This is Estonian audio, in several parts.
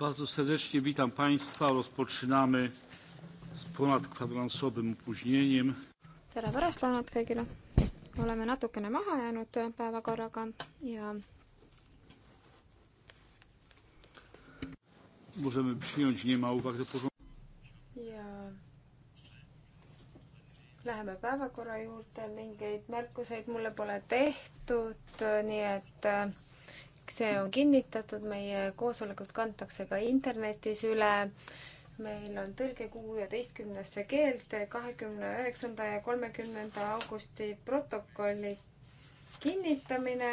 Bardzo serdecznie witam Państwa. Rozpoczynamy z ponadkwadransowym opóźnieniem. tere pärastlõunat kõigile! oleme natukene maha jäänud päevakorraga ja Możemy przyjąć, nie ma uwag do porządku. Ja läheme päevakorra juurde, mingeid märkuseid mulle pole tehtud, nii et äh, see on kinnitatud, meie koosolekud kantakse ka internetis üle. meil on tõlge kuueteistkümnesse keelte, kahekümne üheksanda ja kolmekümnenda augusti protokolli kinnitamine.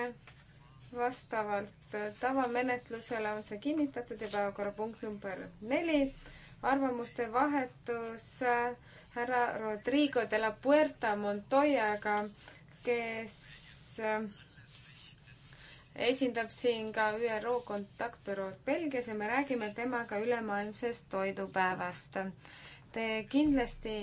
vastavalt tavamenetlusele on see kinnitatud ja päevakorrapunkt number neli, arvamuste vahetus härra Rodrigo de la Puerta Montoyaga, kes esindab siin ka ÜRO kontaktbürood Belgias ja me räägime temaga ülemaailmsest toidupäevast. Te kindlasti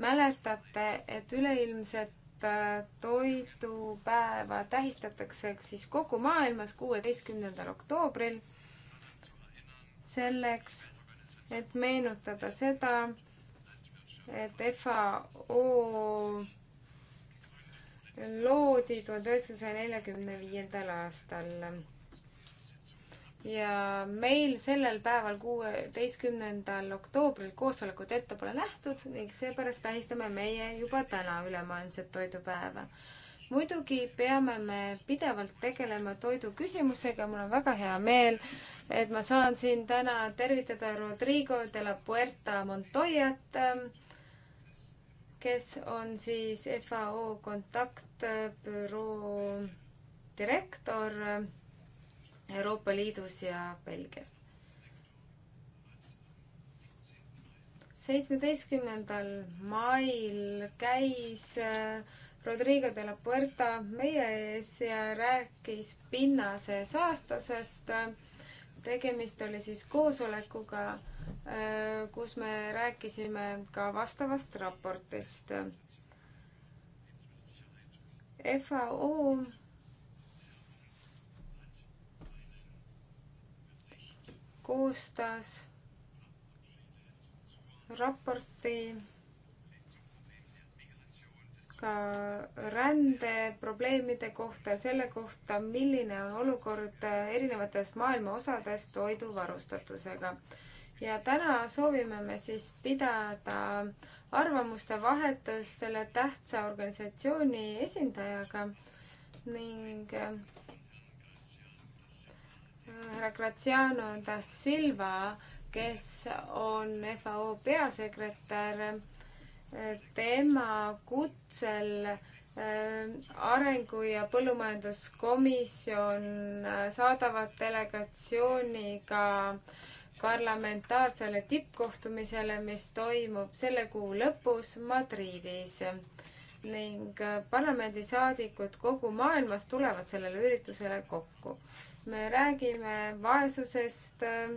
mäletate, et üleilmset äh, toidupäeva tähistatakse siis kogu maailmas kuueteistkümnendal oktoobril selleks, et meenutada seda, et FAO loodi tuhande üheksasaja neljakümne viiendal aastal. ja meil sellel päeval, kuueteistkümnendal oktoobril koosolekut ette pole nähtud ning seepärast tähistame meie juba täna ülemaailmset toidupäeva. muidugi peame me pidevalt tegelema toidu küsimusega, mul on väga hea meel, et ma saan siin täna tervitada Rodrigo de la Puerta Montoyat kes on siis FAO kontaktbüroo direktor Euroopa Liidus ja Belgias. seitsmeteistkümnendal mail käis äh, Rodrigo de la Puerta meie ees ja rääkis pinnase saastusest. tegemist oli siis koosolekuga, Äh, kus me rääkisime ka vastavast raportist. FAO koostas raporti ka rändeprobleemide kohta, selle kohta, milline on olukord erinevates maailma osades toidu varustatusega ja täna soovime me siis pidada arvamuste vahetust selle tähtsa organisatsiooni esindajaga ning äh, härra Graziano da Silva, kes on FAO peasekretär, äh, tema kutsel äh, arengu- ja põllumajanduskomisjon saadavad delegatsiooniga äh, parlamentaarsele tippkohtumisele, mis toimub selle kuu lõpus Madridis ning äh, parlamendisaadikud kogu maailmas tulevad sellele üritusele kokku. me räägime vaesusest äh,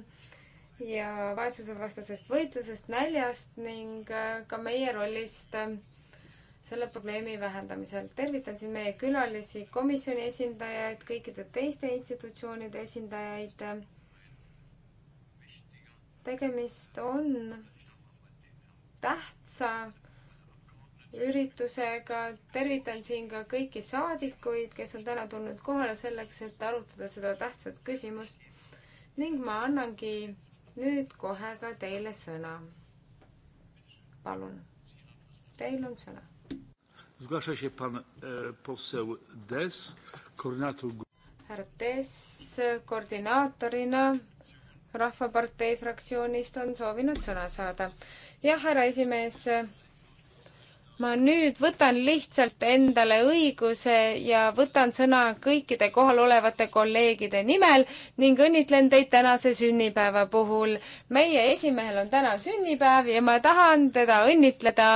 ja vaesusevastasest võitlusest, näljast ning äh, ka meie rollist selle probleemi vähendamisel. tervitan siin meie külalisi, komisjoni esindajaid, kõikide teiste institutsioonide esindajaid tegemist on tähtsa üritusega. tervitan siin ka kõiki saadikuid, kes on täna tulnud kohale selleks, et arutada seda tähtsat küsimust. ning ma annangi nüüd kohe ka teile sõna. palun, teil on sõna. E, härra Tess koordinaatorina Rahvapartei fraktsioonist on soovinud sõna saada. jah, härra esimees, ma nüüd võtan lihtsalt endale õiguse ja võtan sõna kõikide kohalolevate kolleegide nimel ning õnnitlen teid tänase sünnipäeva puhul. meie esimehel on täna sünnipäev ja ma tahan teda õnnitleda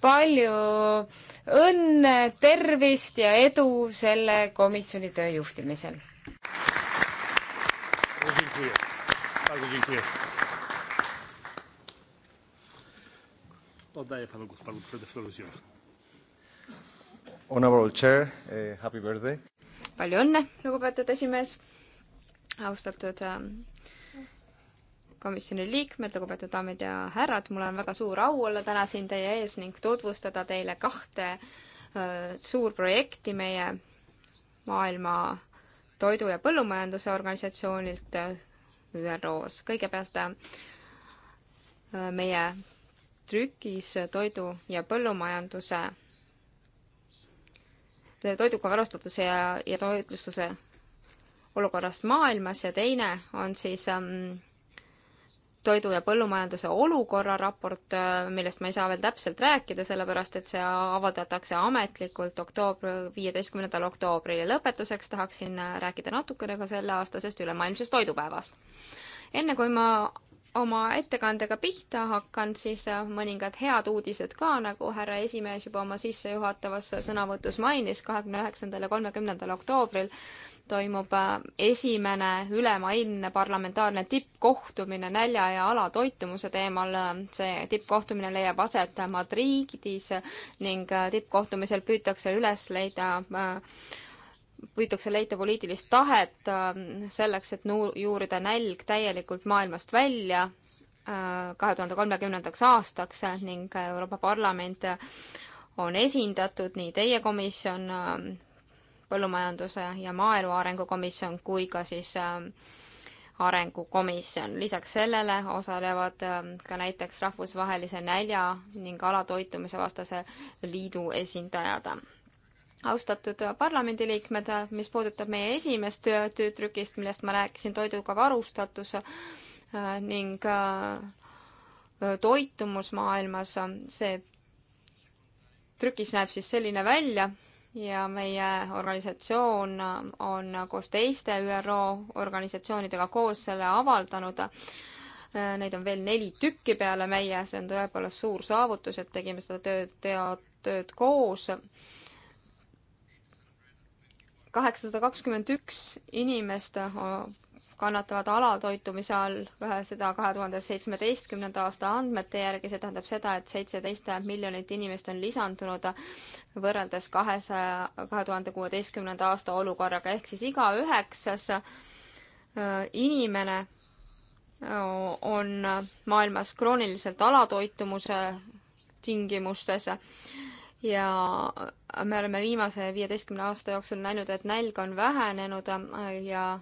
palju õnne, tervist ja edu selle komisjoni töö juhtimisel. Thank you. Bardzo dziękuję. Oddaję panu głos, panu profesorowi. Honorable Chair uh,, happy birthday! palju õnne, lugupeetud esimees, austatud ähm, komisjoni liikmed, lugupeetud daamid ja härrad, mul on väga suur au olla täna siin teie ees ning tutvustada teile kahte uh, suurprojekti meie maailma toidu- ja põllumajanduse organisatsioonilt ÜRO-s. kõigepealt äh, meie trükis toidu ja põllumajanduse, äh, toiduga varustatuse ja, ja toitlustuse olukorrast maailmas ja teine on siis ähm, toidu- ja põllumajanduse olukorra raport, äh, millest ma ei saa veel täpselt rääkida, sellepärast et see avaldatakse ametlikult oktoobri, viieteistkümnendal oktoobril ja lõpetuseks tahaksin äh, rääkida natukene ka selleaastasest ülemaailmsest toidupäevast. enne kui ma oma ettekandega pihta hakkan, siis äh, mõningad head uudised ka, nagu härra esimees juba oma sissejuhatavas sõnavõtus mainis, kahekümne üheksandal ja kolmekümnendal oktoobril toimub äh, esimene ülemaailmne parlamentaarne tippkohtumine nälja ja alatoitumuse teemal. see tippkohtumine leiab aset Madridis ning äh, tippkohtumisel püütakse üles leida äh, püütakse leida poliitilist tahet selleks, et nuu-, juurida nälg täielikult maailmast välja kahe tuhande kolmekümnendaks aastaks ning Euroopa Parlament on esindatud, nii teie komisjon põllumajanduse ja maaelu arengukomisjon kui ka siis äh, arengukomisjon. lisaks sellele osalevad äh, ka näiteks rahvusvahelise nälja ning alatoitumise vastase liidu esindajad. austatud parlamendiliikmed, mis puudutab meie esimest töö, töötrükist, millest ma rääkisin, toiduga varustatus äh, ning toitumus maailmas, see trükis näeb siis selline välja ja meie organisatsioon on koos teiste ÜRO organisatsioonidega koos selle avaldanud. Neid on veel neli tükki peale meie, see on tõepoolest suur saavutus, et tegime seda tööd, teod, tööd koos kaheksasada kakskümmend üks inimest äh, kannatavad alatoitumise all, äh, seda kahe tuhande seitsmeteistkümnenda aasta andmete järgi, see tähendab seda, et seitseteist miljonit inimest on lisandunud äh, võrreldes kahesaja, kahe tuhande kuueteistkümnenda aasta olukorraga, ehk siis iga üheksas inimene on maailmas krooniliselt alatoitumuse tingimustes ja me oleme viimase viieteistkümne aasta jooksul näinud, et nälg on vähenenud äh, ja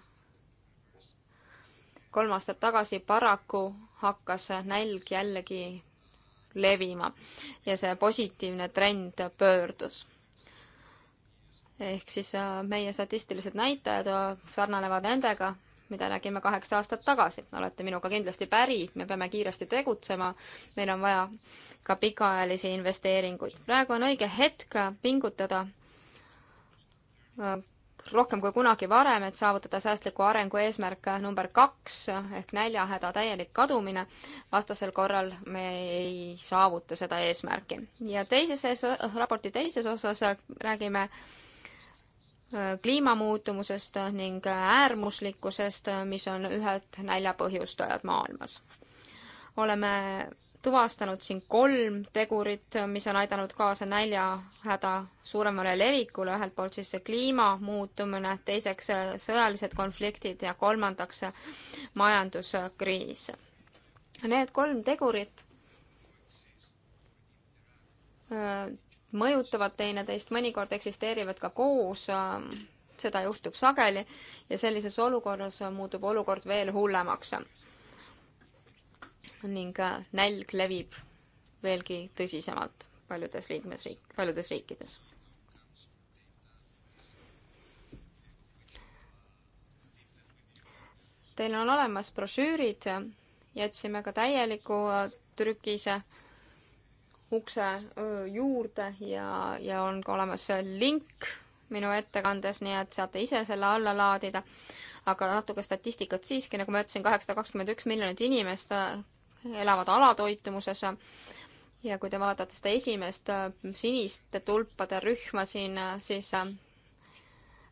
kolm aastat tagasi paraku hakkas nälg jällegi levima ja see positiivne trend pöördus. ehk siis äh, meie statistilised näitajad äh, sarnanevad nendega, mida nägime kaheksa aastat tagasi. olete minuga kindlasti päri, me peame kiiresti tegutsema, meil on vaja ka pikaajalisi investeeringuid. praegu on õige hetk pingutada äh, rohkem kui kunagi varem, et saavutada säästliku arengu eesmärk number kaks ehk näljahäda täielik kadumine. vastasel korral me ei saavuta seda eesmärki. ja teises, raporti teises osas räägime äh, kliimamuutumusest ning äärmuslikkusest, mis on ühed näljapõhjustajad maailmas oleme tuvastanud siin kolm tegurit, mis on aidanud kaasa näljahäda suuremale levikule, ühelt poolt siis see kliima muutumine, teiseks äh, sõjalised konfliktid ja kolmandaks äh, majanduskriis. Need kolm tegurit äh, mõjutavad teineteist, mõnikord eksisteerivad ka koos, seda juhtub sageli ja sellises olukorras muutub olukord veel hullemaks ning nälg levib veelgi tõsisemalt paljudes liikmesriik, paljudes riikides. Teil on olemas brošüürid, jätsime ka täieliku trükise ukse juurde ja, ja on ka olemas link minu ettekandes, nii et saate ise selle alla laadida. aga natuke statistikat siiski, nagu ma ütlesin, kaheksasada kakskümmend üks miljonit inimest elavad alatoitumuses ja kui te vaatate seda esimest äh, siniste tulpade rühma siin, äh, siis äh,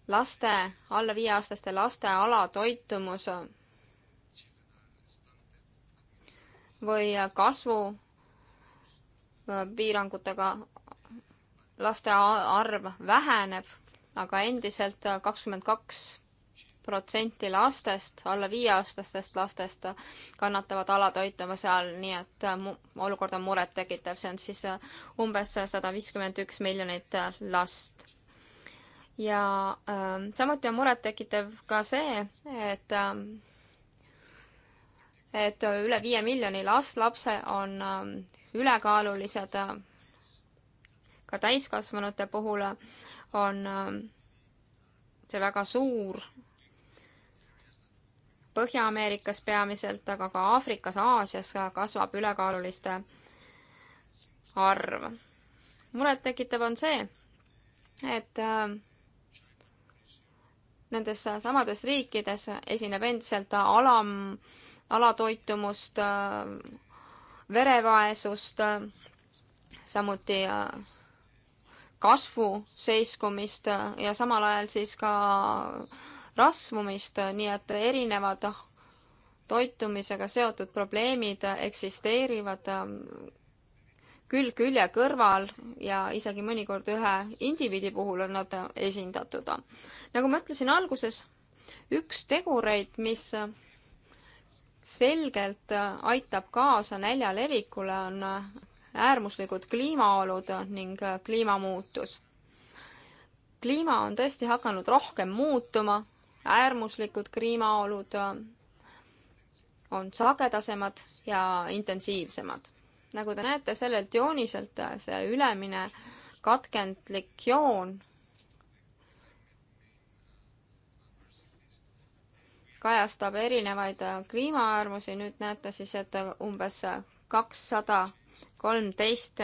laste, alla viieaastaste laste alatoitumus või kasvupiirangutega laste arv väheneb, aga endiselt kakskümmend kaks protsenti lastest, alla viieaastastest lastest kannatavad alatoitumise all, nii et äh, olukord on murettekitav, see on siis äh, umbes sada viiskümmend üks miljonit äh, last. ja äh, samuti on murettekitav ka see, et äh, et üle viie miljoni last, lapse on äh, ülekaalulised äh,, ka täiskasvanute puhul on äh, see väga suur Põhja-Ameerikas peamiselt, aga ka Aafrikas, Aasias kasvab ülekaaluliste arv. murettekitav on see, et äh, nendes samades riikides esineb endiselt alam, alatoitumust, äh, verevaesust, äh, samuti kasvu seiskumist ja samal ajal siis ka rasvumist, nii et erinevad toitumisega seotud probleemid eksisteerivad ähm, külg külje kõrval ja isegi mõnikord ühe indiviidi puhul on nad esindatud. nagu ma ütlesin alguses, üks tegureid, mis selgelt aitab kaasa nälja levikule, on äärmuslikud kliimaolud ning kliimamuutus. kliima on tõesti hakanud rohkem muutuma äärmuslikud kliimaolud äh, on sagedasemad ja intensiivsemad. nagu te näete sellelt jooniselt, äh, see ülemine katkendlik joon kajastab erinevaid äh, kliimaäärmusi, nüüd näete siis, et umbes kakssada kolmteist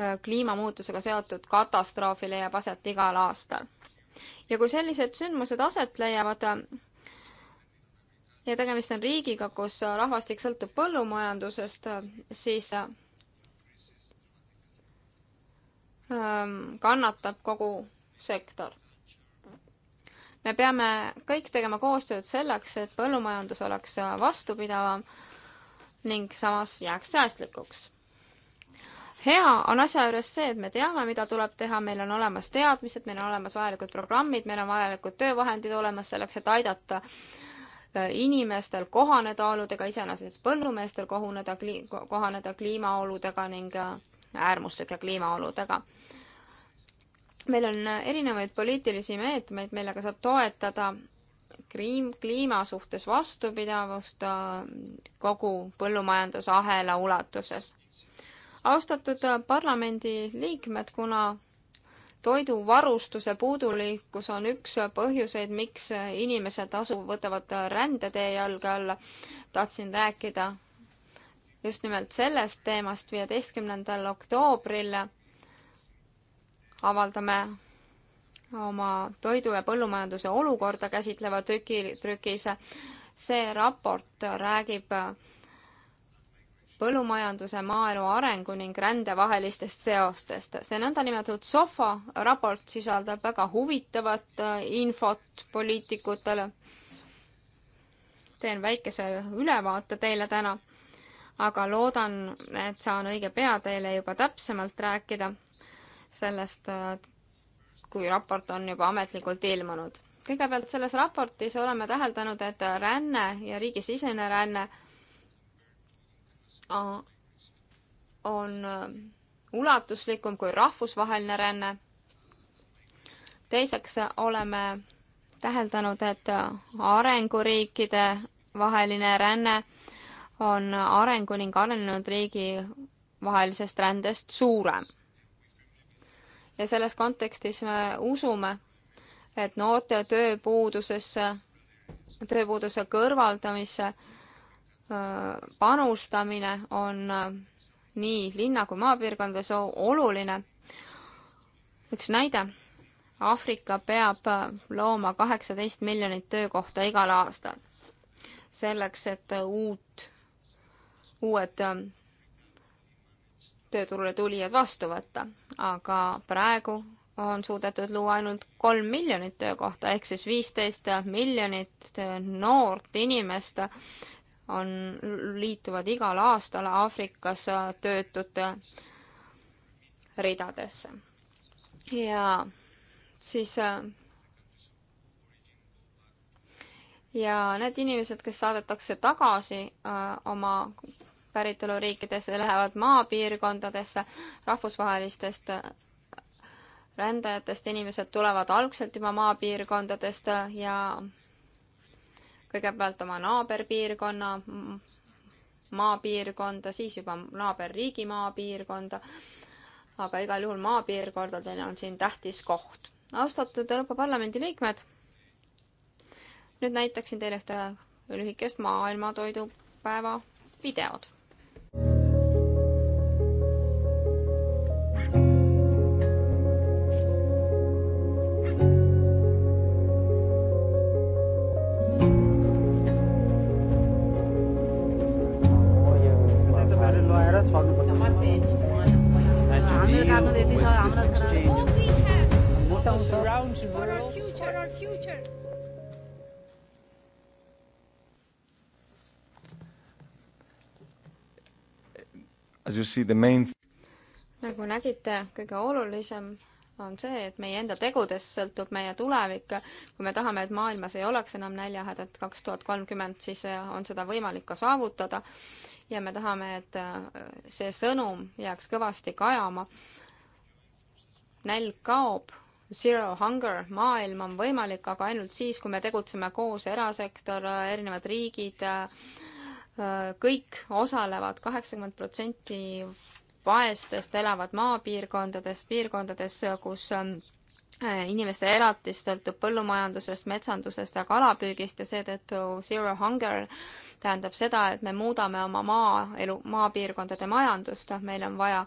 Äh, kliimamuutusega seotud katastroofi leiab aset igal aastal. ja kui sellised sündmused aset leiavad äh, ja tegemist on riigiga, kus rahvastik sõltub põllumajandusest, äh, siis ähm, kannatab kogu sektor. me peame kõik tegema koostööd selleks, et põllumajandus oleks vastupidavam ning samas jääks säästlikuks hea on asja juures see, et me teame, mida tuleb teha, meil on olemas teadmised, meil on olemas vajalikud programmid, meil on vajalikud töövahendid olemas selleks, et aidata äh, inimestel kohaneda oludega, iseenesest põllumeestel kohuneda, kohaneda kliimaoludega ning äh, äärmuslike kliimaoludega. meil on äh, erinevaid poliitilisi meetmeid, millega saab toetada kliim, kliima suhtes vastupidavust kogu põllumajandusahela ulatuses austatud äh, parlamendiliikmed, kuna toiduvarustuse puudulikkus on üks põhjuseid, miks äh, inimesed asu-, võtavad äh, rändetee jalge alla, tahtsin rääkida just nimelt sellest teemast viieteistkümnendal oktoobril avaldame oma toidu ja põllumajanduse olukorda käsitleva trüki, trükis. see raport räägib põllumajanduse, maaelu arengu ning rände vahelistest seostest. see nõndanimetatud SOFA raport sisaldab väga huvitavat äh, infot poliitikutele. teen väikese ülevaate teile täna, aga loodan, et saan õige pea teile juba täpsemalt rääkida sellest, äh, kui raport on juba ametlikult ilmunud. kõigepealt selles raportis oleme täheldanud, et ränne ja riigisisene ränne on äh, ulatuslikum kui rahvusvaheline ränne. teiseks äh, oleme täheldanud, et äh, arenguriikide vaheline ränne on arengu ning arenenud riigi vahelisest rändest suurem. ja selles kontekstis me usume, et noorte tööpuudusesse, tööpuuduse kõrvaldamisse panustamine on nii linna kui maapiirkondades oluline. üks näide. Aafrika peab looma kaheksateist miljonit töökohta igal aastal. selleks, et uut, uued tööturule tulijad vastu võtta, aga praegu on suudetud luua ainult kolm miljonit töökohta ehk siis viisteist miljonit noort inimest on, liituvad igal aastal Aafrikas töötute ridadesse. ja siis ja need inimesed, kes saadetakse tagasi äh, oma päritoluriikidesse, lähevad maapiirkondadesse rahvusvahelistest äh, rändajatest inimesed tulevad algselt juba maapiirkondadest äh, ja kõigepealt oma naaberpiirkonna maapiirkonda, siis juba naaberriigi maapiirkonda, aga igal juhul maapiirkondadel on siin tähtis koht. austatud Euroopa Parlamendi liikmed, nüüd näitaksin teile ühte lühikest maailmatoidupäeva videod As you see, the main nagu nägite, kõige olulisem on see, et meie enda tegudest sõltub meie tulevik. kui me tahame, et maailmas ei oleks enam näljahädat kaks tuhat kolmkümmend, siis äh, on seda võimalik ka saavutada. ja me tahame, et äh, see sõnum jääks kõvasti kajama. nälg kaob, zero hunger, maailm on võimalik, aga ainult siis, kui me tegutseme koos, erasektor, erinevad riigid äh,, Äh, kõik osalevad, kaheksakümmend protsenti vaestest elavad maapiirkondades, piirkondades, kus ähm, äh, inimeste elatis sõltub põllumajandusest, metsandusest ja kalapüügist ja seetõttu Zero Hunger tähendab seda, et me muudame oma maaelu, maapiirkondade majandust, noh, meil on vaja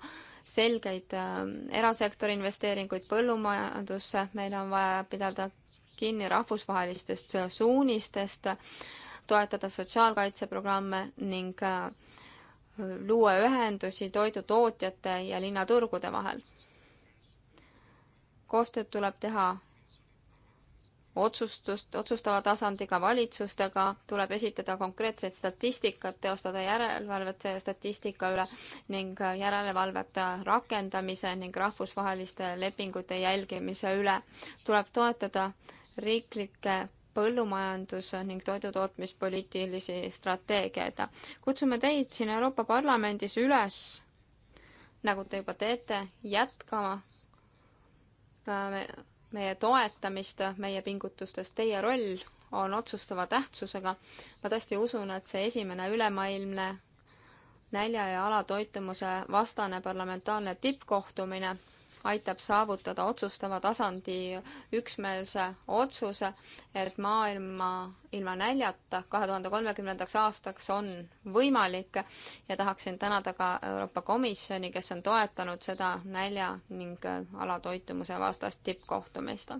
selgeid äh, erasektori investeeringuid põllumajandusse, meil on vaja pidada kinni rahvusvahelistest suunistest äh,, toetada sotsiaalkaitseprogramme ning äh, luua ühendusi toidutootjate ja linnaturgude vahel. koostööd tuleb teha otsustust, otsustava tasandiga valitsustega, tuleb esitada konkreetset statistikat, teostada järelevalvet selle statistika üle ning äh, järelevalvet äh, rakendamise ning rahvusvaheliste lepingute jälgimise üle. tuleb toetada riiklikke põllumajandus- ning toidutootmispoliitilisi strateegiaid. kutsume teid siin Euroopa Parlamendis üles, nagu te juba teete, jätkama äh, meie toetamist, meie pingutustes, teie roll on otsustava tähtsusega. ma tõesti usun, et see esimene ülemaailmne nälja ja alatoitumuse vastane parlamentaarne tippkohtumine aitab saavutada otsustava tasandi üksmeelse otsuse, et maailma ilma näljata kahe tuhande kolmekümnendaks aastaks on võimalik ja tahaksin tänada ka Euroopa Komisjoni, kes on toetanud seda nälja ning alatoitumuse vastast tippkohtumist.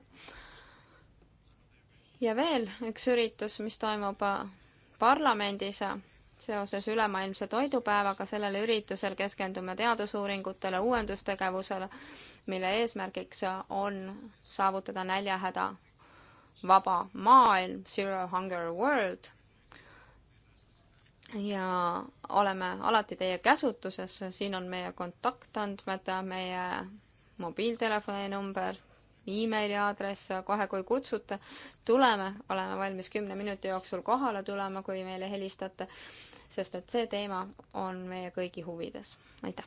ja veel üks üritus, mis toimub parlamendis seoses ülemaailmse toidupäevaga sellel üritusel keskendume teadusuuringutele, uuendustegevusele, mille eesmärgiks on saavutada näljahäda vaba maailm, Zero Hunger World. ja oleme alati teie käsutuses, siin on meie kontaktandmed, meie mobiiltelefoni number emailiaadress kohe, kui kutsute. tuleme, oleme valmis kümne minuti jooksul kohale tulema, kui meile helistate, sest et see teema on meie kõigi huvides. aitäh!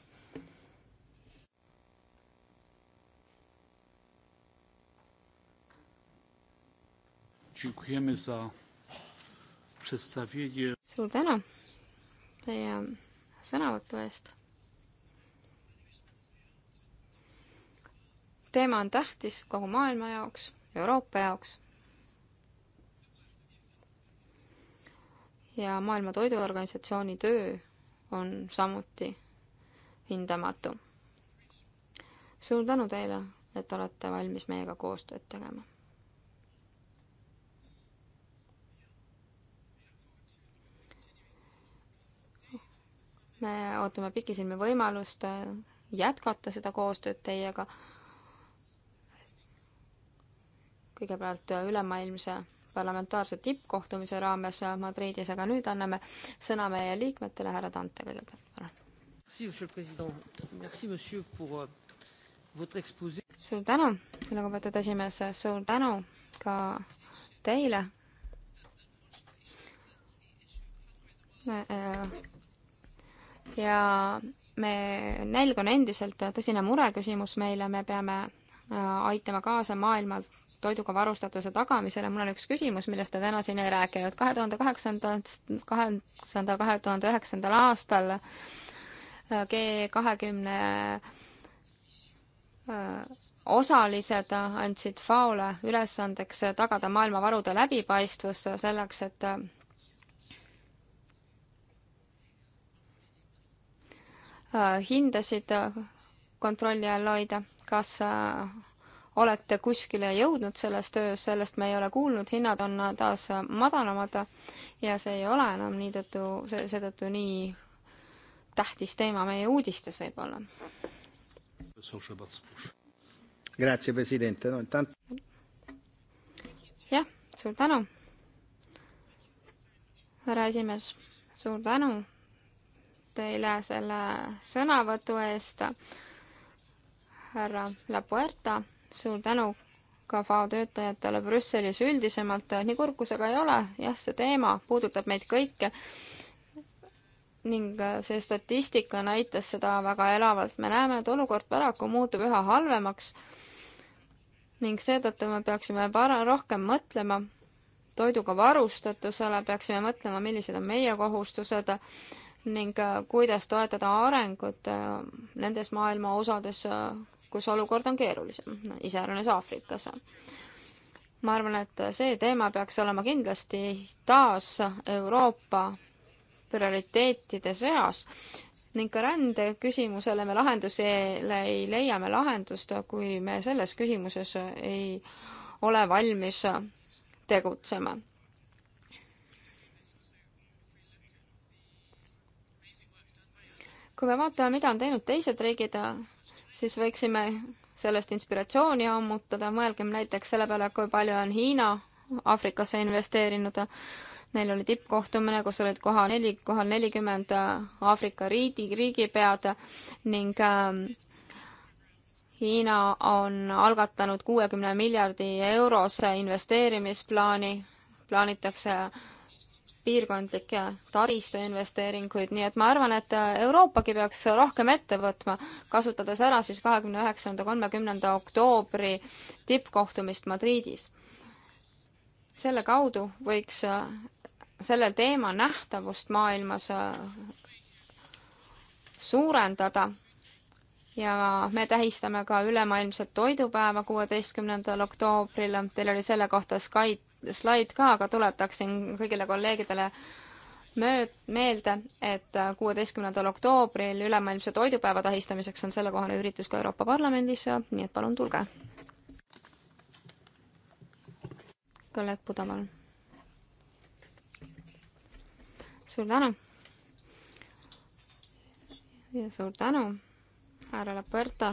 Dziękujemy za przedstawienie. Suur tänu teie sõnavõtu eest teema on tähtis kogu maailma jaoks, Euroopa jaoks. ja Maailma Toiduorganisatsiooni töö on samuti hindamatu. suur tänu teile, et olete valmis meiega koostööd tegema. me ootame pikisilmi võimalust jätkata seda koostööd teiega kõigepealt ülemaailmse parlamentaarse tippkohtumise raames Madridis, aga nüüd anname sõna meie liikmetele, härra Dante kõigepealt, palun. Euh, suur tänu, lugupeetud esimees, suur tänu ka teile. Äh, ja me, nälg on endiselt tõsine mureküsimus meile, me peame äh, aitama kaasa maailmalt toiduga varustatuse tagamisele. mul on üks küsimus, millest te täna siin ei rääkinud. kahe tuhande kaheksandast, kaheksandal, kahe tuhande üheksandal aastal äh, G kahekümne äh, osalised andsid FAO-le ülesandeks tagada maailmavarude läbipaistvus selleks, et äh, hindasid kontrolli all hoida, kas olete kuskile jõudnud selles töös, sellest me ei ole kuulnud, hinnad on taas madalamad ja see ei ole enam nii tõttu, seetõttu nii tähtis teema meie uudistes võib-olla. jah, suur tänu, härra esimees, suur tänu teile selle sõnavõtu eest, härra Lapuerta suur tänu ka FAO töötajatele Brüsselis üldisemalt, nii kurb kui see ka ei ole, jah, see teema puudutab meid kõiki ning äh, see statistika näitas seda väga elavalt, me näeme, et olukord paraku muutub üha halvemaks ning seetõttu me peaksime para-, rohkem mõtlema toiduga varustatusele, peaksime mõtlema, millised on meie kohustused ning äh, kuidas toetada arengut äh, nendes maailma osades, kus olukord on keerulisem, iseäranis Aafrikas. ma arvan, et see teema peaks olema kindlasti taas Euroopa prioriteetide seas ning ka rände küsimusele me lahendusele ei leia me lahendust, kui me selles küsimuses ei ole valmis tegutsema. kui me vaatame, mida on teinud teised riigid siis võiksime sellest inspiratsiooni ammutada, mõelgem näiteks selle peale, kui palju on Hiina Aafrikasse investeerinud. Neil oli tippkohtumine, kus olid koha neli, kohal nelikümmend äh, Aafrika riigi, riigipead ning ähm, Hiina on algatanud kuuekümne miljardi eurose investeerimisplaani, plaanitakse piirkondlikke taristuinvesteeringuid, nii et ma arvan, et Euroopagi peaks rohkem ette võtma, kasutades ära siis kahekümne üheksanda, kolmekümnenda oktoobri tippkohtumist Madridis. selle kaudu võiks selle teema nähtavust maailmas suurendada ja me tähistame ka ülemaailmset toidupäeva kuueteistkümnendal oktoobril. Teil oli selle kohta Skype slaid ka, aga tuletaksin kõigile kolleegidele mööd-, meelde, et kuueteistkümnendal oktoobril ülemaailmse toidupäeva tähistamiseks on sellekohane üritus ka Euroopa Parlamendis ja nii et palun tulge. kolleeg Pudamal. suur tänu. ja suur tänu härra Laperta,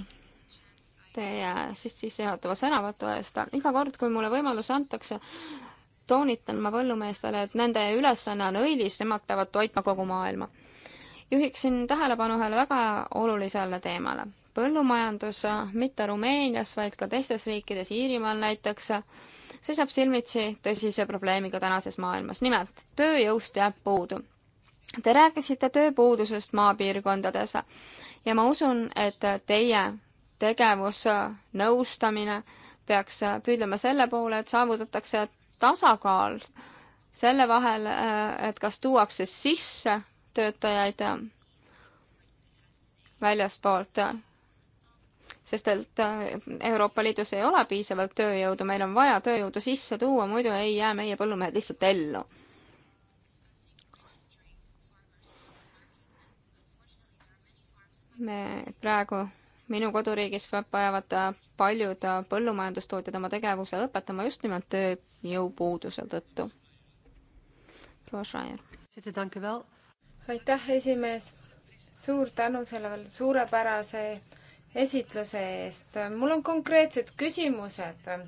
teie sissejuhatava sõnavõtu eest. iga kord, kui mulle võimalus antakse, toonitan ma põllumeestele, et nende ülesanne on õilis, nemad peavad toitma kogu maailma. juhiksin tähelepanu ühele väga olulisele teemale. põllumajandus mitte Rumeenias, vaid ka teistes riikides, Iirimaal näiteks, seisab silmitsi tõsise probleemiga tänases maailmas. nimelt, tööjõust jääb puudu. Te rääkisite tööpuudusest maapiirkondades ja ma usun, et teie tegevus, nõustamine peaks püüdlema selle poole, et saavutatakse tasakaal selle vahel, et kas tuuakse sisse töötajaid väljaspoolt, sest et Euroopa Liidus ei ole piisavalt tööjõudu, meil on vaja tööjõudu sisse tuua, muidu ei jää meie põllumehed lihtsalt ellu me praegu minu koduriigis vajavad paljud põllumajandustootjad oma tegevuse lõpetama just nimelt tööjõupuuduse tõttu. proua Schreier. aitäh, esimees. suur tänu selle suurepärase esitluse eest. mul on konkreetsed küsimused.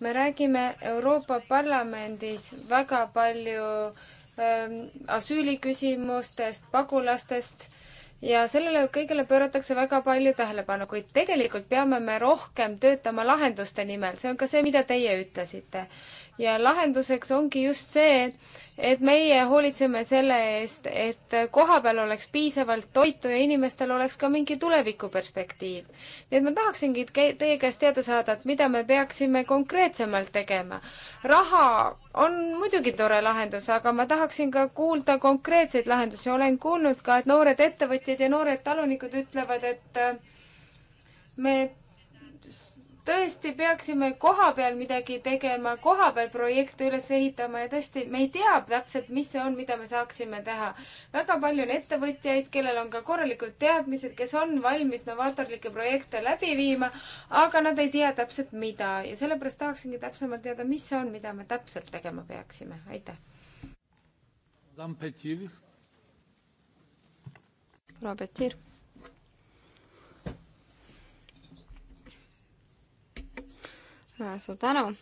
me räägime Euroopa Parlamendis väga palju ähm, asüüliküsimustest, pagulastest ja sellele kõigele pööratakse väga palju tähelepanu, kuid tegelikult peame me rohkem töötama lahenduste nimel, see on ka see, mida teie ütlesite ja lahenduseks ongi just see, et meie hoolitseme selle eest, et kohapeal oleks piisavalt toitu ja inimestel oleks ka mingi tulevikuperspektiiv. nii et ma tahaksingi teie käest teada saada, et mida me peaksime konkreetsemalt tegema. raha on muidugi tore lahendus, aga ma tahaksin ka kuulda konkreetseid lahendusi. olen kuulnud ka, et noored ettevõtjad ja noored talunikud ütlevad, et me tõesti peaksime koha peal midagi tegema, koha peal projekte üles ehitama ja tõesti, me ei tea täpselt, mis see on, mida me saaksime teha. väga palju on ettevõtjaid, kellel on ka korralikud teadmised, kes on valmis novaatorlikke projekte läbi viima, aga nad ei tea täpselt, mida ja sellepärast tahaksingi täpsemalt teada, mis see on, mida me täpselt tegema peaksime. aitäh. proua Petir. Äh, suur tänu.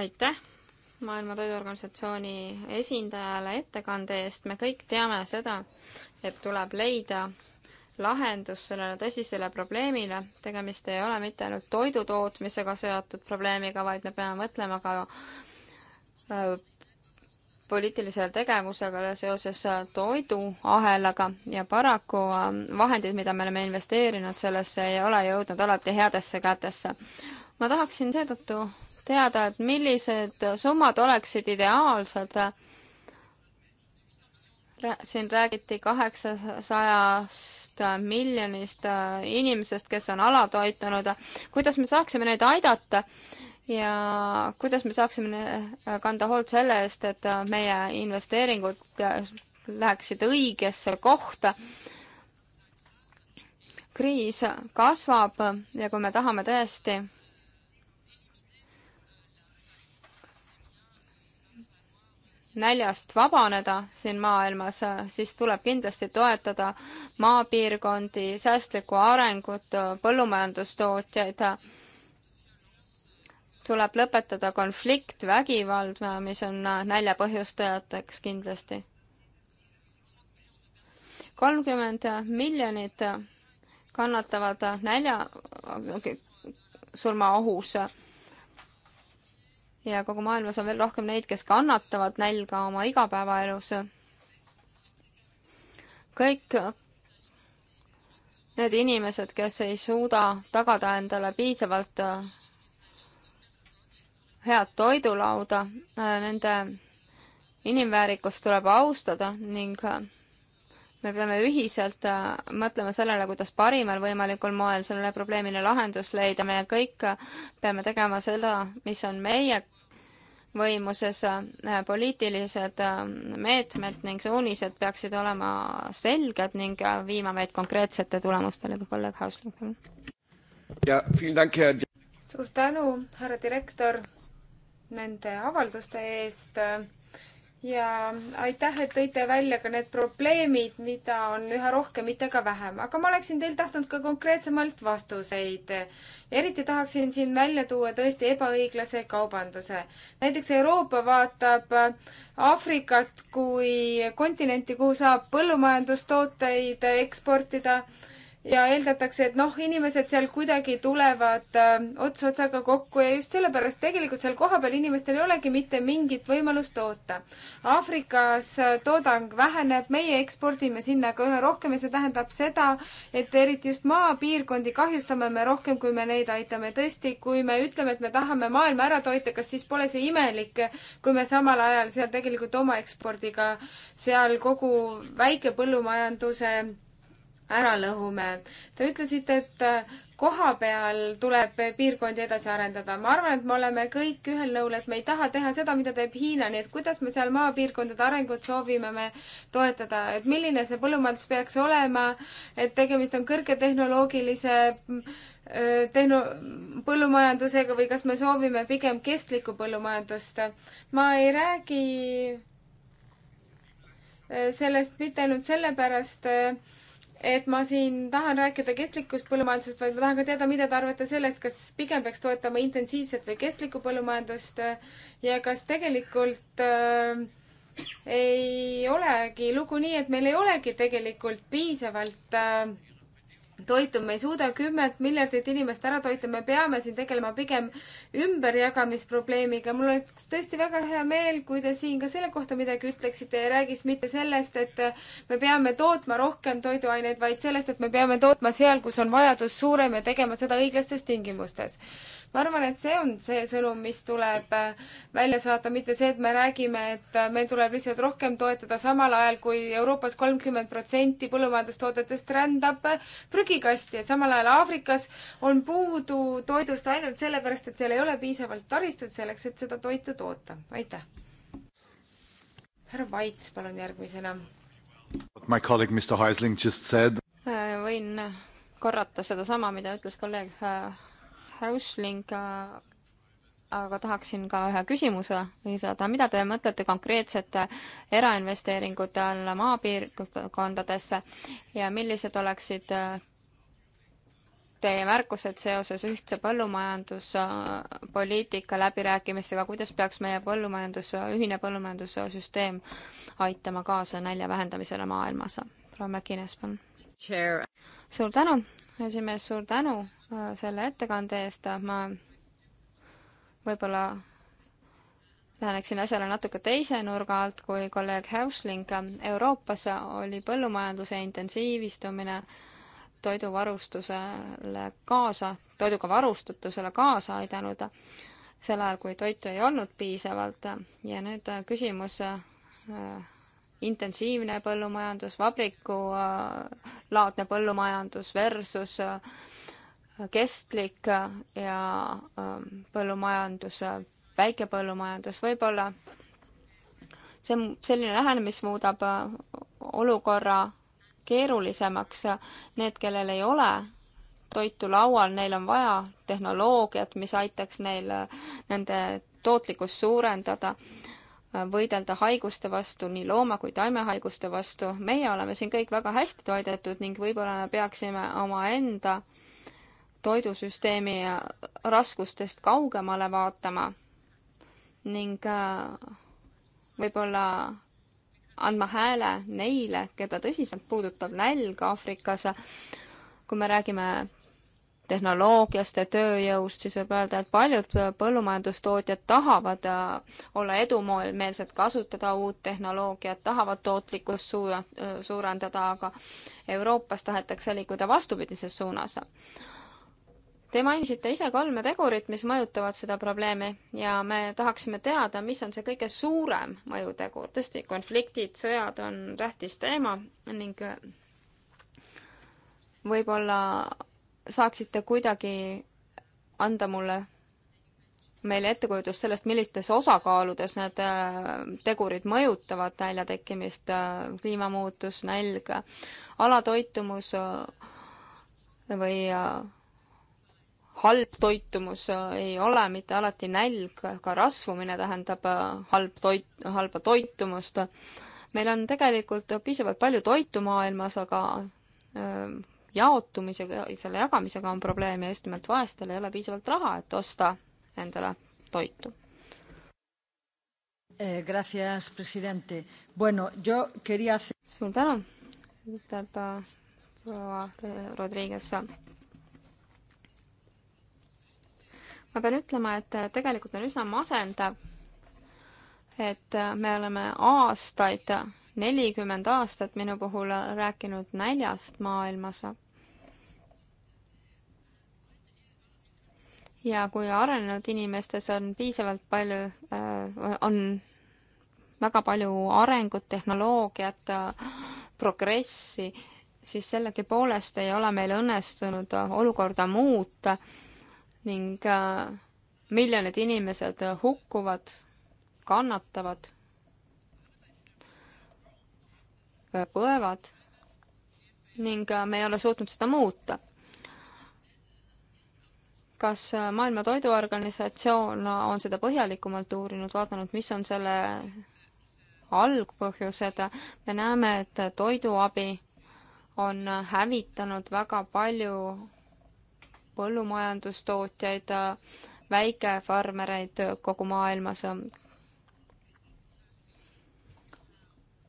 aitäh Maailma Toiduorganisatsiooni esindajale ettekande eest. me kõik teame seda, et tuleb leida lahendus sellele tõsisele probleemile. tegemist ei ole mitte ainult toidutootmisega seotud probleemiga, vaid me peame mõtlema ka äh, poliitilise tegevusega seoses toiduahelaga ja paraku ähm, vahendid, mida me oleme investeerinud sellesse, ei ole jõudnud alati headesse kätesse. ma tahaksin seetõttu teada, et millised summad oleksid ideaalsed. siin räägiti kaheksasajast miljonist äh, inimesest, kes on alatoitunud. kuidas me saaksime neid aidata? ja kuidas me saaksime äh, kanda hoolt selle eest, et äh, meie investeeringud äh, läheksid õigesse kohta. kriis kasvab ja kui me tahame tõesti näljast vabaneda siin maailmas, siis tuleb kindlasti toetada maapiirkondi, säästlikku arengut, põllumajandustootjaid tuleb lõpetada konflikt, vägivald, mis on nälja põhjustajateks kindlasti. kolmkümmend miljonit kannatavad nälja surmaohus ja kogu maailmas on veel rohkem neid, kes kannatavad nälga oma igapäevaelus. kõik need inimesed, kes ei suuda tagada endale piisavalt head toidulauda, äh, nende inimväärikust tuleb austada ning äh, me peame ühiselt äh, mõtlema sellele, kuidas parimal võimalikul moel sellele probleemile lahendus leida, me kõik peame tegema seda, mis on meie võimuses, poliitilised meetmed ning suunised peaksid olema selged ning viima meid konkreetsete tulemustele, kui kolleeg Hausling, palun. suur tänu, härra direktor nende avalduste eest ja aitäh, et tõite välja ka need probleemid, mida on üha rohkem, mitte ka vähem, aga ma oleksin teilt tahtnud ka konkreetsemalt vastuseid. eriti tahaksin siin välja tuua tõesti ebaõiglase kaubanduse. näiteks Euroopa vaatab Aafrikat kui kontinenti, kuhu saab põllumajandustooteid eksportida ja eeldatakse, et noh, inimesed seal kuidagi tulevad äh, ots otsaga kokku ja just sellepärast tegelikult seal kohapeal inimestel ei olegi mitte mingit võimalust toota. Aafrikas äh, toodang väheneb, meie ekspordime sinna ka üha rohkem ja see tähendab seda, et eriti just maapiirkondi kahjustame me rohkem, kui me neid aitame. tõesti, kui me ütleme, et me tahame maailma ära toita, kas siis pole see imelik, kui me samal ajal seal tegelikult oma ekspordiga seal kogu väikepõllumajanduse ära lõhume. Te ütlesite, et äh, koha peal tuleb piirkondi edasi arendada. ma arvan, et me oleme kõik ühel nõul, et me ei taha teha seda, mida teeb Hiina, nii et kuidas me seal maapiirkondade arengut soovime me toetada, et milline see põllumajandus peaks olema, et tegemist on kõrgetehnoloogilise äh, tehno-, põllumajandusega või kas me soovime pigem kestlikku põllumajandust. ma ei räägi äh, sellest mitte ainult sellepärast, et ma siin tahan rääkida kestlikust põllumajandusest, vaid ma tahan ka teada, mida te arvate sellest, kas pigem peaks toetama intensiivset või kestlikku põllumajandust ja kas tegelikult äh, ei olegi lugu nii, et meil ei olegi tegelikult piisavalt äh, toitu, me ei suuda kümmet miljardit inimest ära toita, me peame siin tegelema pigem ümberjagamisprobleemiga. mul oleks tõesti väga hea meel, kui te siin ka selle kohta midagi ütleksite ja räägiks mitte sellest, et me peame tootma rohkem toiduaineid, vaid sellest, et me peame tootma seal, kus on vajadus suurem ja tegema seda õiglastes tingimustes ma arvan, et see on see sõnum, mis tuleb äh, välja saata, mitte see, et me räägime, et äh, meil tuleb lihtsalt rohkem toetada, samal ajal kui Euroopas kolmkümmend protsenti põllumajandustoodetest rändab äh, prügikasti ja samal ajal Aafrikas on puudu toidust ainult sellepärast, et seal ei ole piisavalt taristut selleks, et seda toitu toota. aitäh! härra Vaits, palun järgmisena. What my colleague Mr Heisling just said. võin korrata sedasama, mida ütles kolleeg Häusling, äh, aga tahaksin ka ühe küsimuse lisada, mida te mõtlete konkreetsete erainvesteeringute alla maapiirkondadesse ja millised oleksid äh, teie märkused seoses ühtse põllumajanduspoliitika läbirääkimistega, kuidas peaks meie põllumajandus, ühine põllumajandussüsteem aitama kaasa nälja vähendamisele maailmas? proua Mäkines, palun. suur tänu, esimees, suur tänu selle ettekande eest, ma võib-olla läheneksin asjale natuke teise nurga alt kui kolleeg Häusling. Euroopas oli põllumajanduse intensiivistumine toiduvarustusele kaasa, toiduga varustatusele kaasa aidanud sel ajal, kui toitu ei olnud piisavalt. ja nüüd küsimus äh,, intensiivne põllumajandus, vabriku äh, laadne põllumajandus versus äh, kestlik ja ähm, põllumajandus, väikepõllumajandus, võib-olla see, selline lähenemis muudab äh, olukorra keerulisemaks. Need, kellel ei ole toitu laual, neil on vaja tehnoloogiat, mis aitaks neil äh, nende tootlikkust suurendada, äh, võidelda haiguste vastu, nii looma- kui taimehaiguste vastu. meie oleme siin kõik väga hästi toidetud ning võib-olla me peaksime omaenda äh, toidusüsteemi raskustest kaugemale vaatama ning äh, võib-olla andma hääle neile, keda tõsiselt puudutab nälg Aafrikas. kui me räägime tehnoloogiast ja tööjõust, siis võib öelda, et paljud põllumajandustootjad tahavad äh, olla edumeelsed, kasutada uut tehnoloogiat, tahavad tootlikkust suur-, suurendada, aga Euroopas tahetakse liikuda vastupidises suunas. Te mainisite ise kolme tegurit, mis mõjutavad seda probleemi ja me tahaksime teada, mis on see kõige suurem mõjutegur. tõesti, konfliktid, sõjad on tähtis teema ning äh, võib-olla saaksite kuidagi anda mulle meile ettekujutus sellest, millistes osakaaludes need äh, tegurid mõjutavad näljatekkimist, äh, kliimamuutus, nälg, alatoitumus või halb toitumus äh, ei ole mitte alati nälg, ka rasvumine tähendab äh, halb toit, halba toitumust. meil on tegelikult piisavalt palju toitu maailmas, aga ähm, jaotumisega, selle jagamisega on probleeme, just nimelt vaestel ei ole piisavalt raha, et osta endale toitu. Eh, gracias, presidente. Bueno, yo quería hacer... suur tänu, ütleb äh, proua Rodriguez ma pean ütlema, et äh, tegelikult on üsna masendav, et äh, me oleme aastaid, nelikümmend aastat minu puhul äh, rääkinud näljast maailmas. ja kui arenenud inimestes on piisavalt palju äh,, on väga palju arengut, tehnoloogiat, progressi, siis sellegipoolest ei ole meil õnnestunud olukorda muuta ning äh, miljonid inimesed hukkuvad, kannatavad, äh, põevad ning äh, me ei ole suutnud seda muuta. kas Maailma Toiduorganisatsioon on seda põhjalikumalt uurinud, vaadanud, mis on selle algpõhjused, me näeme, et toiduabi on hävitanud väga palju põllumajandustootjaid, väikefarmereid kogu maailmas.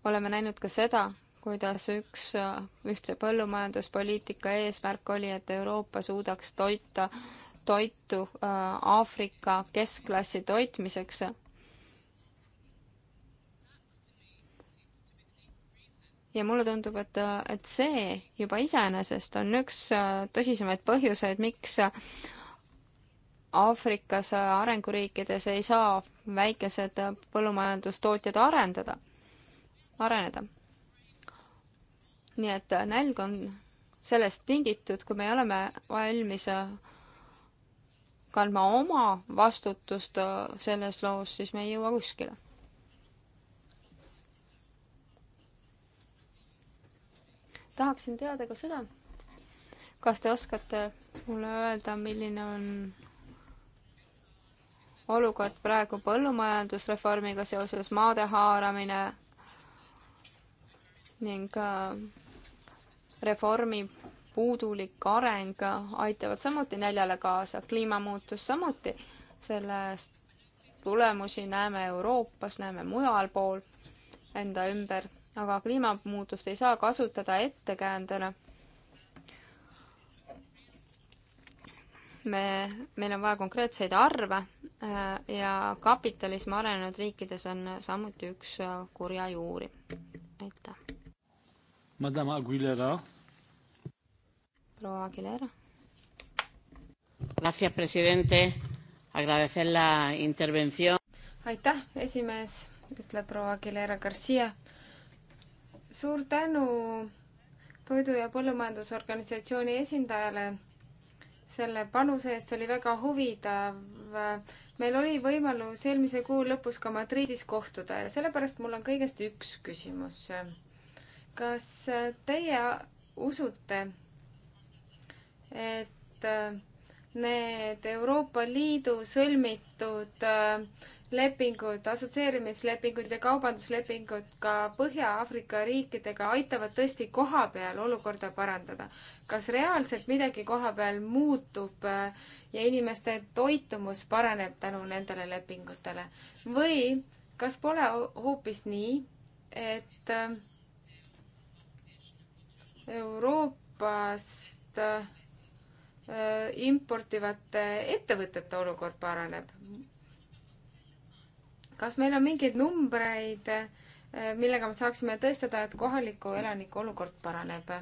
oleme näinud ka seda, kuidas üks ühtse põllumajanduspoliitika eesmärk oli, et Euroopa suudaks toita toitu äh, Aafrika keskklassi toitmiseks ja mulle tundub, et, et see juba iseenesest on üks äh, tõsisemaid põhjuseid, miks äh, Aafrikas äh, arenguriikides ei saa väikesed põllumajandustootjad arendada, areneda. nii et nälg on sellest tingitud, kui me oleme valmis kandma oma vastutust selles loos, siis me ei jõua kuskile tahaksin teada ka seda, kas te oskate mulle öelda, milline on olukord praegu põllumajandusreformiga seoses, maade haaramine ning reformi puudulik areng aitavad samuti näljale kaasa, kliimamuutus samuti, sellest tulemusi näeme Euroopas, näeme mujal pool enda ümber aga kliimamuutust ei saa kasutada ettekäändena. me, meil on vaja konkreetseid arve äh, ja kapitalism arenenud riikides on samuti üks äh, kurja juuri. aitäh. Madame Aguilera. proua Aguilera. Gracias, presidente. Agradecer la intervención. aitäh, esimees, ütleb proua Aguilera Garcia suur tänu Toidu- ja Põllumajandusorganisatsiooni esindajale selle panuse eest, see oli väga huvitav. meil oli võimalus eelmise kuu lõpus ka Madridis kohtuda ja sellepärast mul on kõigest üks küsimus. kas teie usute, et need Euroopa Liidu sõlmitud lepingud, assotsieerimislepingud ja kaubanduslepingud ka Põhja-Aafrika riikidega aitavad tõesti koha peal olukorda parandada. kas reaalselt midagi koha peal muutub äh, ja inimeste toitumus paraneb tänu nendele lepingutele või kas pole hoopis nii, et äh, Euroopast äh, importivate ettevõtete olukord paraneb? kas meil on mingeid numbreid, eh, millega me saaksime tõestada, et kohaliku elaniku olukord paraneb?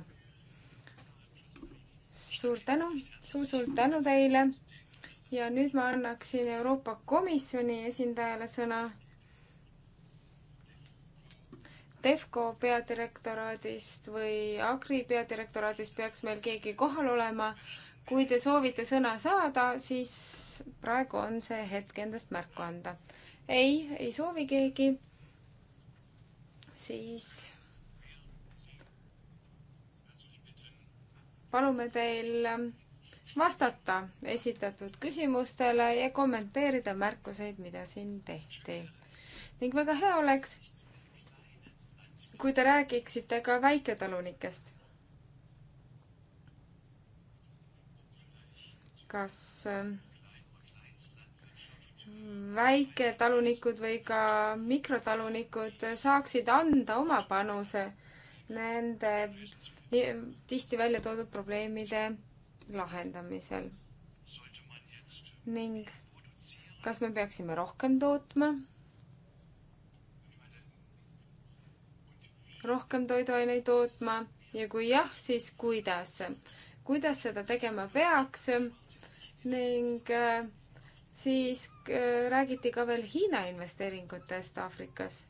suur tänu suur,, suur-suur tänu teile. ja nüüd ma annaksin Euroopa Komisjoni esindajale sõna. Defco peadirektoraadist või Agri peadirektoraadist peaks meil keegi kohal olema. kui te soovite sõna saada, siis praegu on see hetk endast märku anda ei, ei soovi keegi. siis palume teil ähm, vastata esitatud küsimustele ja kommenteerida märkuseid, mida siin tehti. ning väga hea oleks, kui te räägiksite ka väiketalunikest. kas äh, väiketalunikud või ka mikrotalunikud saaksid anda oma panuse nende tihti välja toodud probleemide lahendamisel. ning kas me peaksime rohkem tootma? rohkem toiduaineid tootma ja kui jah, siis kuidas? kuidas seda tegema peaks ning äh, siis äh, räägiti ka veel Hiina investeeringutest Aafrikas.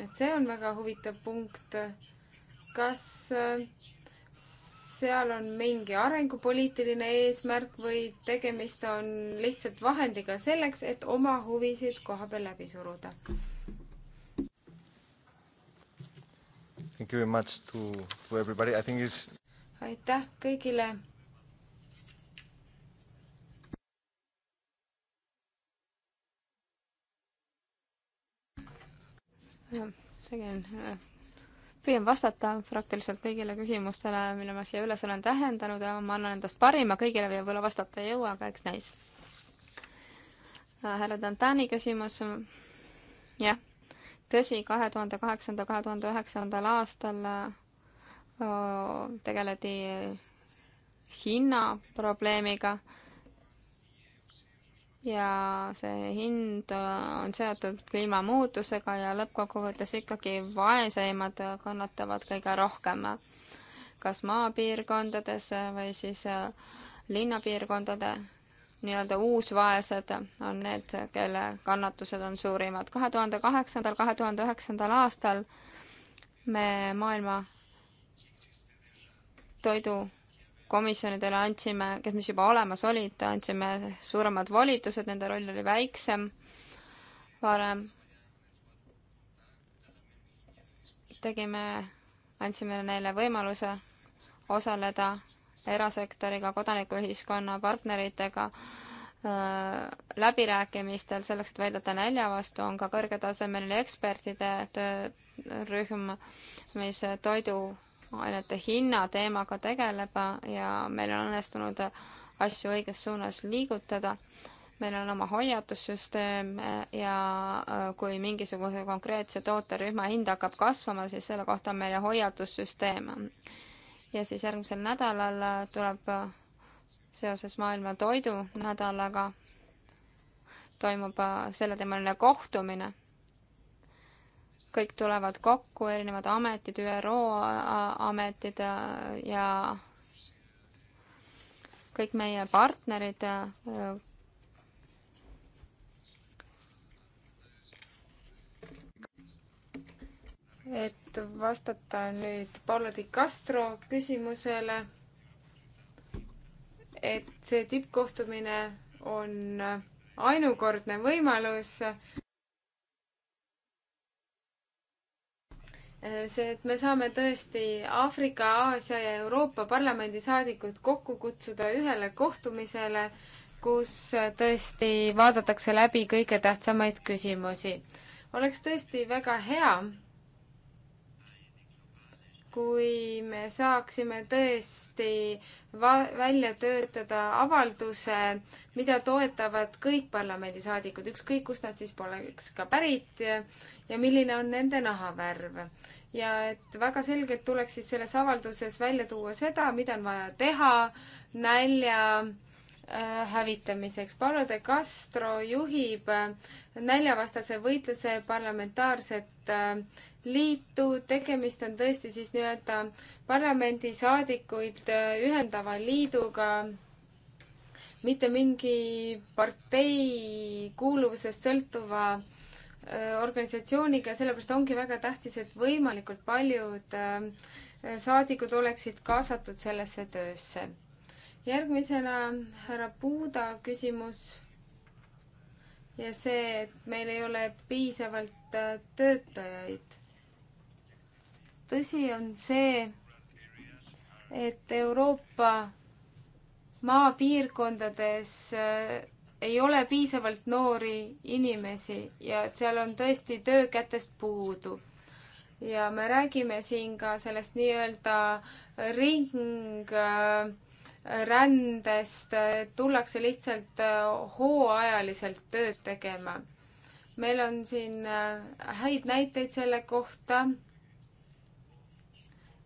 et see on väga huvitav punkt. kas äh, seal on mingi arengupoliitiline eesmärk või tegemist on lihtsalt vahendiga selleks, et oma huvisid koha peal läbi suruda? aitäh kõigile tegin, äh, püüan vastata praktiliselt kõigile küsimustele, mille ma siia üles olen tähendanud ja ma annan endast parima, kõigile võib-olla vastata ei jõua, aga eks näis. Äh, härra Tantani küsimus, jah, tõsi, kahe tuhande kaheksanda, kahe tuhande üheksandal aastal äh, tegeleti hinnaprobleemiga ja see hind äh, on seotud kliimamuutusega ja lõppkokkuvõttes ikkagi vaeseimad äh, kannatavad kõige rohkem, kas maapiirkondades äh, või siis linnapiirkondade nii-öelda uusvaesed on need, kelle kannatused on suurimad. kahe tuhande kaheksandal, kahe tuhande üheksandal aastal me maailma toidu komisjonidele andsime, kes mis juba olemas olid, andsime suuremad volitused, nende roll oli väiksem varem. tegime, andsime neile võimaluse osaleda erasektoriga, kodanikuühiskonna partneritega läbirääkimistel selleks, et väidata nälja vastu, on ka kõrgetasemeline ekspertide töörühm, mis toidu ainete hinna teemaga tegeleb ja meil on õnnestunud asju õiges suunas liigutada. meil on oma hoiatussüsteem ja äh, kui mingisuguse konkreetse tooterühma hind hakkab kasvama, siis selle kohta on meil hoiatussüsteem. ja siis järgmisel nädalal tuleb äh, seoses maailma toidunädalaga toimub äh, selleteemaline kohtumine kõik tulevad kokku, erinevad ametid, ÜRO ametid ja kõik meie partnerid. Äh. et vastata nüüd Paula di Castro küsimusele, et see tippkohtumine on ainukordne võimalus Eh, see, et me saame tõesti Aafrika, Aasia ja Euroopa Parlamendi saadikud kokku kutsuda ühele kohtumisele, kus eh, tõesti vaadatakse läbi kõige tähtsamaid küsimusi. oleks tõesti väga hea, kui me saaksime tõesti va-, välja töötada avalduse, mida toetavad kõik parlamendisaadikud, ükskõik kust nad siis poleks ka pärit ja, ja milline on nende nahavärv. ja et väga selgelt tuleks siis selles avalduses välja tuua seda, mida on vaja teha nälja, Äh, hävitamiseks. Paolo de Castro juhib äh, näljavastase võitluse parlamentaarset äh, liitu, tegemist on tõesti siis nii-öelda parlamendisaadikuid ühendava liiduga, mitte mingi partei kuuluvusest sõltuva organisatsiooniga, sellepärast ongi väga tähtis, et võimalikult paljud saadikud oleksid kaasatud sellesse töösse järgmisena härra Puuda küsimus ja see, et meil ei ole piisavalt äh, töötajaid. tõsi on see, et Euroopa maapiirkondades äh, ei ole piisavalt noori inimesi ja et seal on tõesti töökätest puudu. ja me räägime siin ka sellest nii-öelda ring äh, rändest tullakse lihtsalt äh, hooajaliselt tööd tegema. meil on siin äh, häid näiteid selle kohta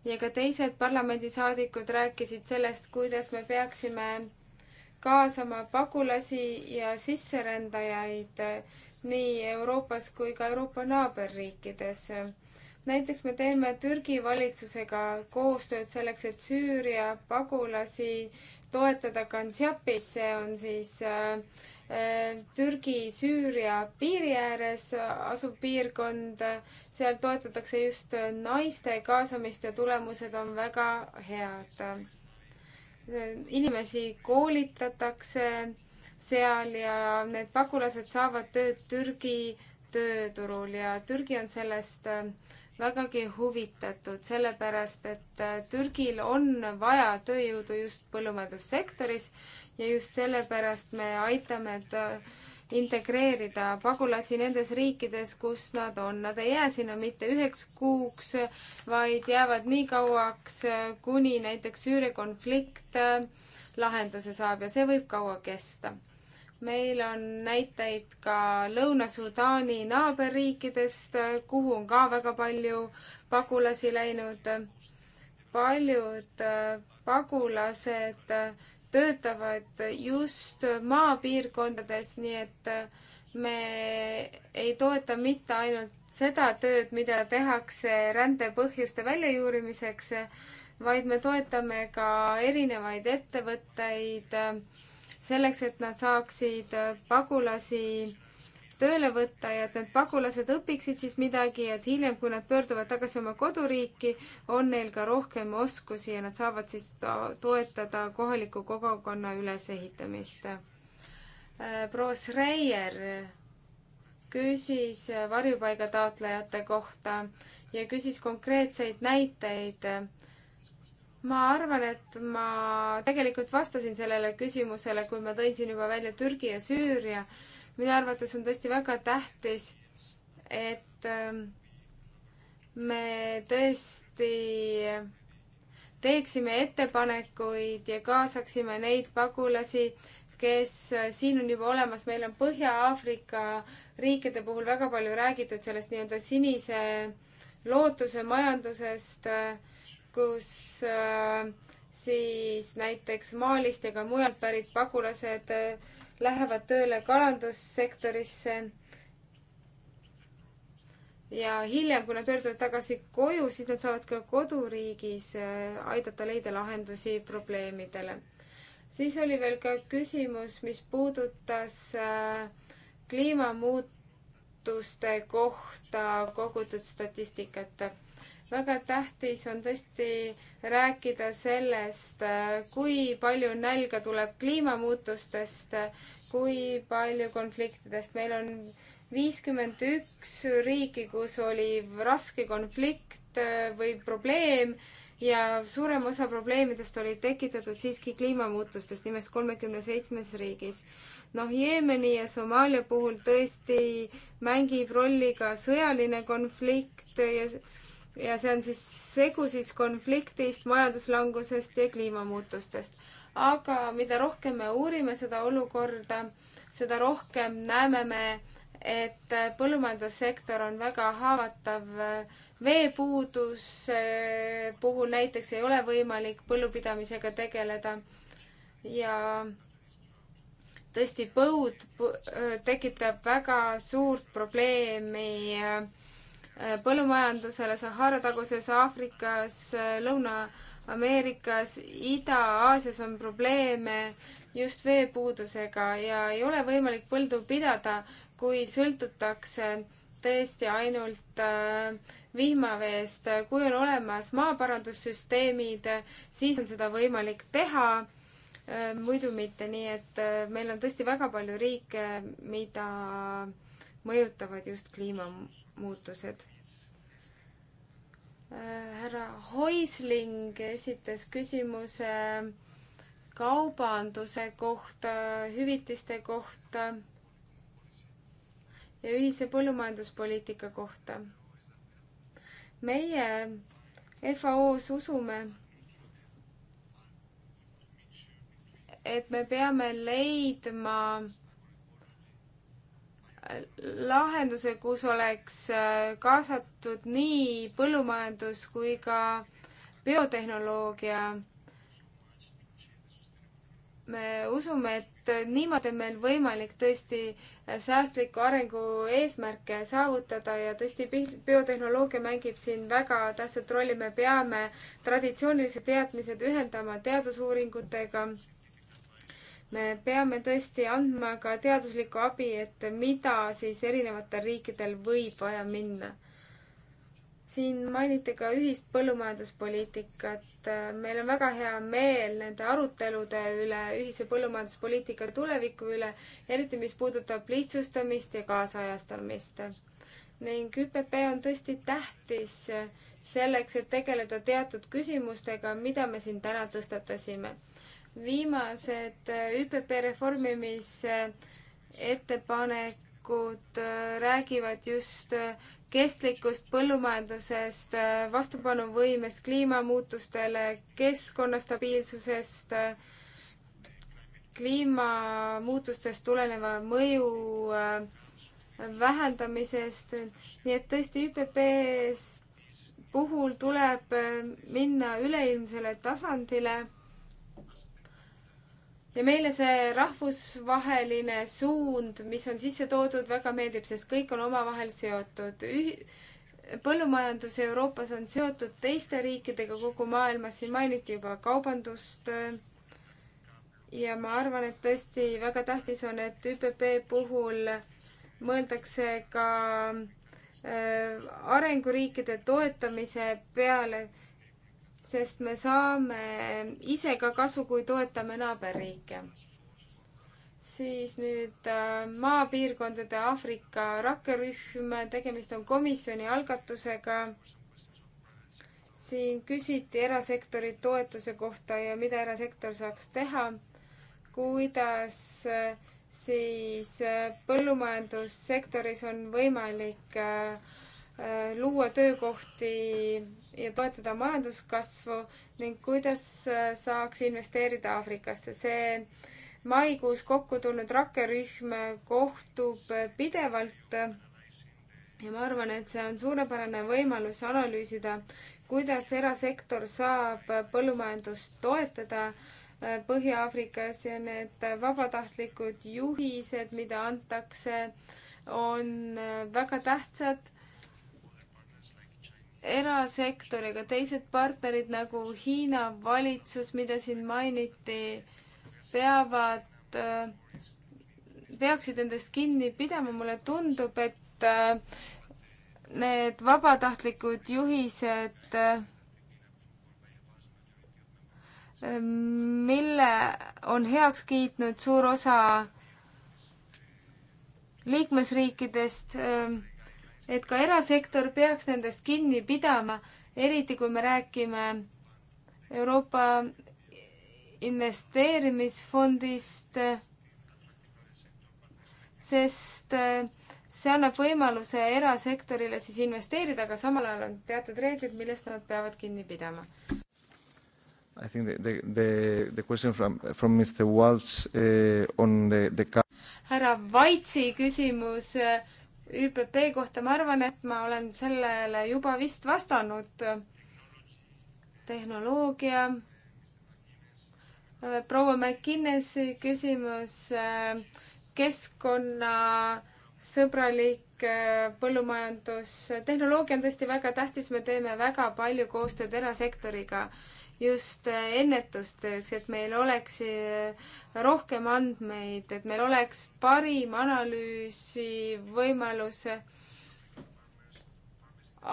ja ka teised parlamendisaadikud rääkisid sellest, kuidas me peaksime kaasama pagulasi ja sisserändajaid äh, nii Euroopas kui ka Euroopa naaberriikides näiteks me teeme Türgi valitsusega koostööd selleks, et Süüria pagulasi toetada Gaziantepis, see on siis äh, äh, Türgi-Süüria piiri ääres asuv piirkond. seal toetatakse just naiste kaasamist ja tulemused on väga head. inimesi koolitatakse seal ja need pagulased saavad tööd Türgi tööturul ja Türgi on sellest äh, vägagi huvitatud, sellepärast et äh, Türgil on vaja tööjõudu just põllumajandussektoris ja just sellepärast me aitame integreerida pagulasi nendes riikides, kus nad on. Nad ei jää sinna mitte üheks kuuks, vaid jäävad nii kauaks, äh, kuni näiteks Süüria konflikt äh, lahenduse saab ja see võib kaua kesta meil on näiteid ka Lõuna-Sudaani naaberriikidest, kuhu on ka väga palju pagulasi läinud. paljud äh, pagulased äh, töötavad just maapiirkondades, nii et äh, me ei toeta mitte ainult seda tööd, mida tehakse rände põhjuste väljajuurimiseks, vaid me toetame ka erinevaid ettevõtteid äh, selleks, et nad saaksid äh, pagulasi tööle võtta ja et need pagulased õpiksid siis midagi, et hiljem, kui nad pöörduvad tagasi oma koduriiki, on neil ka rohkem oskusi ja nad saavad siis toetada kohaliku kogukonna ülesehitamist. Äh, proua Schreier küsis äh, varjupaigataotlejate kohta ja küsis konkreetseid näiteid ma arvan, et ma tegelikult vastasin sellele küsimusele, kui ma tõin siin juba välja Türgi ja Süüria. minu arvates on tõesti väga tähtis, et ähm, me tõesti teeksime ettepanekuid ja kaasaksime neid pagulasi, kes äh, siin on juba olemas, meil on Põhja-Aafrika riikide puhul väga palju räägitud sellest nii-öelda sinise lootuse majandusest äh, kus äh, siis näiteks Maalist ja ka mujalt pärit pagulased äh, lähevad tööle kalandussektorisse. ja hiljem, kui nad pöörduvad tagasi koju, siis nad saavad ka koduriigis äh, aidata leida lahendusi probleemidele. siis oli veel ka küsimus, mis puudutas kliimamuutuste kohta kogutud statistikat väga tähtis on tõesti rääkida sellest, kui palju nälga tuleb kliimamuutustest, kui palju konfliktidest. meil on viiskümmend üks riiki, kus oli raske konflikt või probleem ja suurem osa probleemidest olid tekitatud siiski kliimamuutustest nimelt kolmekümne seitsmes riigis. noh, Jeemeni ja Somaalia puhul tõesti mängib rolli ka sõjaline konflikt ja ja see on siis segu siis konfliktist, majanduslangusest ja kliimamuutustest. aga mida rohkem me uurime seda olukorda, seda rohkem näeme me, et põllumajandussektor on väga haavatav veepuuduse eh, puhul näiteks ei ole võimalik põllupidamisega tegeleda ja tõesti põud eh, tekitab väga suurt probleemi äh, Äh, põllumajandusele Sahara-taguses Aafrikas, äh, Lõuna-Ameerikas, Ida-Aasias on probleeme just veepuudusega ja ei ole võimalik põldu pidada, kui sõltutakse tõesti ainult äh, vihmaveest. kui on olemas maaparandussüsteemid, siis on seda võimalik teha, muidu mitte, nii et meil on tõesti väga palju riike, mida mõjutavad just kliima muutused. härra Hoisling esitas küsimuse kaubanduse kohta, hüvitiste kohta ja ühise põllumajanduspoliitika kohta. meie FAO-s usume, et me peame leidma lahenduse, kus oleks äh, kaasatud nii põllumajandus kui ka biotehnoloogia. me usume, et niimoodi on meil võimalik tõesti äh, säästliku arengu eesmärke saavutada ja tõesti biotehnoloogia mängib siin väga tähtsat rolli. me peame traditsioonilised teadmised ühendama teadusuuringutega me peame tõesti andma ka teaduslikku abi, et mida siis erinevatel riikidel võib vaja minna. siin mainiti ka ühist põllumajanduspoliitikat. meil on väga hea meel nende arutelude üle, ühise põllumajanduspoliitika tuleviku üle, eriti mis puudutab lihtsustamist ja kaasajastamist. ning ÜPP on tõesti tähtis selleks, et tegeleda teatud küsimustega, mida me siin täna tõstatasime viimased äh, ÜPP reformimisettepanekud äh, äh, räägivad just kestlikust põllumajandusest, vastupanuvõimest kliimamuutustele, keskkonnastabiilsusest, kliimamuutustest tuleneva mõju vähendamisest, nii et tõesti ÜPP-st puhul tuleb minna üleilmsele tasandile ja meile see rahvusvaheline suund, mis on sisse toodud, väga meeldib, sest kõik on omavahel seotud Üh. põllumajandus Euroopas on seotud teiste riikidega kogu maailmas, siin mainiti juba kaubandust. Äh, ja ma arvan, et tõesti väga tähtis on, et ÜPP puhul mõeldakse ka äh, arenguriikide toetamise peale äh, sest me saame ise ka kasu, kui toetame naaberriike. siis nüüd äh, maapiirkondade Aafrika rakkerühm, tegemist on komisjoni algatusega. siin küsiti erasektori toetuse kohta ja mida erasektor saaks teha, kuidas äh, siis äh, põllumajandussektoris on võimalik äh, Äh, luua töökohti ja toetada majanduskasvu ning kuidas äh, saaks investeerida Aafrikasse. see maikuus kokku tulnud rakkerühm kohtub äh, pidevalt ja ma arvan, et see on suurepärane võimalus analüüsida, kuidas erasektor saab põllumajandust toetada Põhja-Aafrikas ja need vabatahtlikud juhised, mida antakse, on väga tähtsad erasektoriga, teised partnerid nagu Hiina valitsus, mida siin mainiti, peavad, äh, peaksid endast kinni pidama, mulle tundub, et äh, need vabatahtlikud juhised, äh, mille on heaks kiitnud suur osa liikmesriikidest, et ka erasektor peaks nendest kinni pidama, eriti kui me räägime Euroopa investeerimisfondist, sest eh, see annab võimaluse erasektorile siis investeerida, aga samal ajal on teatud reeglid, millest nad peavad kinni pidama. I think the, the, the, the question from, from Mr Waltz uh, eh, on the, the härra Vaitsi küsimus uh, ÜPP kohta ma arvan, et ma olen sellele juba vist vastanud. tehnoloogia. proua McInnesi küsimus, keskkonnasõbralik põllumajandus. tehnoloogia on tõesti väga tähtis, me teeme väga palju koostööd erasektoriga just äh, ennetustööks, et meil oleks äh, rohkem andmeid, et meil oleks parim analüüsi võimalus.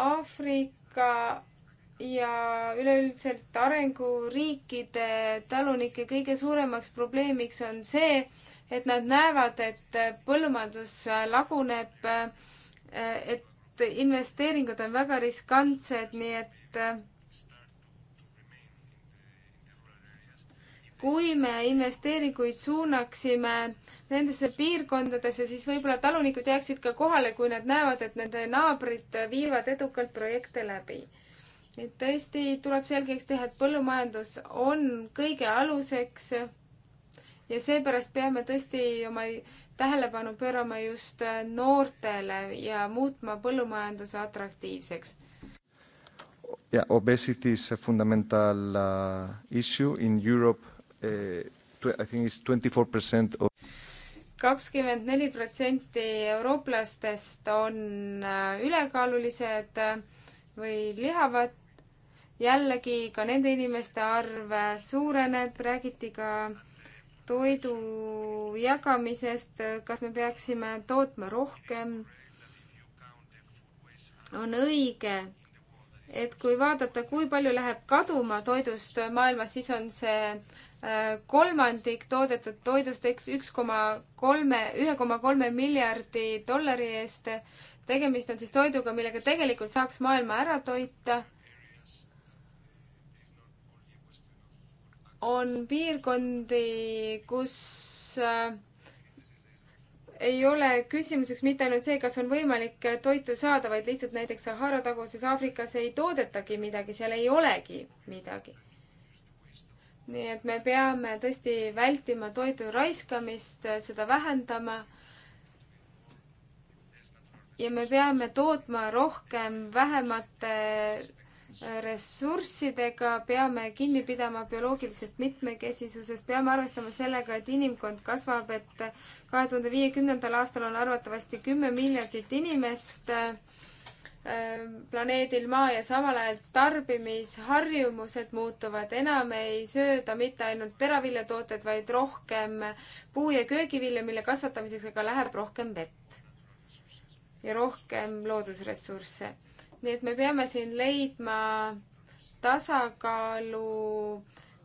Aafrika ja üleüldiselt arenguriikide talunike kõige suuremaks probleemiks on see, et nad näevad, et äh, põllumajandus laguneb, et investeeringud on väga riskantsed, nii et kui me investeeringuid suunaksime nendesse piirkondadesse, siis võib-olla talunikud jääksid ka kohale, kui nad näevad, et nende naabrid viivad edukalt projekte läbi. et tõesti tuleb selgeks teha, et põllumajandus on kõige aluseks ja seepärast peame tõesti oma tähelepanu pöörama just noortele ja muutma põllumajanduse atraktiivseks yeah, obesity is a fundamental uh, issue in Europe. Uh, I think it's 24% of kakskümmend neli protsenti eurooplastest on uh, ülekaalulised uh, või lihavad. jällegi ka nende inimeste arv suureneb, räägiti ka toidu jagamisest, kas me peaksime tootma rohkem. on õige, et kui vaadata, kui palju läheb kaduma toidust maailmas, siis on see kolmandik toodetud toidust üks koma kolme, ühe koma kolme miljardi dollari eest. tegemist on siis toiduga, millega tegelikult saaks maailma ära toita. on piirkondi, kus äh, ei ole küsimuseks mitte ainult see, kas on võimalik toitu saada, vaid lihtsalt näiteks Sahara taguses Aafrikas ei toodetagi midagi, seal ei olegi midagi nii et me peame tõesti vältima toidu raiskamist, seda vähendama. ja me peame tootma rohkem vähemate äh, ressurssidega, peame kinni pidama bioloogilisest mitmekesisusest, peame arvestama sellega, et inimkond kasvab, et kahe tuhande viiekümnendal aastal on arvatavasti kümme miljardit inimest äh, Ehm, planeedil Maa ja samal ajal tarbimisharjumused muutuvad, enam ei sööda mitte ainult teraviljatooted, vaid rohkem puu- ja köögivilju, mille kasvatamiseks aga läheb rohkem vett ja rohkem loodusressursse. nii et me peame siin leidma tasakaalu,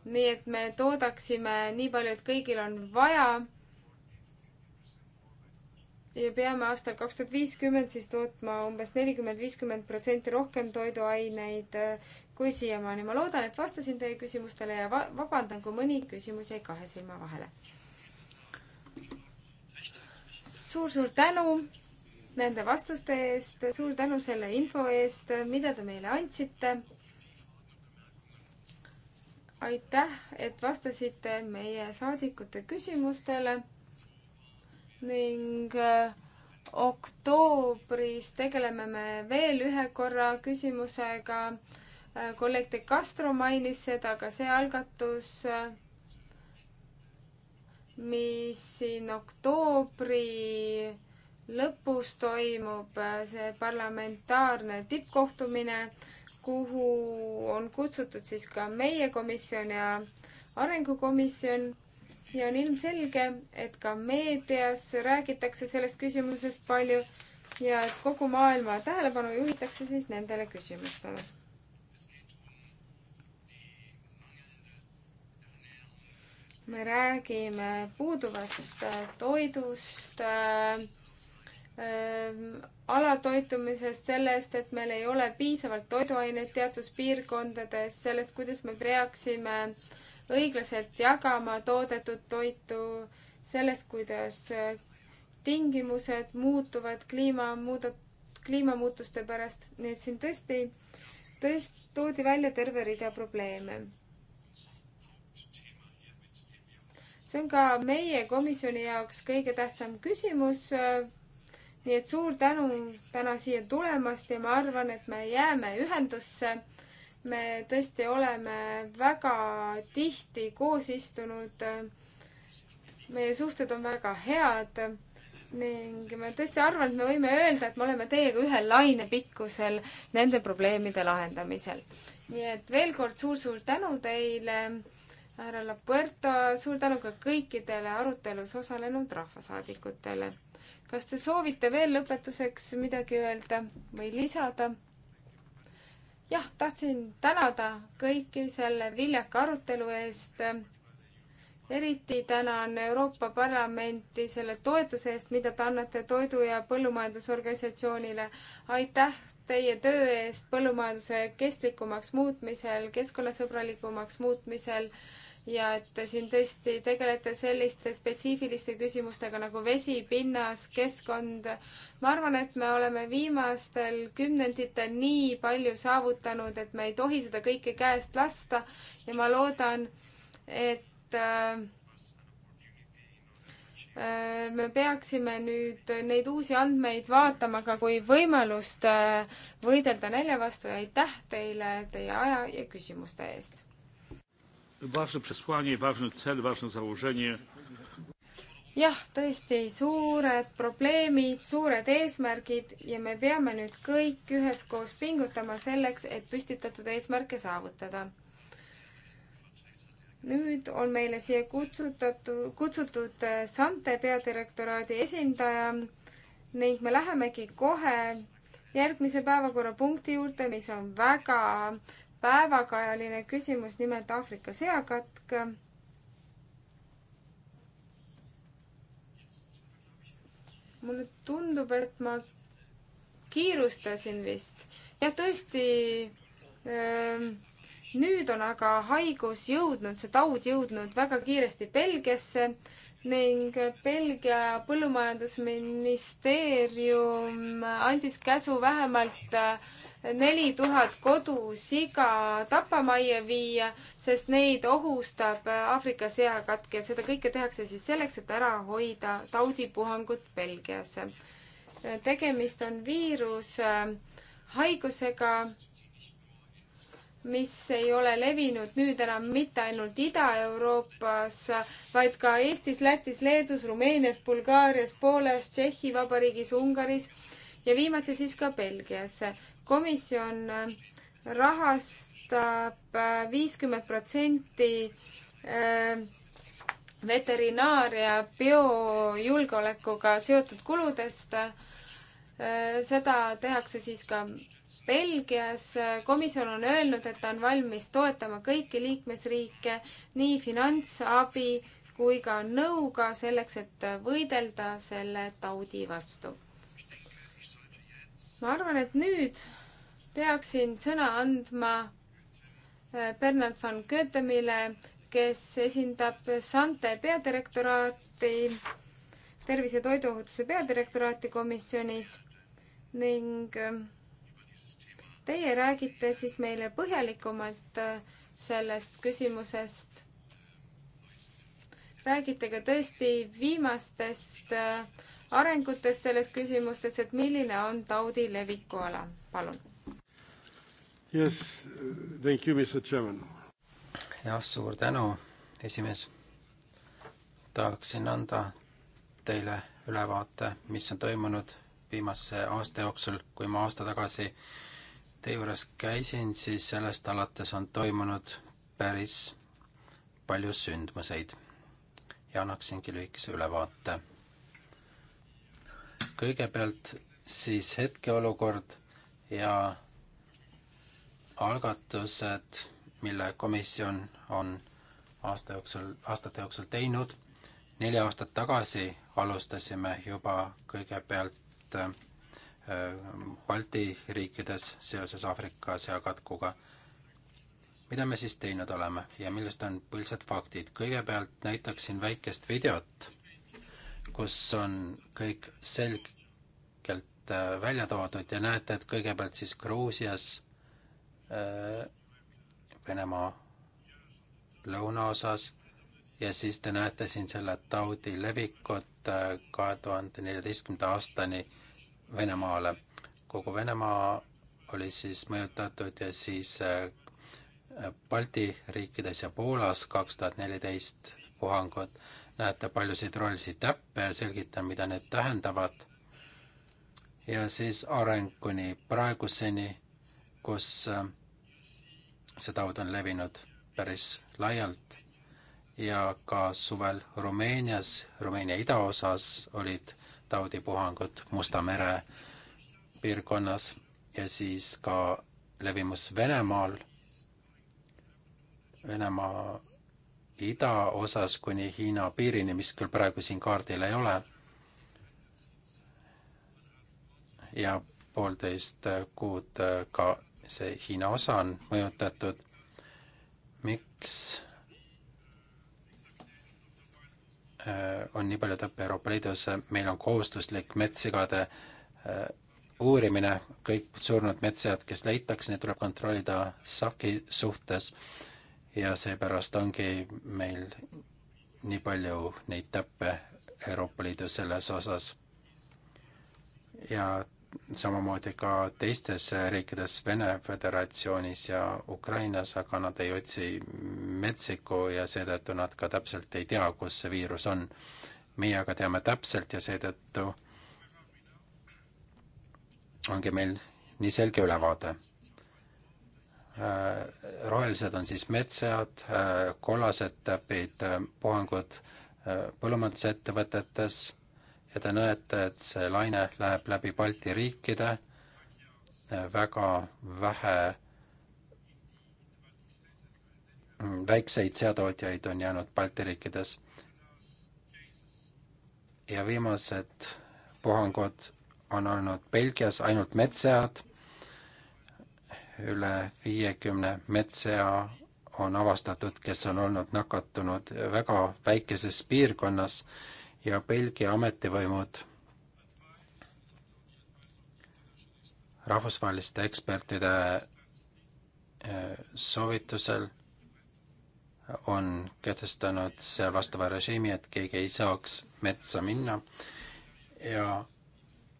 nii et me toodaksime nii palju, et kõigil on vaja ja peame aastal kaks tuhat viiskümmend siis tootma umbes nelikümmend, viiskümmend protsenti rohkem toiduaineid äh, kui siiamaani. ma loodan, et vastasin teie küsimustele ja va vabandan, kui mõni küsimus jäi kahe silma vahele suur,. suur-suur tänu nende vastuste eest, suur tänu selle info eest, mida te meile andsite. aitäh, et vastasite meie saadikute küsimustele ning äh, oktoobris tegeleme me veel ühe korra küsimusega. Äh, kolleeg De Castro mainis seda, aga see algatus, äh, mis siin oktoobri lõpus toimub, see parlamentaarne tippkohtumine, kuhu on kutsutud siis ka meie komisjon ja arengukomisjon ja on ilmselge, et ka meedias räägitakse sellest küsimusest palju ja et kogu maailma tähelepanu juhitakse siis nendele küsimustele. me räägime puuduvast toidust äh,, äh, alatoitumisest, sellest, et meil ei ole piisavalt toiduaineid teatud piirkondades, sellest, kuidas me peaksime äh, õiglaselt jagama toodetud toitu, sellest, kuidas tingimused muutuvad kliimamuudat-, kliimamuutuste pärast, nii et siin tõesti, tõest-, toodi välja terve rida probleeme. see on ka meie komisjoni jaoks kõige tähtsam küsimus. nii et suur tänu täna siia tulemast ja ma arvan, et me jääme ühendusse me tõesti oleme väga tihti koos istunud. meie suhted on väga head ning ma tõesti arvan, et me võime öelda, et me oleme teiega ühel lainepikkusel nende probleemide lahendamisel. nii et veel kord suur-suur tänu teile, härra Lapuerto, suur tänu ka kõikidele arutelus osalenud rahvasaadikutele. kas te soovite veel lõpetuseks midagi öelda või lisada? jah, tahtsin tänada kõiki selle viljaka arutelu eest. eriti tänan Euroopa Parlamenti selle toetuse eest, mida te annate Toidu- ja Põllumajandusorganisatsioonile. aitäh teie töö eest põllumajanduse kestlikumaks muutmisel, keskkonnasõbralikumaks muutmisel ja et te siin tõesti tegelete selliste spetsiifiliste küsimustega nagu vesi, pinnas, keskkond. ma arvan, et me oleme viimastel kümnenditel nii palju saavutanud, et me ei tohi seda kõike käest lasta ja ma loodan, et äh, me peaksime nüüd neid uusi andmeid vaatama ka kui võimalust äh, võidelda nälja vastu ja aitäh teile teie aja ja küsimuste eest ważne przesłanie, ważny cel, ważne założenie. jah, tõesti suured probleemid, suured eesmärgid ja me peame nüüd kõik üheskoos pingutama selleks, et püstitatud eesmärke saavutada. nüüd on meile siia kutsutatud, kutsutud äh, Sante peadirektoraadi esindaja ning me lähemegi kohe järgmise päevakorrapunkti juurde, mis on väga päevakajaline küsimus, nimelt Aafrika seakatk. mulle tundub, et ma kiirustasin vist. jah, tõesti. Ähm, nüüd on aga haigus jõudnud, see taud jõudnud väga kiiresti Belgiasse ning Belgia põllumajandusministeerium andis käsu vähemalt äh, neli tuhat kodusiga tapamajja viia, sest neid ohustab Aafrika seakatk ja seda kõike tehakse siis selleks, et ära hoida taudipuhangut Belgias. tegemist on viirushaigusega, äh, mis ei ole levinud nüüd enam mitte ainult Ida-Euroopas, vaid ka Eestis, Lätis, Leedus, Rumeenias, Bulgaarias, Poolas, Tšehhi Vabariigis, Ungaris ja viimati siis ka Belgias komisjon rahastab viiskümmend protsenti äh, veterinaaria biojulgeolekuga seotud kuludest. Äh, seda tehakse siis ka Belgias. komisjon on öelnud, et ta on valmis toetama kõiki liikmesriike nii finantsabi kui ka nõuga selleks, et võidelda selle taudi vastu. ma arvan, et nüüd peaksin sõna andma äh, Bernard van Goethemile, kes esindab Sante peadirektoraati, tervise ja toiduohutuse peadirektoraati komisjonis ning äh, teie räägite siis meile põhjalikumalt äh, sellest küsimusest. räägite ka tõesti viimastest arengutest selles küsimustes, et milline on taudi levikuala, palun Yes, thank you, Mr Chairman. jah, suur tänu, esimees. tahaksin anda teile ülevaate, mis on toimunud viimase aasta jooksul, kui ma aasta tagasi teie juures käisin, siis sellest alates on toimunud päris palju sündmuseid ja annaksingi lühikese ülevaate. kõigepealt siis hetkeolukord ja algatused, mille komisjon on aasta jooksul, aastate jooksul teinud. neli aastat tagasi alustasime juba kõigepealt äh, Balti riikides seoses Aafrika seakatkuga. mida me siis teinud oleme ja millised on põhilised faktid? kõigepealt näitaksin väikest videot, kus on kõik selgelt äh, välja toodud ja näete, et kõigepealt siis Gruusias Äh, Venemaa lõunaosas ja siis te näete siin selle taudi levikut äh, kahe tuhande neljateistkümnenda aastani Venemaale. kogu Venemaa oli siis mõjutatud ja siis äh, Balti riikides ja Poolas kaks tuhat neliteist puhangud. näete paljusid rollisi täppe ja selgitan, mida need tähendavad. ja siis areng kuni praeguseni, kus see taud on levinud päris laialt ja ka suvel Rumeenias, Rumeenia idaosas olid taudipuhangud Musta mere piirkonnas ja siis ka levimus Venemaal, Venemaa idaosas kuni Hiina piirini, mis küll praegu siin kaardil ei ole. ja poolteist kuud ka see Hiina osa on mõjutatud, miks äh, on nii palju tõppe Euroopa Liidus, meil on kohustuslik metssigade äh, uurimine, kõik surnud metsad, kes leitakse, neid tuleb kontrollida saki suhtes ja seepärast ongi meil nii palju neid täppe Euroopa Liidu selles osas. ja samamoodi ka teistes riikides, Vene Föderatsioonis ja Ukrainas, aga nad ei otsi metsikku ja seetõttu nad ka täpselt ei tea, kus see viirus on. meie aga teame täpselt ja seetõttu ongi meil nii selge ülevaade. Äh, rohelised on siis metsad, äh, kollased täpid, äh, puhangud põllumajandusettevõtetes ja te näete, et see laine läheb läbi Balti riikide, väga vähe väikseid seatootjaid on jäänud Balti riikides. ja viimased puhangud on olnud Belgias ainult metssead, üle viiekümne metssea on avastatud, kes on olnud nakatunud väga väikeses piirkonnas ja Belgia ametivõimud rahvusvaheliste ekspertide äh, soovitusel on kehtestanud seal vastava režiimi, et keegi ei saaks metsa minna ja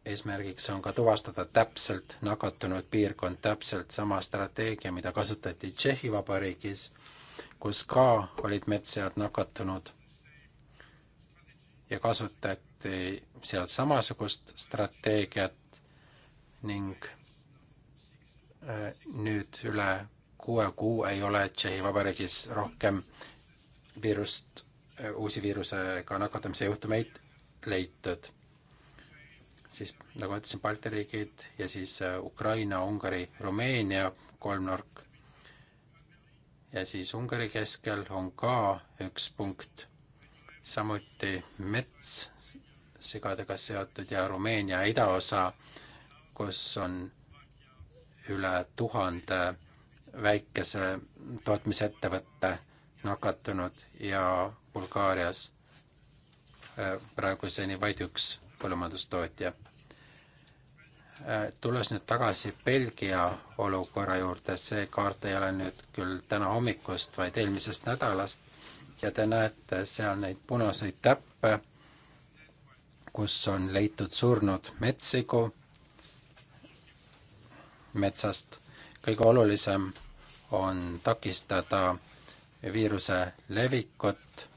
eesmärgiks on ka tuvastada täpselt nakatunud piirkond, täpselt sama strateegia, mida kasutati Tšehhi Vabariigis, kus ka olid metssead nakatunud ja kasutati seal samasugust strateegiat ning äh, nüüd üle kuue kuu ei ole Tšehhi Vabariigis rohkem viirust, äh, uusi viirusega nakatumise juhtumeid leitud. siis nagu ma ütlesin, Balti riigid ja siis äh, Ukraina, Ungari, Rumeenia kolmnurk. ja siis Ungari keskel on ka üks punkt samuti metssegadega seotud ja Rumeenia idaosa, kus on üle tuhande väikese tootmisettevõtte nakatunud ja Bulgaarias äh, praeguseni vaid üks põllumajandustootja. Äh, tulles nüüd tagasi Belgia olukorra juurde, see kaart ei ole nüüd küll täna hommikust, vaid eelmisest nädalast, ja te näete seal neid punaseid täppe, kus on leitud surnud metssigu metsast. kõige olulisem on takistada viiruse levikut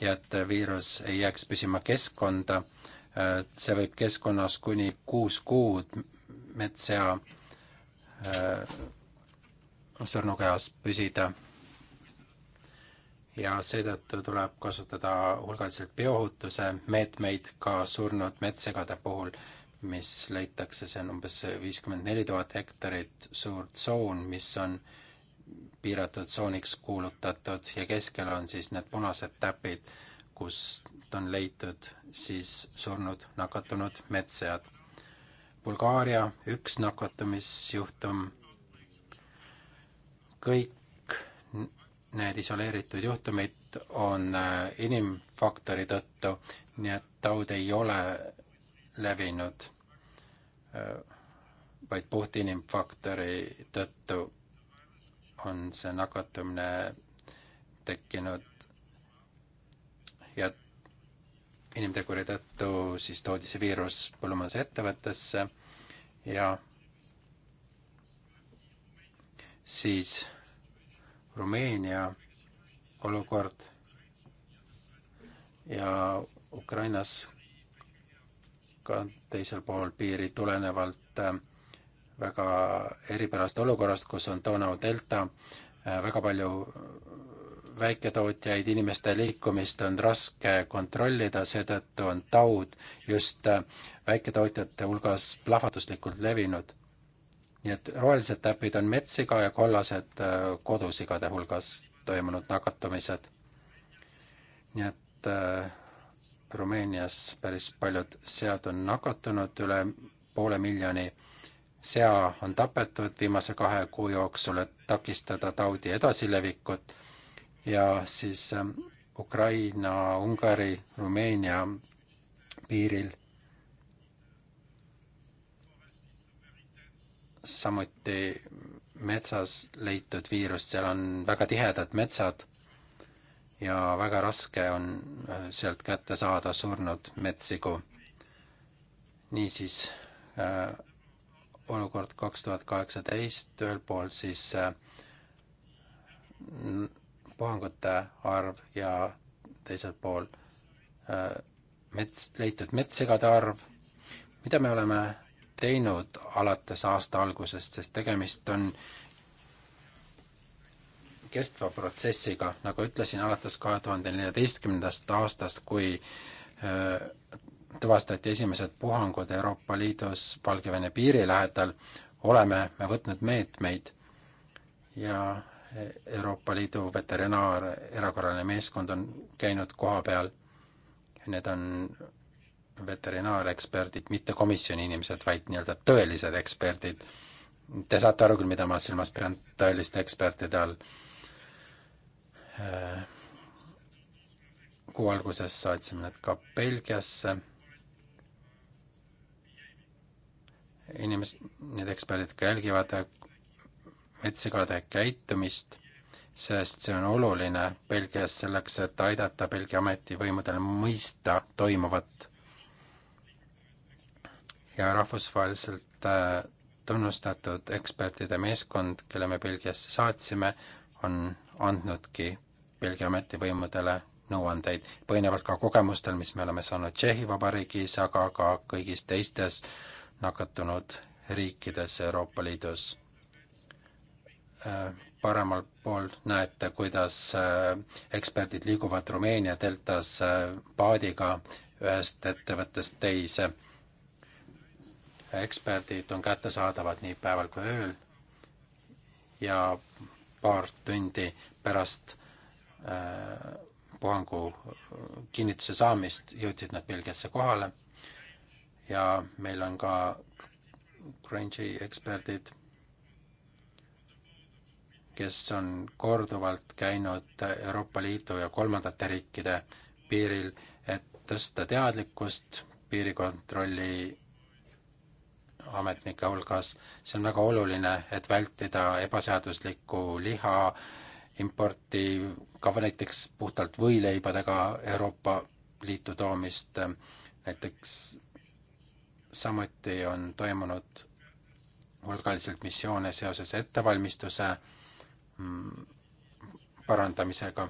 ja et viirus ei jääks püsima keskkonda. see võib keskkonnas kuni kuus kuud metssea surnukeas püsida. ja seetõttu tuleb kasutada hulgaliselt biohutuse meetmeid ka surnud metssegade puhul, mis leitakse, see on umbes viiskümmend neli tuhat hektarit suur tsoon, mis on piiratud tsooniks kuulutatud ja keskel on siis need punased täpid, kust on leitud siis surnud nakatunud metssead. Bulgaaria üks nakatumisjuhtum kõik need isoleeritud juhtumid on äh, inimfaktori tõttu, nii et taud ei ole levinud, äh, vaid puht inimfaktori tõttu on see nakatumine tekkinud ja inimteguri tõttu siis toodi see viirus põllumajandusettevõttesse ja siis Rumeenia olukord ja Ukrainas ka teisel pool piiri tulenevalt äh, väga eripärast olukorrast, kus on Donau delta, äh, väga palju äh, väiketootjaid, inimeste liikumist on raske kontrollida, seetõttu on taud just väiketootjate hulgas plahvatuslikult levinud nii et rohelised täpid on metssiga ja kollased äh, kodusigade hulgas toimunud nakatumised. nii et äh, Rumeenias päris paljud sead on nakatunud, üle poole miljoni sea on tapetud viimase kahe kuu jooksul, et takistada taudi edasilevikut ja siis äh, Ukraina, Ungari, Rumeenia piiril samuti metsas leitud viirust, seal on väga tihedad metsad ja väga raske on äh, sealt kätte saada surnud metssigu. niisiis äh, olukord kaks tuhat kaheksateist, ühel pool siis äh, puhangute arv ja teisel pool äh, mets, leitud metssegade arv, mida me oleme teinud alates aasta algusest, sest tegemist on kestva protsessiga, nagu ütlesin, alates kahe tuhande neljateistkümnendast aastast, kui äh, tuvastati esimesed puhangud Euroopa Liidus Valgevene piiri lähedal, oleme me võtnud meetmeid ja Euroopa Liidu veterinaar, erakorraline meeskond on käinud koha peal, need on veterinaareksperdid, mitte komisjoni inimesed, vaid nii-öelda tõelised eksperdid. Te saate aru küll, mida ma silmas pean tõeliste ekspertide all. Äh, kuu alguses saatsime need ka Belgiasse. inimesed, need eksperdid ka jälgivad metssigade käitumist, sest see on oluline Belgias selleks, et aidata Belgia ametivõimudel mõista toimuvat ja rahvusvaheliselt äh, tunnustatud ekspertide meeskond, kelle me Belgiasse saatsime, on andnudki Belgia ametivõimudele nõuandeid, põhinevalt ka kogemustel, mis me oleme saanud Tšehhi Vabariigis, aga ka kõigis teistes nakatunud riikides Euroopa Liidus. Äh, paremal pool näete, kuidas äh, eksperdid liiguvad Rumeenia deltas paadiga ühest ettevõttest teise eksperdid on kättesaadavad nii päeval kui ööl ja paar tundi pärast äh, puhangu äh, kinnituse saamist jõudsid nad Belgiasse kohale ja meil on ka Grange'i eksperdid, kes on korduvalt käinud Euroopa Liidu ja kolmandate riikide piiril, et tõsta teadlikkust piirikontrolli ametnike hulgas. see on väga oluline, et vältida ebaseaduslikku liha importi, ka näiteks puhtalt võileibadega Euroopa Liitu toomist, näiteks samuti on toimunud hulgaliselt missioone seoses ettevalmistuse mm, parandamisega.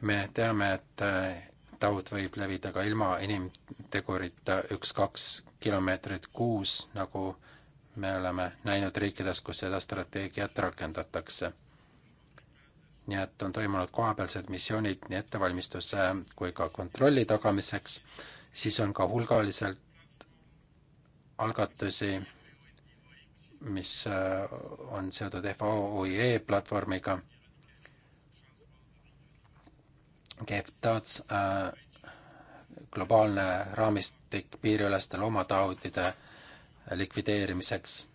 me teame, et taud võib levida ka ilma inimtegurita üks, kaks kilomeetrit kuus, nagu me oleme näinud riikides, kus seda strateegiat rakendatakse. nii et on toimunud kohapealsed missioonid nii ettevalmistuse kui ka kontrolli tagamiseks, siis on ka hulgaliselt algatusi, mis äh, on seotud FAO OIE platvormiga, GFTATS äh, globaalne raamistik piiriüleste loomataudide likvideerimiseks.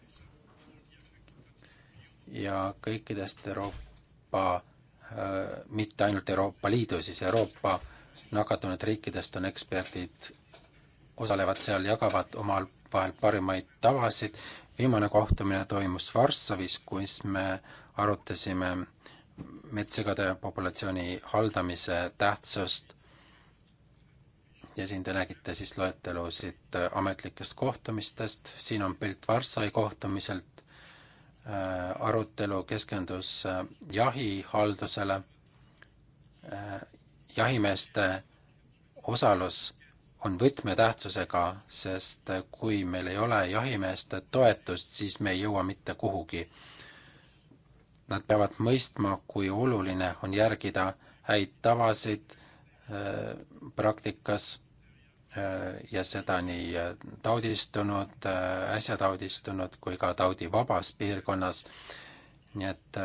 ja kõikidest Euroopa, äh, mitte ainult Euroopa Liidu, siis Euroopa nakatunud riikidest on eksperdid, osalevad seal, jagavad omavahel parimaid tavasid. viimane kohtumine toimus Varssavis, kus me arutasime metssegade populatsiooni haldamise tähtsust ja siin te nägite siis loetelusid äh, ametlikest kohtumistest, siin on pilt Varssavi kohtumiselt, äh, arutelu keskendus äh, jahihaldusele, jahimeeste osalus on võtmetähtsusega, sest kui meil ei ole jahimeeste toetust, siis me ei jõua mitte kuhugi. Nad peavad mõistma, kui oluline on järgida häid tavasid praktikas Äh, ja seda nii äh, taudistunud, äh, äsja taudistunud kui ka taudivabas piirkonnas. nii et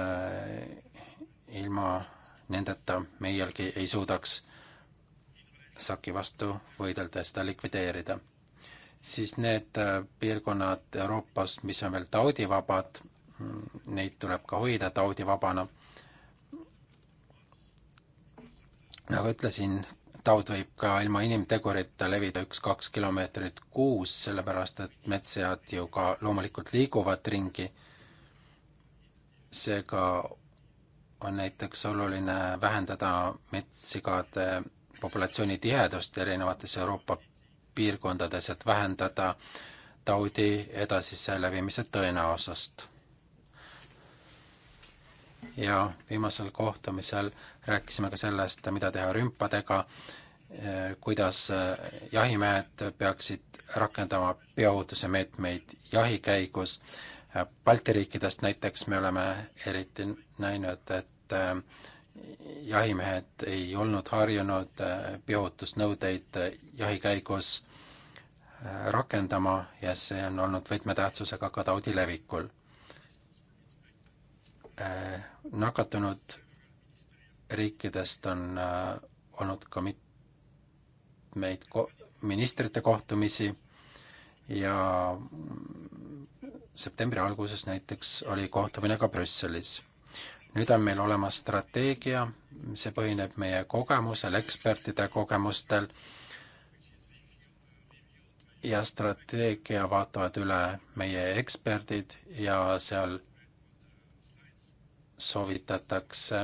ilma nendeta meielgi ei suudaks SAK-i vastu võidelda ja seda likvideerida. siis need piirkonnad Euroopas, mis on veel taudivabad, mm, neid tuleb ka hoida taudivabana. nagu ütlesin, taud võib ka ilma inimtegurita levida üks-kaks kilomeetrit kuus, sellepärast et metssead ju ka loomulikult liiguvad ringi. seega on näiteks oluline vähendada metssigade populatsiooni tihedust erinevates Euroopa piirkondades, et vähendada taudi edasise levimise tõenäosust. ja viimasel kohtumisel rääkisime ka sellest, mida teha rümpadega, eh, kuidas eh, jahimehed peaksid rakendama biohutuse meetmeid jahi käigus. Eh, Balti riikidest näiteks me oleme eriti näinud, et jahimehed ei olnud harjunud biohutusnõudeid jahi käigus rakendama ja see on olnud võtmetähtsusega ka taudi levikul. nakatunud riikidest on äh, olnud ka mitmeid ko-, ministrite kohtumisi ja septembri alguses näiteks oli kohtumine ka Brüsselis. nüüd on meil olemas strateegia, see põhineb meie kogemusel, ekspertide kogemustel ja strateegia vaatavad üle meie eksperdid ja seal soovitatakse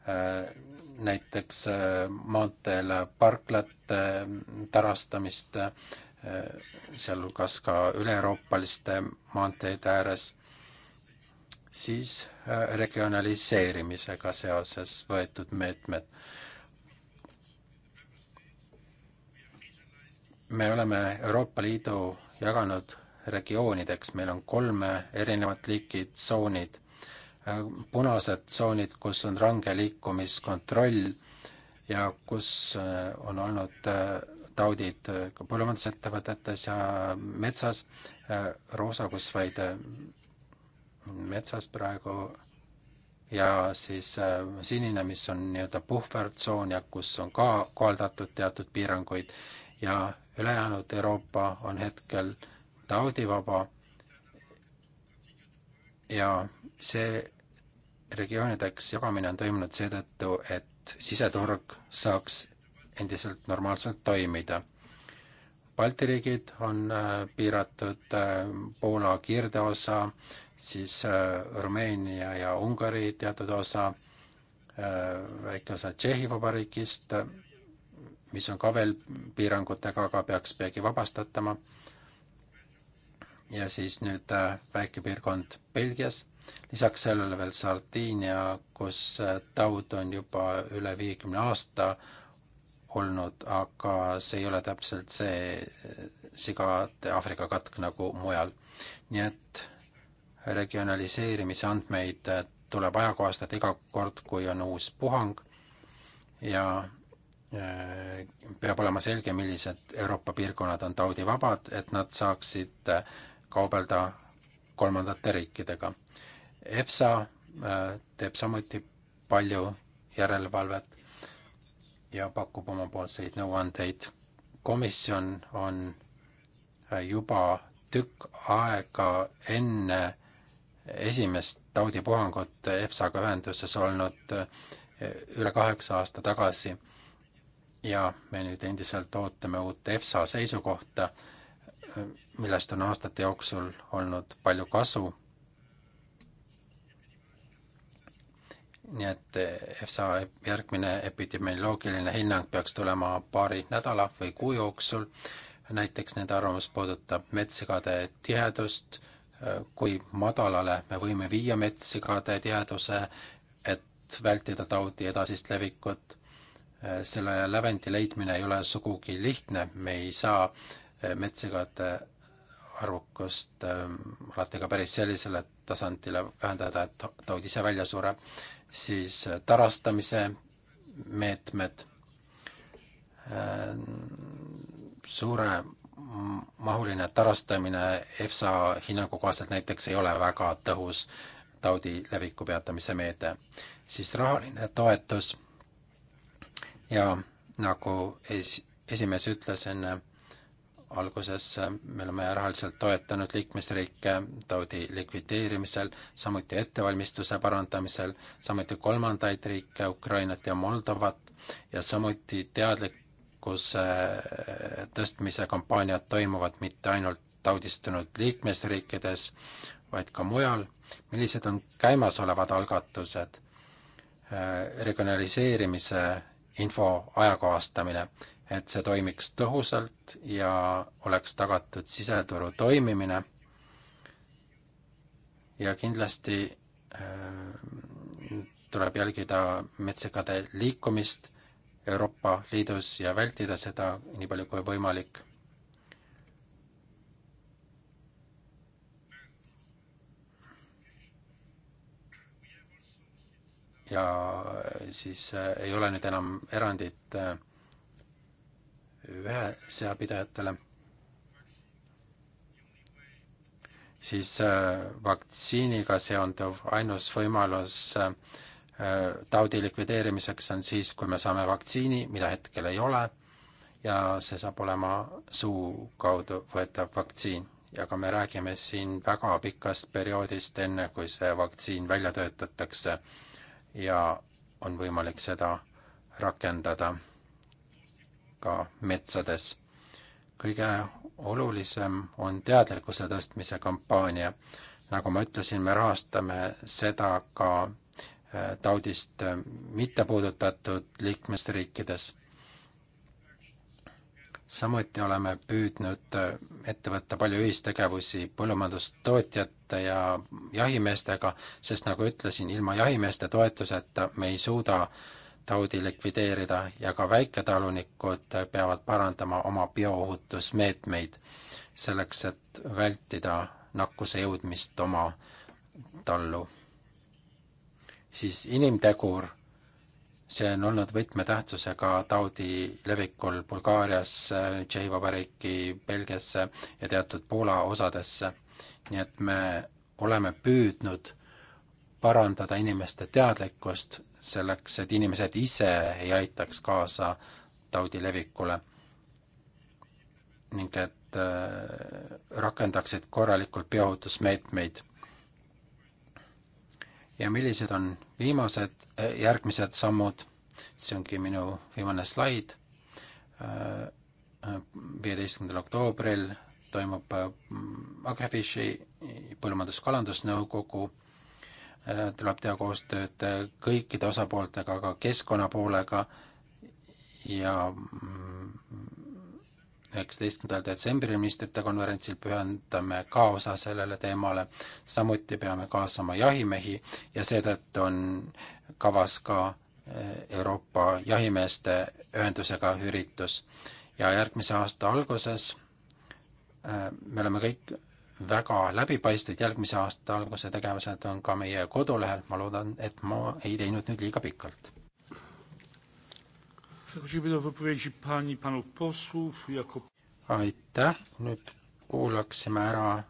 Äh, näiteks äh, maanteel parklate äh, tarastamist, sealhulgas ka üle-euroopaliste maanteede ääres, siis regionaliseerimisega seoses võetud meetmed. me oleme Euroopa Liidu jaganud regioonideks, meil on kolme erinevat liiki tsoonid Äh, punased tsoonid, kus on range liikumiskontroll ja kus äh, on olnud äh, taudid ka põllumajandusettevõtetes ja metsas, roosa, kus vaid metsas praegu ja siis sinine, mis on nii-öelda puhvertsoon ja kus on ka kohaldatud teatud piiranguid ja ülejäänud Euroopa on hetkel taudivaba ja see regioonideks jagamine on toimunud seetõttu, et siseturg saaks endiselt normaalselt toimida. Balti riigid on äh, piiratud äh, Poola kirdeosa, siis äh, Rumeenia ja Ungari teatud osa, väike osa Tšehhi Vabariigist, mis on ka veel piirangutega, aga peaks peagi vabastatama ja siis nüüd äh, väikepiirkond Belgias, lisaks sellele veel Sardiinia, kus äh, taud on juba üle viiekümne aasta olnud, aga see ei ole täpselt see äh, sigade Aafrika katk nagu mujal. nii et regionaliseerimise andmeid tuleb ajakohastada iga kord, kui on uus puhang ja peab olema selge, millised Euroopa piirkonnad on taudivabad, et nad saaksid kaubelda kolmandate riikidega. EFSA äh, teeb samuti palju järelevalvet ja pakub omapoolseid nõuandeid. komisjon on äh, juba tükk aega enne esimest taudipuhangut EFSA-ga ühenduses olnud äh, üle kaheksa aasta tagasi ja me nüüd endiselt ootame uut EFSA seisukohta millest on aastate jooksul olnud palju kasu. nii et EFSA järgmine epidemioloogiline hinnang peaks tulema paari nädala või kuu jooksul. näiteks nende arvamus puudutab metssigade tihedust, kui madalale me võime viia metssigade tiheduse, et vältida taudi edasist levikut. selle lävendi leidmine ei ole sugugi lihtne, me ei saa metssigade arvukust ähm, alati ka päris sellisele tasandile vähendada, et taud ise välja sureb, siis äh, tarastamise meetmed, ähm, suuremahuline tarastamine EFSA hinnangu kohaselt näiteks ei ole väga tõhus taudi leviku peatamise meede, siis rahaline toetus ja nagu es-, esimees ütles enne, alguses äh, me oleme rahaliselt toetanud liikmesriike taudi likvideerimisel, samuti ettevalmistuse parandamisel, samuti kolmandaid riike, Ukrainat ja Moldovat, ja samuti teadlikkuse äh, tõstmise kampaaniad toimuvad mitte ainult taudistunud liikmesriikides, vaid ka mujal. millised on käimasolevad algatused? Äh, regionaliseerimise info ajakohastamine et see toimiks tõhusalt ja oleks tagatud siseturu toimimine ja kindlasti äh, tuleb jälgida metsikade liikumist Euroopa Liidus ja vältida seda nii palju kui võimalik. ja siis äh, ei ole nüüd enam erandit äh, ühe seapidajatele, siis äh, vaktsiiniga seonduv ainus võimalus äh, taudi likvideerimiseks on siis, kui me saame vaktsiini, mida hetkel ei ole, ja see saab olema suu kaudu võetav vaktsiin. ja ka me räägime siin väga pikast perioodist, enne kui see vaktsiin välja töötatakse ja on võimalik seda rakendada ka metsades. kõige olulisem on teadlikkuse tõstmise kampaania. nagu ma ütlesin, me rahastame seda ka äh, taudist äh, mitte puudutatud liikmesriikides. samuti oleme püüdnud äh, ette võtta palju ühistegevusi põllumajandustootjate ja jahimeestega, sest nagu ütlesin, ilma jahimeeste toetuseta me ei suuda äh, taudi likvideerida ja ka väiketalunikud peavad parandama oma bioohutusmeetmeid selleks, et vältida nakkuse jõudmist oma tallu. siis inimtegur, see on olnud võtmetähtsusega taudi levikul Bulgaarias, Tšehhi Vabariiki, Belgiasse ja teatud Poola osadesse. nii et me oleme püüdnud parandada inimeste teadlikkust selleks, et inimesed ise ei aitaks kaasa taudi levikule ning et äh, rakendaksid korralikult biohutusmeetmeid. ja millised on viimased, äh, järgmised sammud, see ongi minu viimane slaid, äh, viieteistkümnendal oktoobril toimub Agrifishi põllumajandus-kalandusnõukogu tuleb teha koostööd kõikide osapooltega, aga keskkonna poolega ja mm, üheksateistkümnendal detsembril ministrite konverentsil pühendame ka osa sellele teemale, samuti peame kaasama jahimehi ja seetõttu on kavas ka eh, Euroopa Jahimeeste Ühendusega üritus. ja järgmise aasta alguses eh, me oleme kõik väga läbipaistvad, järgmise aasta alguse tegevused on ka meie kodulehel, ma loodan, et ma ei teinud nüüd liiga pikalt. aitäh, nüüd kuulaksime ära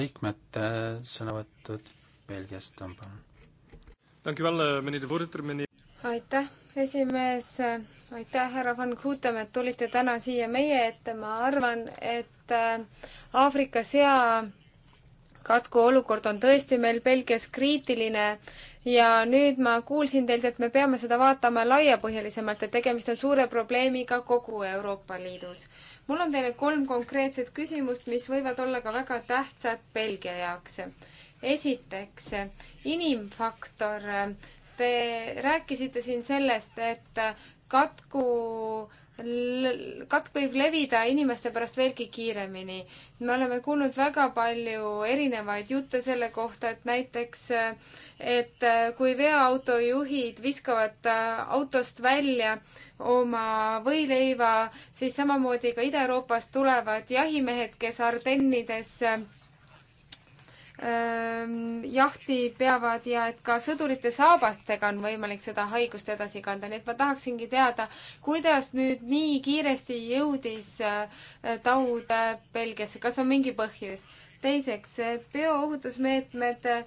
liikmete sõnavõtud Belgiast, palun. Eh, aitäh esimees, aitäh, härra Van Kuutem, et tulite täna siia meie ette, ma arvan, et äh, Aafrika sea katku olukord on tõesti meil Belgias kriitiline ja nüüd ma kuulsin teilt, et me peame seda vaatama laiapõhjalisemalt ja tegemist on suure probleemiga kogu Euroopa Liidus. mul on teile kolm konkreetset küsimust, mis võivad olla ka väga tähtsad Belgia jaoks. esiteks, inimfaktor Te rääkisite siin sellest, et katku katk võib levida inimeste pärast veelgi kiiremini. me oleme kuulnud väga palju erinevaid jutte selle kohta, et näiteks, et kui veoautojuhid viskavad autost välja oma võileiva, siis samamoodi ka Ida-Euroopast tulevad jahimehed, kes Ardennides jahti peavad ja et ka sõdurite saabastega on võimalik seda haigust edasi kanda, nii et ma tahaksingi teada, kuidas nüüd nii kiiresti jõudis taud äh, Belgiasse, kas on mingi põhjus? teiseks, äh, bioohutusmeetmed, äh,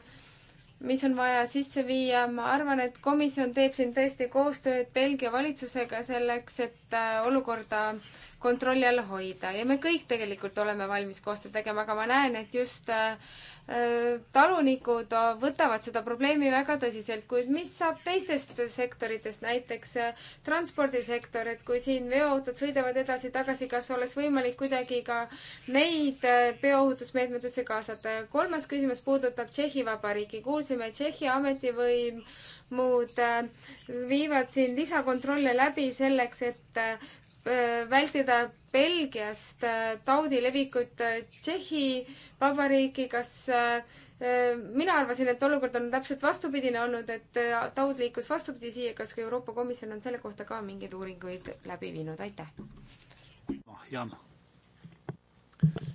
mis on vaja sisse viia, ma arvan, et komisjon teeb siin tõesti koostööd Belgia valitsusega selleks, et olukorda kontrolli all hoida ja me kõik tegelikult oleme valmis koostööd tegema, aga ma näen, et just äh, talunikud võtavad seda probleemi väga tõsiselt, kuid mis saab teistest sektoritest, näiteks äh, transpordisektor, et kui siin veoautod sõidavad edasi-tagasi, kas oleks võimalik kuidagi ka neid bioohutusmeetmetesse äh, kaasata ja kolmas küsimus puudutab Tšehhi Vabariiki. kuulsime, et Tšehhi ametivõim muud äh, viivad siin lisakontrolle läbi selleks, et Äh, vältida Belgiast äh, taudi levikut äh, Tšehhi Vabariiki, kas mina arvasin, et olukord on täpselt vastupidine olnud, et taud liikus vastupidi siia, kas ka Euroopa Komisjon on selle kohta ka mingeid uuringuid läbi viinud, aitäh! Oh, Jan.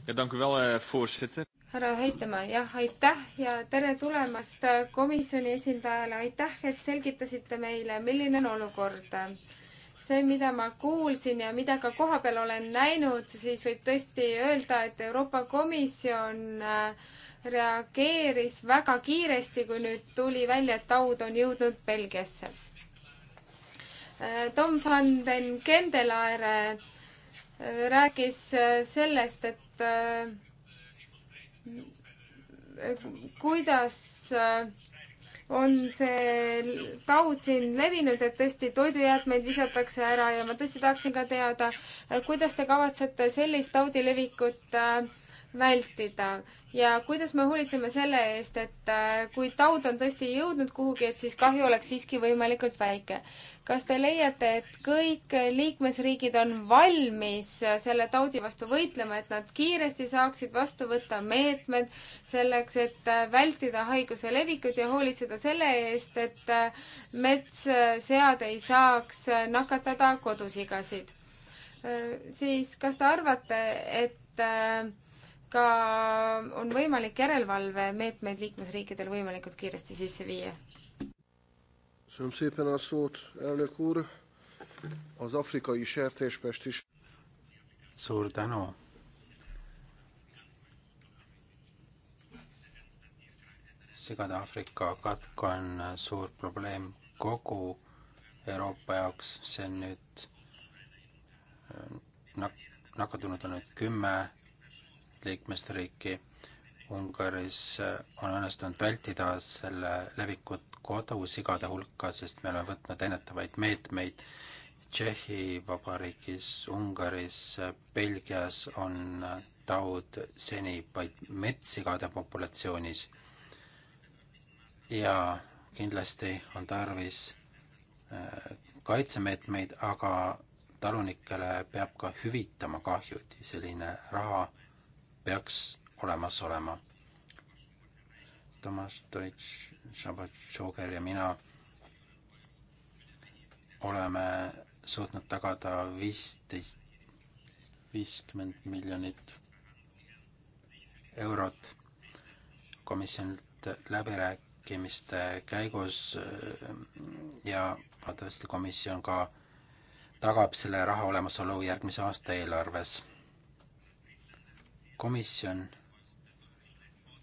ja tänku veel, eh, voorzitter. härra Heitemaa, jah, aitäh ja tere tulemast komisjoni esindajale, aitäh, et selgitasite meile, milline on olukord see, mida ma kuulsin ja mida ka kohapeal olen näinud, siis võib tõesti öelda, et Euroopa Komisjon äh, reageeris väga kiiresti, kui nüüd tuli välja, et taud on jõudnud Belgiasse. Äh, Tom van den Kendelaere äh, rääkis sellest, et kuidas on see taud siin levinud, et tõesti toidujäätmeid visatakse ära ja ma tõesti tahaksin ka teada, kuidas te kavatsete sellist taudi levikut äh, vältida ja kuidas me hoolitseme selle eest, et äh, kui taud on tõesti jõudnud kuhugi, et siis kahju oleks siiski võimalikult väike kas te leiate, et kõik liikmesriigid on valmis selle taudi vastu võitlema, et nad kiiresti saaksid vastu võtta meetmed selleks, et vältida haiguse levikut ja hoolitseda selle eest, et metssead ei saaks nakatada kodusigasid? siis kas te arvate, et ka on võimalik järelevalvemeetmeid liikmesriikidel võimalikult kiiresti sisse viia? Köszönöm szépen a szót, elnök úr. Az afrikai sertéspest is. Suur tänu. sigade Aafrika katk on suur probleem kogu Euroopa jaoks, see on nüüd nak-, nakatunud on nüüd kümme liikmesriiki. Ungaris on õnnestunud vältida selle levikut kodussigade hulka, sest me oleme võtnud ennetavaid meetmeid. Tšehhi Vabariigis, Ungaris, Belgias on taud seni vaid metssigade populatsioonis. ja kindlasti on tarvis äh, kaitsemeetmeid, aga talunikele peab ka hüvitama kahjud ja selline raha peaks olemas olema Tomas Deutsch, Shabbat Šoger ja mina oleme suutnud tagada viisteist, viiskümmend miljonit eurot komisjonilt läbirääkimiste käigus ja loodetavasti komisjon ka tagab selle raha olemasolu järgmise aasta eelarves. komisjon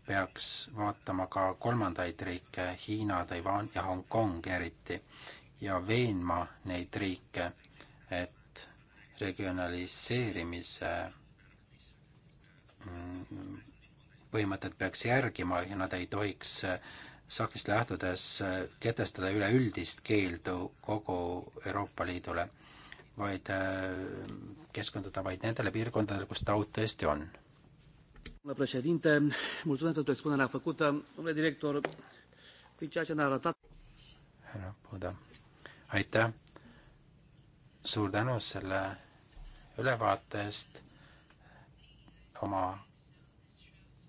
peaks vaatama ka kolmandaid riike, Hiina, Taiwan ja Hongkong eriti, ja veenma neid riike, et regionaliseerimise mm, põhimõtet peaks järgima ja nad ei tohiks eh, Saksist lähtudes eh, kehtestada üleüldist keeldu kogu Euroopa Liidule, vaid eh, keskenduda vaid nendele piirkondadele, kus taud tõesti on Domnule președinte, mulțumesc pentru expunerea făcută. Domnule director, prin e ceea ce ne-a arătat... härra Puda, aitäh! suur tänu selle ülevaate eest. oma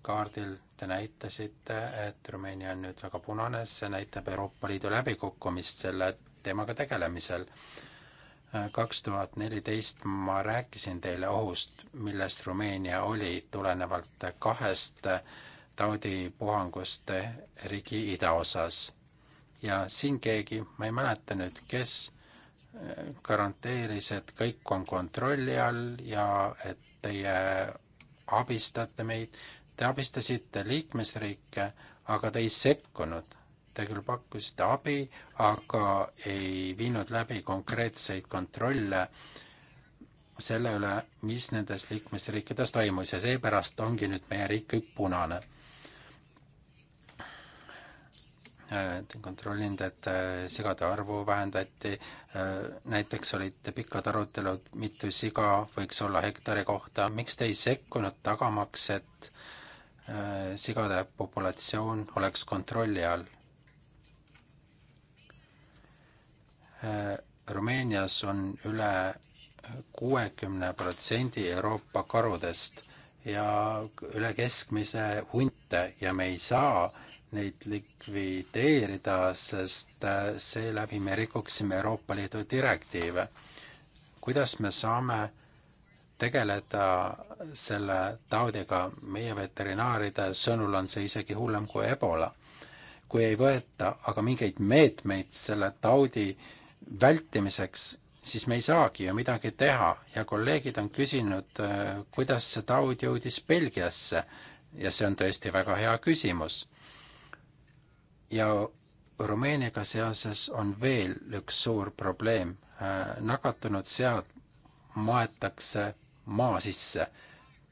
kaardil te näitasite, et Rumeenia on nüüd väga punane, see näitab Euroopa Liidu läbikukkumist selle teemaga tegelemisel kaks tuhat neliteist ma rääkisin teile ohust, milles Rumeenia oli tulenevalt kahest taudipuhangust riigi idaosas. ja siin keegi, ma ei mäleta nüüd, kes garanteeris, et kõik on kontrolli all ja et teie abistate meid, te abistasite liikmesriike, aga te ei sekkunud Te küll pakkusite abi, aga ei viinud läbi konkreetseid kontrolle selle üle, mis nendes liikmesriikides toimus ja seepärast ongi nüüd meie riik punane äh, kontrollinud, et äh, sigade arvu vähendati, äh, näiteks olid pikad arutelud, mitu siga võiks olla hektari kohta, miks te ei sekkunud tagamaks, et sigade populatsioon oleks kontrolli all? Äh, Rumeenias on üle kuuekümne protsendi Euroopa karudest ja üle keskmise hunte ja me ei saa neid likvideerida, sest äh, seeläbi me rikuksime Euroopa Liidu direktiive. kuidas me saame tegeleda selle taudiga, meie veterinaaride sõnul on see isegi hullem kui ebola. kui ei võeta aga mingeid meetmeid selle taudi äh, vältimiseks, siis me ei saagi ju midagi teha ja kolleegid on küsinud, äh, kuidas see taud jõudis Belgiasse ja see on tõesti väga hea küsimus. ja Rumeeniaga seoses on veel üks suur probleem, äh, nakatunud sead maetakse maa sisse.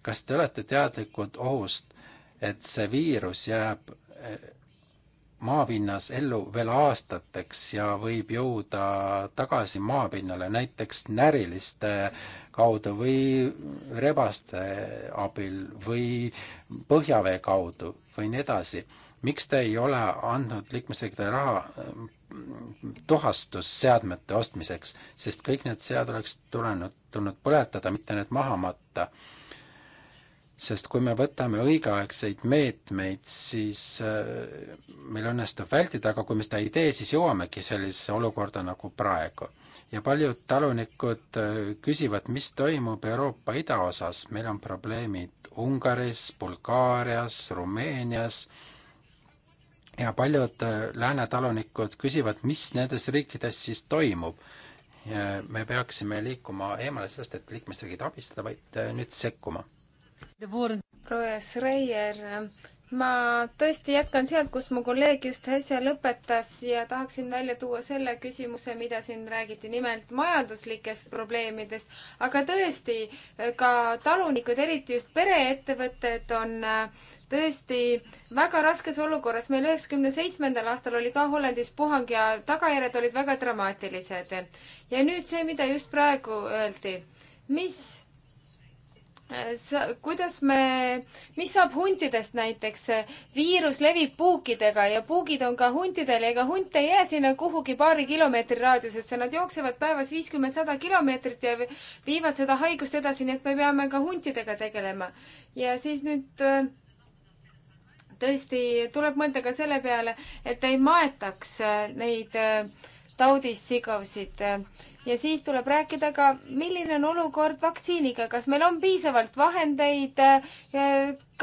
kas te olete teadlikud ohust, et see viirus jääb äh, maapinnas ellu veel aastateks ja võib jõuda tagasi maapinnale näiteks näriliste kaudu või rebaste abil või põhjavee kaudu või nii edasi. miks te ei ole andnud liikmesriikidele raha mm, tuhastusseadmete ostmiseks, sest kõik need sead oleks tulenud, tulnud põletada, mitte need maha matta sest kui me võtame õigeaegseid meetmeid, siis äh, meil õnnestub vältida, aga kui me seda ei tee, siis jõuamegi sellisesse olukorda nagu praegu. ja paljud talunikud äh, küsivad, mis toimub Euroopa idaosas, meil on probleemid Ungaris, Bulgaarias, Rumeenias, ja paljud äh, lääne talunikud küsivad, mis nendes riikides siis toimub me peaksime liikuma eemale sellest, et liikmesriigid abistada, vaid nüüd sekkuma proua Schreier, ma tõesti jätkan sealt, kus mu kolleeg just äsja lõpetas ja tahaksin välja tuua selle küsimuse, mida siin räägiti, nimelt majanduslikest probleemidest. aga tõesti, ka talunikud, eriti just pereettevõtted on äh, tõesti väga raskes olukorras. meil üheksakümne seitsmendal aastal oli ka Hollandis puhang ja tagajärjed olid väga dramaatilised. ja nüüd see, mida just praegu öeldi. mis sa, kuidas me, mis saab huntidest näiteks? viirus levib puukidega ja puugid on ka huntidel ja ega hunt ei jää sinna kuhugi paari kilomeetri raadiusesse, nad jooksevad päevas viiskümmend, sada kilomeetrit ja viivad seda haigust edasi, nii et me peame ka huntidega tegelema. ja siis nüüd tõesti tuleb mõelda ka selle peale, et ei maetaks neid äh, taudissigusid ja siis tuleb rääkida ka, milline on olukord vaktsiiniga, kas meil on piisavalt vahendeid,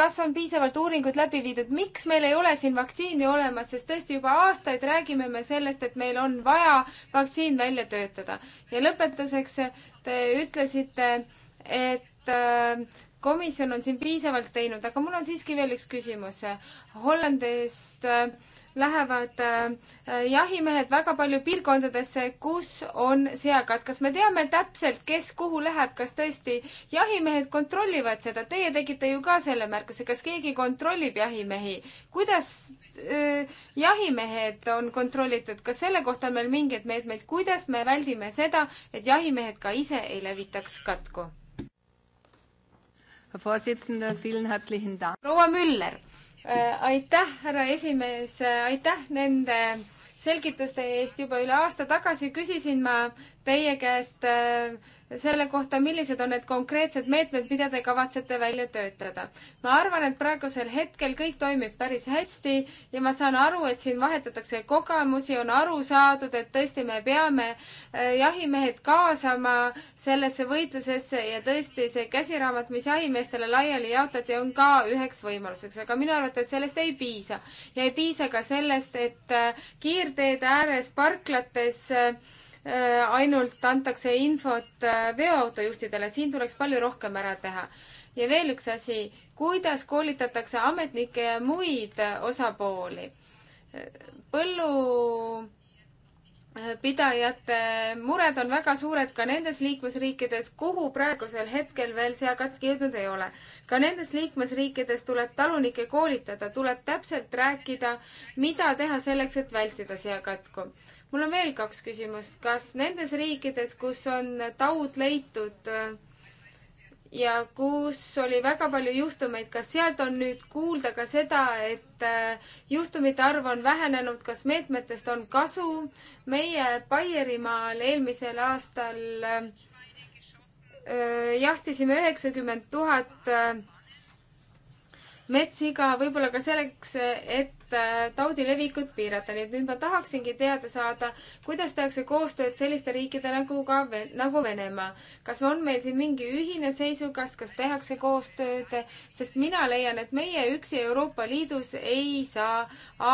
kas on piisavalt uuringuid läbi viidud, miks meil ei ole siin vaktsiini olemas, sest tõesti juba aastaid räägime me sellest, et meil on vaja vaktsiin välja töötada. ja lõpetuseks te ütlesite, et äh, komisjon on siin piisavalt teinud, aga mul on siiski veel üks küsimus. Hollandist äh, lähevad äh, jahimehed väga palju piirkondadesse, kus on seakatk. kas me teame täpselt, kes kuhu läheb, kas tõesti jahimehed kontrollivad seda? Teie tegite ju ka selle märkuse, kas keegi kontrollib jahimehi? kuidas äh, jahimehed on kontrollitud, kas selle kohta on meil mingeid meetmeid, kuidas me väldime seda, et jahimehed ka ise ei levitaks katku? proua Müller Äh, aitäh, härra esimees, äh, aitäh nende selgituste eest. juba üle aasta tagasi küsisin ma teie käest äh, selle kohta, millised on need konkreetsed meetmed, mida te kavatsete välja töötada. ma arvan, et praegusel hetkel kõik toimib päris hästi ja ma saan aru, et siin vahetatakse kogemusi, on aru saadud, et tõesti me peame äh, jahimehed kaasama sellesse võitlusesse ja tõesti see käsiraamat, mis jahimeestele laiali jaotati, on ka üheks võimaluseks, aga minu arvates sellest ei piisa. ja ei piisa ka sellest, et äh, kiirteede ääres parklates äh, Äh, ainult antakse infot äh, veoautojuhtidele, siin tuleks palju rohkem ära teha. ja veel üks asi, kuidas koolitatakse ametnikke ja muid äh, osapooli? põllu pidajate mured on väga suured ka nendes liikmesriikides, kuhu praegusel hetkel veel seakatki jõudnud ei ole. ka nendes liikmesriikides tuleb talunikke koolitada, tuleb täpselt rääkida, mida teha selleks, et vältida seakatku mul on veel kaks küsimust. kas nendes riikides, kus on taud leitud äh, ja kus oli väga palju juhtumeid, kas sealt on nüüd kuulda ka seda, et äh, juhtumite arv on vähenenud, kas meetmetest on kasu? meie Baierimaal eelmisel aastal äh, jahtisime üheksakümmend tuhat metssiga, võib-olla ka selleks, et Äh, taudi levikut piirata, nii et nüüd ma tahaksingi teada saada, kuidas tehakse koostööd selliste riikide nagu ka, nagu Venemaa. kas on meil siin mingi ühine seisukas, kas tehakse koostööd, sest mina leian, et meie üksi Euroopa Liidus ei saa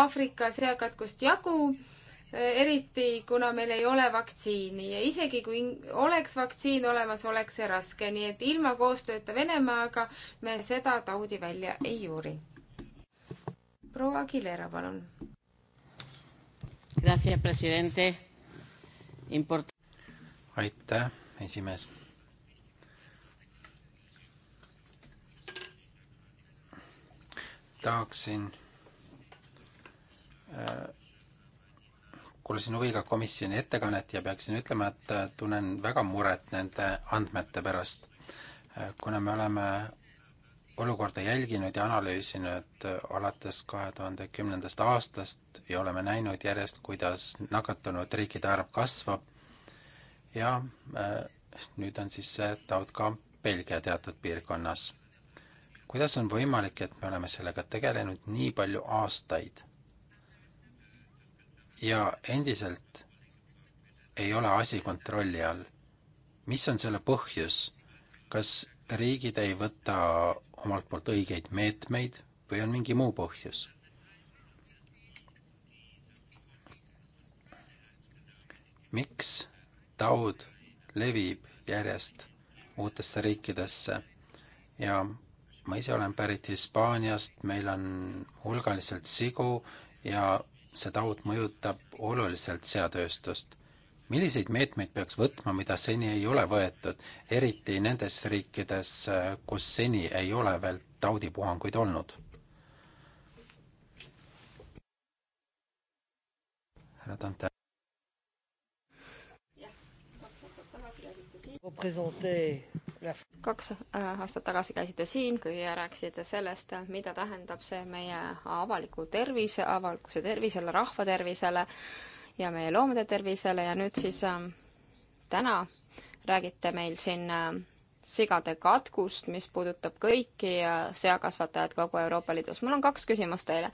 Aafrika seakatkust jagu, äh, eriti kuna meil ei ole vaktsiini ja isegi kui oleks vaktsiin olemas, oleks see raske, nii et ilma koostööta Venemaaga me seda taudi välja ei uuri proua Aguilera, palun. aitäh, esimees. tahaksin äh, kuulasin huviga komisjoni ettekannet ja peaksin ütlema, et tunnen väga muret nende andmete pärast. Äh, kuna me oleme olukorda jälginud ja analüüsinud alates kahe tuhande kümnendast aastast ja oleme näinud järjest, kuidas nakatunud riikide arv kasvab ja äh, nüüd on siis see taud ka Belgia teatud piirkonnas. kuidas on võimalik, et me oleme sellega tegelenud nii palju aastaid ja endiselt ei ole asi kontrolli all? mis on selle põhjus? kas riigid ei võta omalt poolt õigeid meetmeid või on mingi muu põhjus? miks taud levib järjest uutesse riikidesse ja ma ise olen pärit Hispaaniast, meil on hulgaliselt sigu ja see taud mõjutab oluliselt seatööstust milliseid meetmeid peaks võtma, mida seni ei ole võetud, eriti nendes riikides, kus seni ei ole veel taudipuhanguid olnud? härra Tante. kaks äh, aastat tagasi käisite siin, kui rääkisite sellest, mida tähendab see meie avaliku tervise, avalikkuse tervisele, rahva tervisele äh, ja meie loomade tervisele ja nüüd siis äh, täna räägite meil siin äh, sigade katkust, mis puudutab kõiki äh, seakasvatajad kogu Euroopa Liidus. mul on kaks küsimust teile.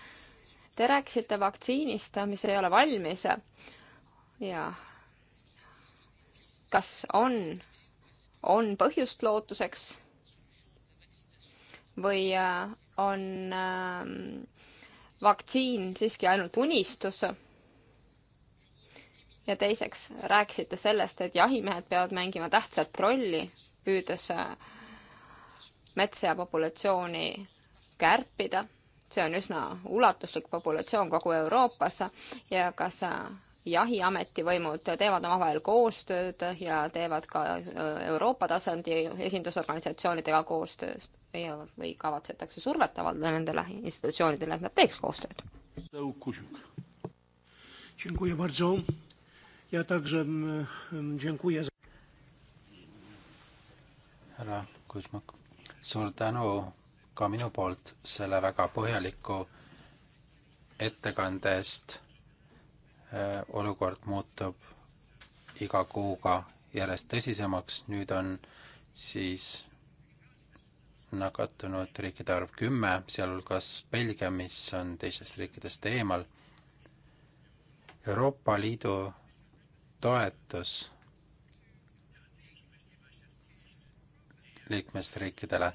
Te rääkisite vaktsiinist, mis ei ole valmis ja kas on, on põhjust lootuseks või äh, on ähm, vaktsiin siiski ainult unistus ja teiseks rääkisite sellest, et jahimehed peavad mängima tähtsat rolli, püüdes äh, metssea populatsiooni kärpida. see on üsna ulatuslik populatsioon kogu Euroopas ja kas äh, jahiameti võimud teevad omavahel koostööd ja teevad ka äh, Euroopa tasandi esindusorganisatsioonidega koostööd ja, või kavatsetakse survet avaldada nendele institutsioonidele, et nad teeks koostööd? ja także mm, mm, dziękuję za... härra Kuzmak, suur tänu ka minu poolt selle väga põhjaliku ettekande eest. Äh, olukord muutub iga kuuga järjest tõsisemaks, nüüd on siis nakatunud riikide arv kümme, sealhulgas Belgia, mis on teistest riikidest eemal. Euroopa Liidu toetus liikmesriikidele,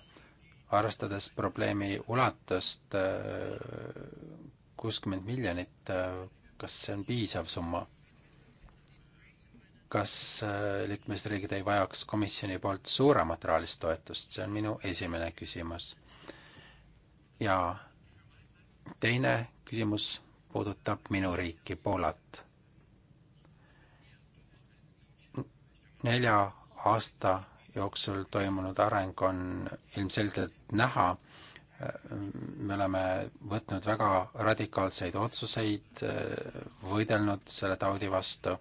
arvestades probleemi ulatust äh, kuuskümmend miljonit, äh, kas see on piisav summa? kas äh, liikmesriigid ei vajaks komisjoni poolt suuremat rahalist toetust, see on minu esimene küsimus. ja teine küsimus puudutab minu riiki, Poolat nelja aasta jooksul toimunud areng on ilmselgelt näha, me oleme võtnud väga radikaalseid otsuseid, võidelnud selle taudi vastu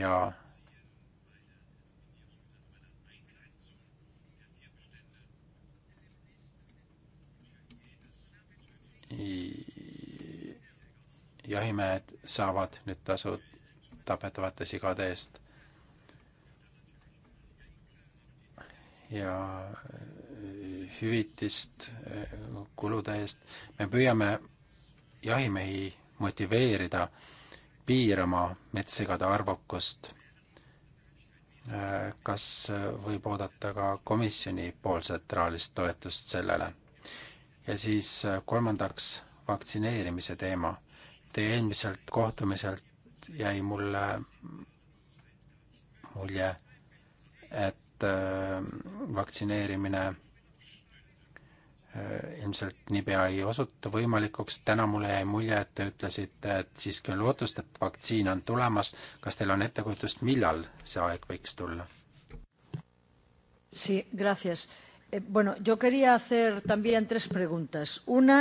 ja jahimehed saavad nüüd tasu tapetavate sigade eest ja äh, hüvitist äh, kulude eest. me püüame jahimehi motiveerida piirama metssegade arvukust. Äh, kas võib oodata ka komisjoni poolset rahalist toetust sellele? ja siis kolmandaks vaktsineerimise teema. Teie eelmiselt kohtumiselt jäi mulle mulje, et Äh, vaktsineerimine äh, ilmselt niipea ei osutu võimalikuks, täna mulle jäi mulje, et te ütlesite, et siiski on lootust, et vaktsiin on tulemas, kas teil on ettekujutust, millal see aeg võiks tulla? Sí, gracias. Eh, bueno, yo quería hacer también tres preguntas. Una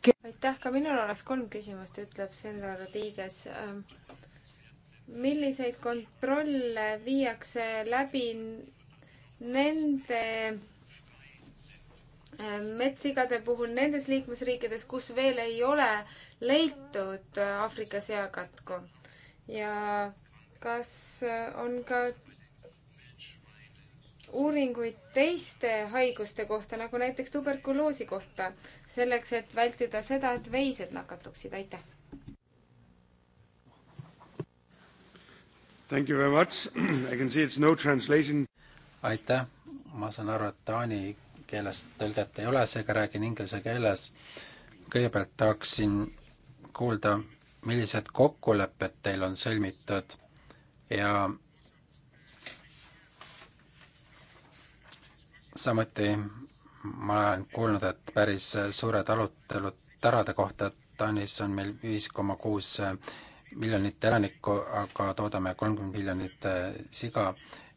que... aitäh, ka minul oleks kolm küsimust, ütleb Senra Rodriguez. Ähm, milliseid kontrolle viiakse läbi nende äh, metssigade puhul nendes liikmesriikides, kus veel ei ole leitud äh, Aafrika seakatku ja kas äh, on ka uuringuid teiste haiguste kohta, nagu näiteks tuberkuloosi kohta, selleks, et vältida seda, et veised nakatuksid, aitäh! Thank you very much. I can see it's no translation aitäh, ma saan aru, et taani keeles tõlget ei ole, seega räägin inglise keeles. kõigepealt tahaksin kuulda, millised kokkulepped teil on sõlmitud ja samuti ma olen kuulnud, et päris suured arutelud tarade kohta, et Taanis on meil viis koma kuus miljonit elanikku, aga toodame kolmkümmend miljonit siga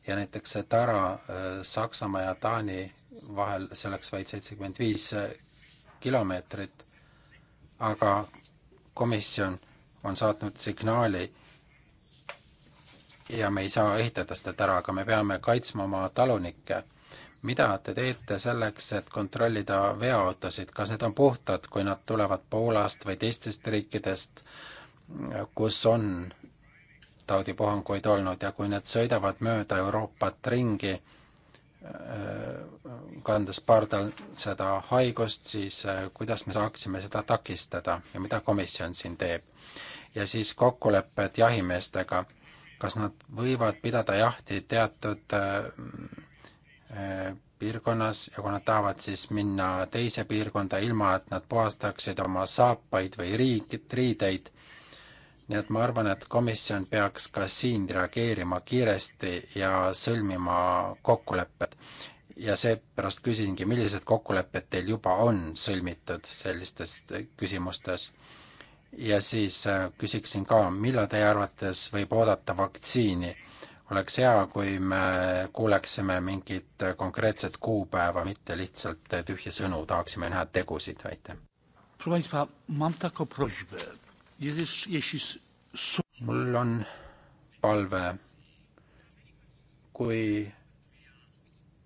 ja näiteks see tara äh, Saksamaa ja Taani vahel, see oleks vaid seitsekümmend viis äh, kilomeetrit, aga komisjon on saatnud signaali ja me ei saa ehitada seda tara, aga me peame kaitsma oma talunikke. mida te teete selleks, et kontrollida veoautosid, kas need on puhtad, kui nad tulevad Poolast või teistest riikidest, äh, kus on taudipuhanguid olnud ja kui need sõidavad mööda Euroopat ringi, äh, kandes pardal seda haigust, siis äh, kuidas me saaksime seda takistada ja mida komisjon siin teeb? ja siis kokkulepped jahimeestega, kas nad võivad pidada jahti teatud äh, piirkonnas ja kui nad tahavad siis minna teise piirkonda, ilma et nad puhastaksid oma saapaid või riik, riideid, nii et ma arvan, et komisjon peaks ka siin reageerima kiiresti ja sõlmima kokkulepped. ja seepärast küsingi, millised kokkulepped teil juba on sõlmitud sellistes küsimustes? ja siis äh, küsiksin ka, millal teie arvates võib oodata vaktsiini? oleks hea, kui me kuuleksime mingit konkreetset kuupäeva, mitte lihtsalt tühje sõnu, tahaksime näha tegusid, aitäh mul on palve, kui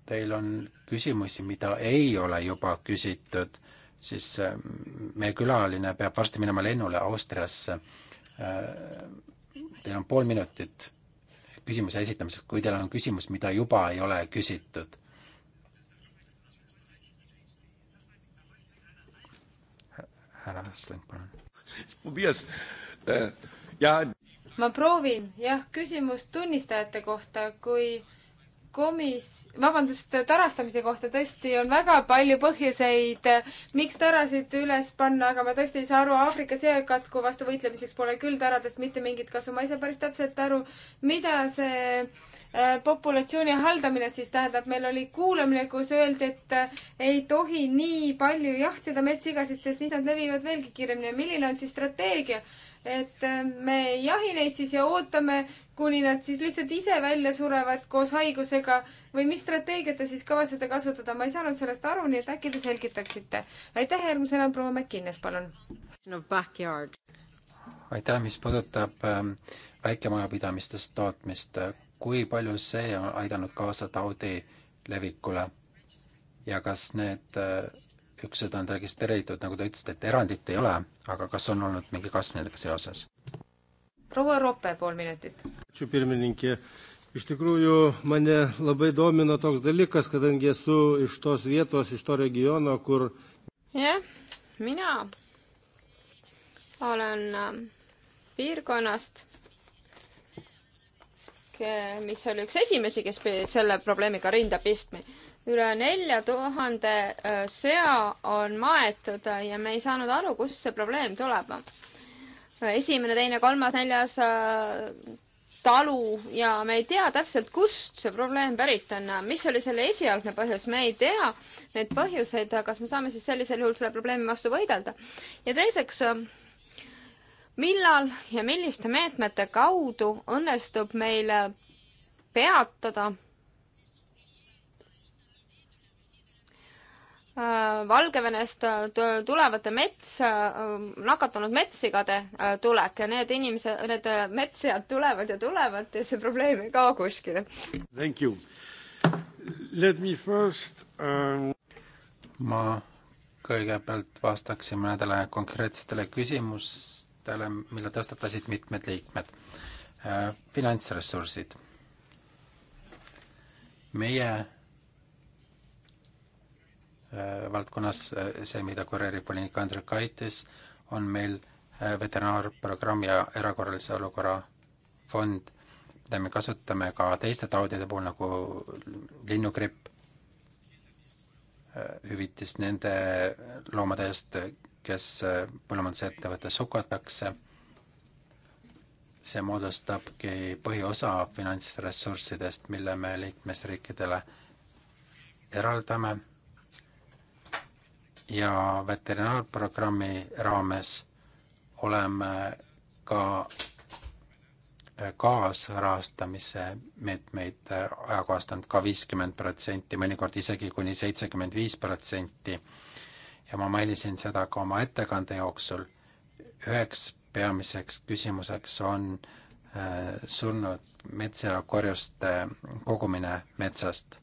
teil on küsimusi, mida ei ole juba küsitud, siis äh, meie külaline peab varsti minema lennule Austriasse. Äh, teil on pool minutit küsimuse esitamiseks, kui teil on küsimus, mida juba ei ole küsitud. härra Häsling, palun Tobias äh,, jaa. ma proovin, jah, küsimus tunnistajate kohta, kui komis-, vabandust, tarastamise kohta tõesti on väga palju põhjuseid, miks tarasid üles panna, aga ma tõesti ei saa aru, Aafrika seakatku vastu võitlemiseks pole küll taradest mitte mingit kasu, ma ei saa päris täpselt aru, mida see äh, populatsiooni haldamine siis tähendab, meil oli kuulamine, kus öeldi, et äh, ei tohi nii palju jahtida metssigasid, sest siis nad levivad veelgi kiiremini ja milline on siis strateegia et äh, me ei jahi neid siis ja ootame, kuni nad siis lihtsalt ise välja surevad koos haigusega või mis strateegiat te siis kavatsete kasutada, ma ei saanud sellest aru, nii et äkki te selgitaksite. aitäh, järgmisena proua Mäkkines, palun no,. aitäh, mis puudutab ähm, väikemajapidamistest tootmist, kui palju see on aidanud kaasa taudi levikule ja kas need äh, üksused on registreeritud, nagu te ütlesite, et erandit ei ole, aga kas on olnud mingi kasv nendega seoses? proua Roppe, pool minutit. Iš tikrųjų, mane labai domina toks dalykas, kadangi esu iš tos vietos, iš to regiono, kur... Jah, mina olen ähm, piirkonnast, mis oli üks esimesi, kes selle probleemiga rinda pistmi üle nelja tuhande äh, sea on maetud äh, ja me ei saanud aru, kust see probleem tuleb. esimene, teine, kolmas, neljas äh, talu ja me ei tea täpselt, kust see probleem pärit on, mis oli selle esialgne põhjus, me ei tea neid põhjuseid, kas me saame siis sellisel juhul selle probleemi vastu võidelda. ja teiseks, millal ja milliste meetmete kaudu õnnestub meil peatada Äh, Valgevenest äh, tulevate mets, äh, nakatunud metssigade tulek ja need inimesed, need metssead tulevad ja tulevad ja see probleem ei kao kuskile. Thank you. Let me first um... ma kõigepealt vastaksin mõnedele konkreetsetele küsimustele, mille tõstatasid mitmed liikmed. finantsressursid. meie Äh, valdkonnas, äh, see, mida kureerib volinik Andrikaitis, on meil äh, veterinaarprogramm ja erakorralise olukorra fond, mida me kasutame ka teiste taudide puhul, nagu linnugripp, hüvitis nende loomade eest, kes põllumajandusettevõttes hukatakse, see moodustabki põhiosa finantsressurssidest, mille me liikmesriikidele eraldame ja veterinaarprogrammi raames oleme ka äh, kaasrahastamise meetmeid äh, ajakohastanud ka viiskümmend protsenti, mõnikord isegi kuni seitsekümmend viis protsenti. ja ma mainisin seda ka oma ettekande jooksul. üheks peamiseks küsimuseks on äh, surnud metsakorjuste kogumine metsast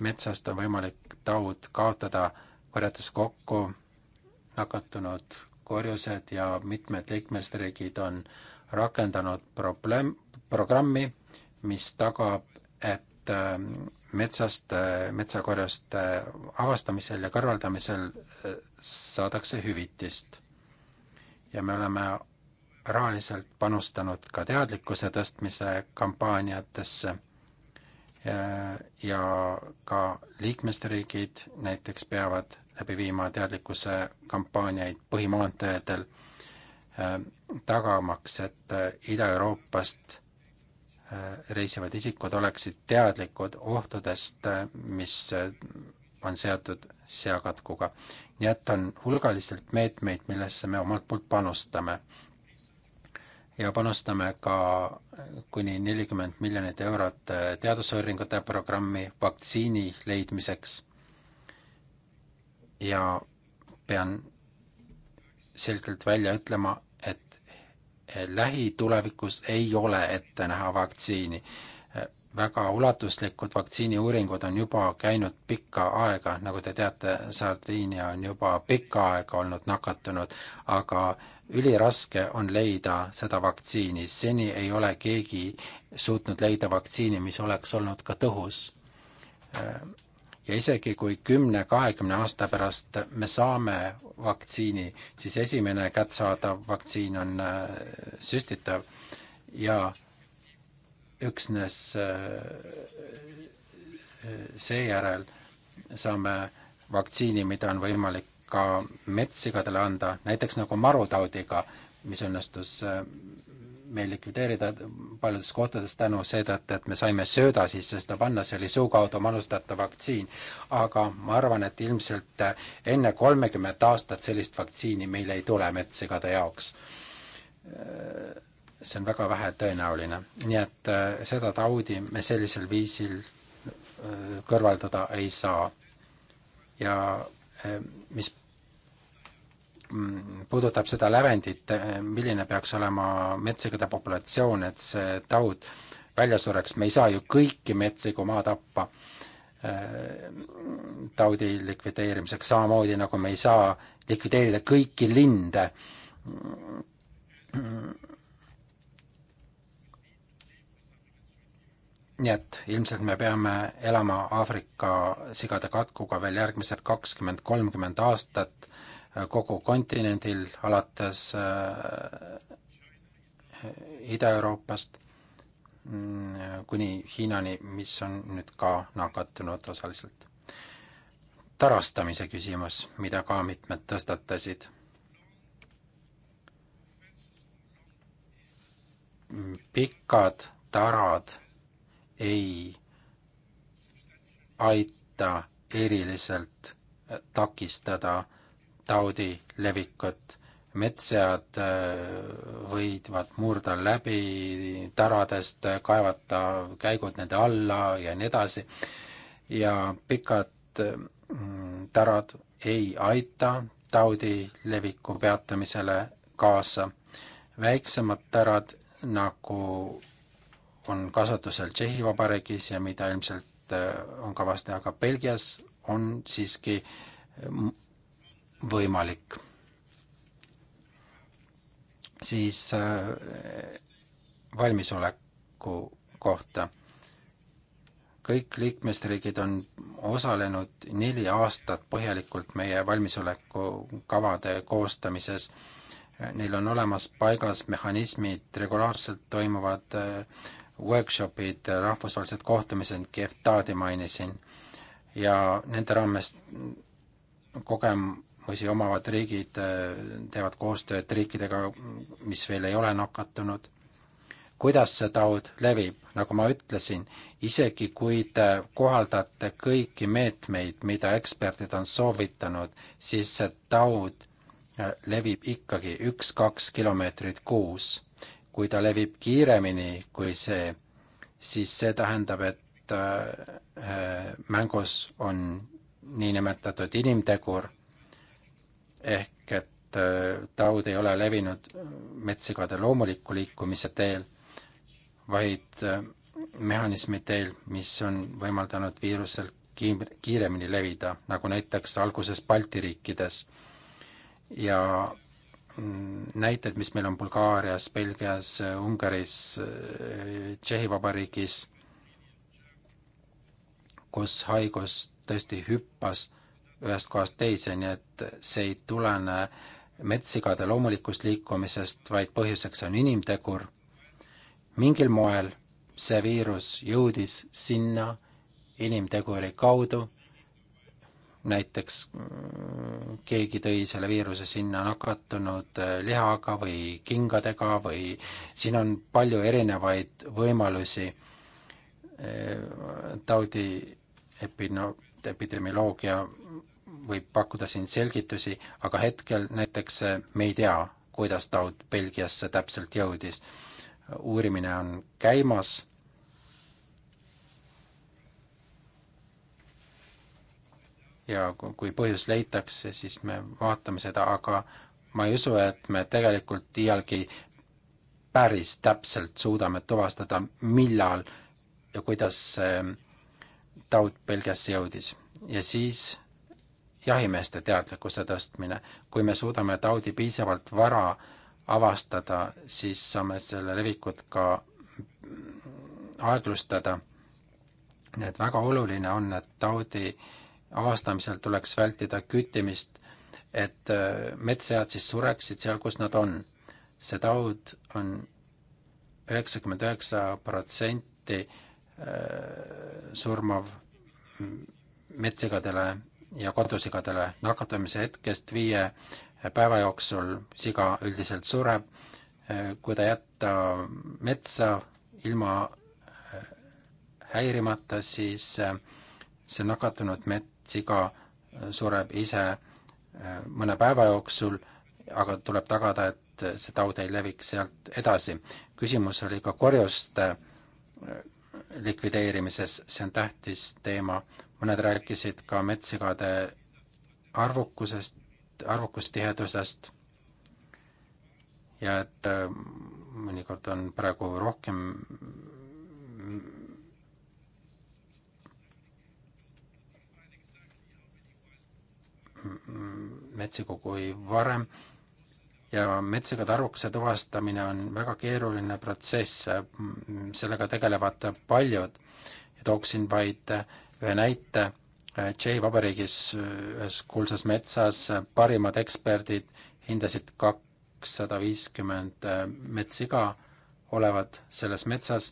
metsast on võimalik taud kaotada, korjates kokku nakatunud korjused ja mitmed liikmesriigid on rakendanud probleem, programmi, mis tagab, et ähm, metsast, äh, metsakorjuste avastamisel ja kõrvaldamisel äh, saadakse hüvitist. ja me oleme rahaliselt panustanud ka teadlikkuse tõstmise kampaaniatesse Äh, ja ka liikmesriigid näiteks peavad läbi viima teadlikkuse kampaaniaid põhimaanteedel, äh, tagamaks, et äh, Ida-Euroopast reisivad isikud oleksid teadlikud ohtudest, mis on seotud seakatkuga. nii et on hulgaliselt meetmeid, millesse me omalt poolt panustame ja panustame ka kuni nelikümmend miljonit eurot teadusuuringute programmi vaktsiini leidmiseks. ja pean selgelt välja ütlema, et lähitulevikus ei ole ette näha vaktsiini. väga ulatuslikud vaktsiiniuuringud on juba käinud pikka aega, nagu te teate, Sardiinia on juba pikka aega olnud nakatunud, aga üliraske on leida seda vaktsiini, seni ei ole keegi suutnud leida vaktsiini, mis oleks olnud ka tõhus. ja isegi, kui kümne-kahekümne aasta pärast me saame vaktsiini, siis esimene kättsaadav vaktsiin on äh, süstitav ja üksnes äh, äh, seejärel saame vaktsiini, mida on võimalik ka metssigadele anda, näiteks nagu marutaudiga, mis õnnestus äh, meil likvideerida paljudes kohtades tänu seetõttu, et me saime sööda sisse seda panna, see oli suu kaudu manustatav vaktsiin. aga ma arvan, et ilmselt äh, enne kolmekümmet aastat sellist vaktsiini meil ei tule metssigade jaoks. Äh, see on väga vähe tõenäoline, nii et seda taudi me sellisel viisil kõrvaldada ei saa. ja mis Mm, puudutab seda lävendit, milline peaks olema metssigade populatsioon, et see taud välja sureks, me ei saa ju kõiki metssigu maha tappa äh, taudi likvideerimiseks, samamoodi nagu me ei saa likvideerida kõiki linde. nii et ilmselt me peame elama Aafrika sigade katkuga veel järgmised kakskümmend, kolmkümmend aastat Äh, kogu kontinendil, alates äh, Ida-Euroopast mm, äh, kuni Hiinani, mis on nüüd ka nakatunud osaliselt. tarastamise küsimus, mida ka mitmed tõstatasid pikad tarad ei aita eriliselt takistada taudi levikut. metssead äh, võivad murda läbi taradest, kaevata käigud nende alla ja nii edasi. ja pikad mm, tarad ei aita taudi leviku peatamisele kaasa. väiksemad tarad, nagu on kasutusel Tšehhi Vabariigis ja mida ilmselt äh, on kavas teha ka Belgias, on siiski mm, võimalik. siis äh, valmisoleku kohta. kõik liikmesriigid on osalenud neli aastat põhjalikult meie valmisolekukavade koostamises neil on olemas paigas mehhanismid, regulaarselt toimuvad äh, workshopid, rahvusvahelised kohtumised, GFTA-d mainisin, ja nende raames kogem-, võimusi omavad riigid äh, teevad koostööd riikidega, mis veel ei ole nakatunud. kuidas see taud levib, nagu ma ütlesin, isegi kui te kohaldate kõiki meetmeid, mida eksperdid on soovitanud, siis see taud äh, levib ikkagi üks-kaks kilomeetrit kuus. kui ta levib kiiremini kui see, siis see tähendab, et äh, mängus on niinimetatud inimtegur ehk et äh, taud ei ole levinud metssigade loomuliku liikumise teel, vaid äh, mehhanismi teel, mis on võimaldanud viirusel kiim-, kiiremini levida, nagu näiteks alguses Balti riikides. ja mm, näited, mis meil on Bulgaarias, Belgias, äh, Ungaris, Tšehhi Vabariigis, kus haigus tõesti hüppas ühest kohast teise, nii et see ei tulene metssigade loomulikust liikumisest, vaid põhjuseks on inimtegur. mingil moel see viirus jõudis sinna inimteguri kaudu, näiteks mm, keegi tõi selle viiruse sinna nakatunud äh, lihaga või kingadega või siin on palju erinevaid võimalusi äh, taudi epino-, epidemioloogia võib pakkuda siin selgitusi, aga hetkel näiteks eh, me ei tea, kuidas taud Belgiasse täpselt jõudis. uurimine on käimas. ja kui põhjus leitakse, siis me vaatame seda, aga ma ei usu, et me tegelikult iialgi päris täpselt suudame tuvastada, millal ja kuidas eh, taud Belgiasse jõudis. ja siis jahimeeste teadlikkuse tõstmine. kui me suudame taudi piisavalt vara avastada, siis saame selle levikut ka aeglustada. nii et väga oluline on, et taudi avastamisel tuleks vältida küttimist, et äh, metssead siis sureksid seal, kus nad on. see taud on üheksakümmend üheksa protsenti äh, surmav metssigadele ja kodusigadele. nakatumise hetkest viie päeva jooksul siga üldiselt sureb, kui ta jätta metsa ilma äh, häirimata, siis äh, see nakatunud metssiga äh, sureb ise mõne päeva jooksul, aga tuleb tagada, et see taud ei leviks sealt edasi. küsimus oli ka korjuste likvideerimises, see on tähtis teema mõned rääkisid ka metssigade arvukusest, arvukustihedusest ja et äh, mõnikord on praegu rohkem metsiku kui varem ja metssigade arvukuse tuvastamine on väga keeruline protsess, sellega tegelevad paljud. tooksin vaid ühe näite, Tšehhi Vabariigis ühes kuulsas metsas parimad eksperdid hindasid kakssada viiskümmend metssiga olevat selles metsas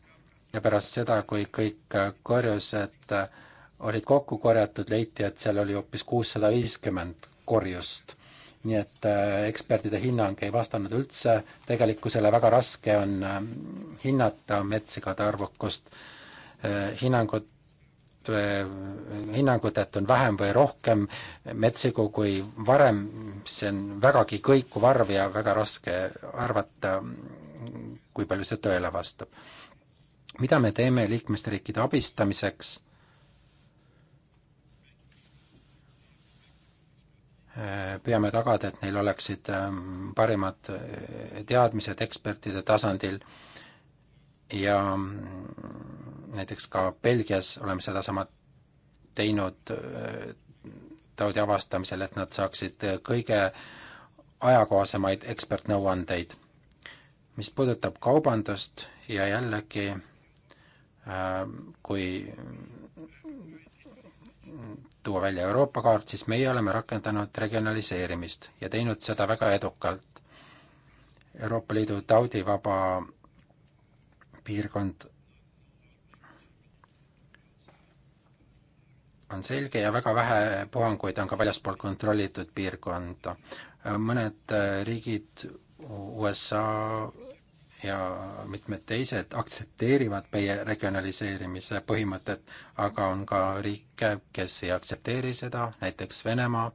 ja pärast seda, kui kõik korjused olid kokku korjatud, leiti, et seal oli hoopis kuussada viiskümmend korjust. nii et äh, ekspertide hinnang ei vastanud üldse tegelikkusele, väga raske on äh, hinnata metssigade arvukust. Äh, hinnangud Eh, hinnangut, et on vähem või rohkem metsigu kui varem, see on vägagi kõikuv arv ja väga raske arvata, kui palju see tõele vastab. mida me teeme liikmesriikide abistamiseks? Eh, peame tagada, et neil oleksid ehm, parimad eh, teadmised ekspertide tasandil äh, ja näiteks ka Belgias oleme sedasama teinud äh, taudi avastamisel, et nad saaksid äh, kõige ajakohasemaid ekspertnõuandeid. mis puudutab kaubandust ja jällegi äh, kui tuua välja Euroopa kaart, siis meie oleme rakendanud regionaliseerimist ja teinud seda väga edukalt. Euroopa Liidu taudivaba piirkond on selge ja väga vähe puhanguid on ka väljaspool kontrollitud piirkonda. mõned äh, riigid, USA ja mitmed teised aktsepteerivad meie regionaliseerimise põhimõtet, aga on ka riike, kes ei aktsepteeri seda, näiteks Venemaa,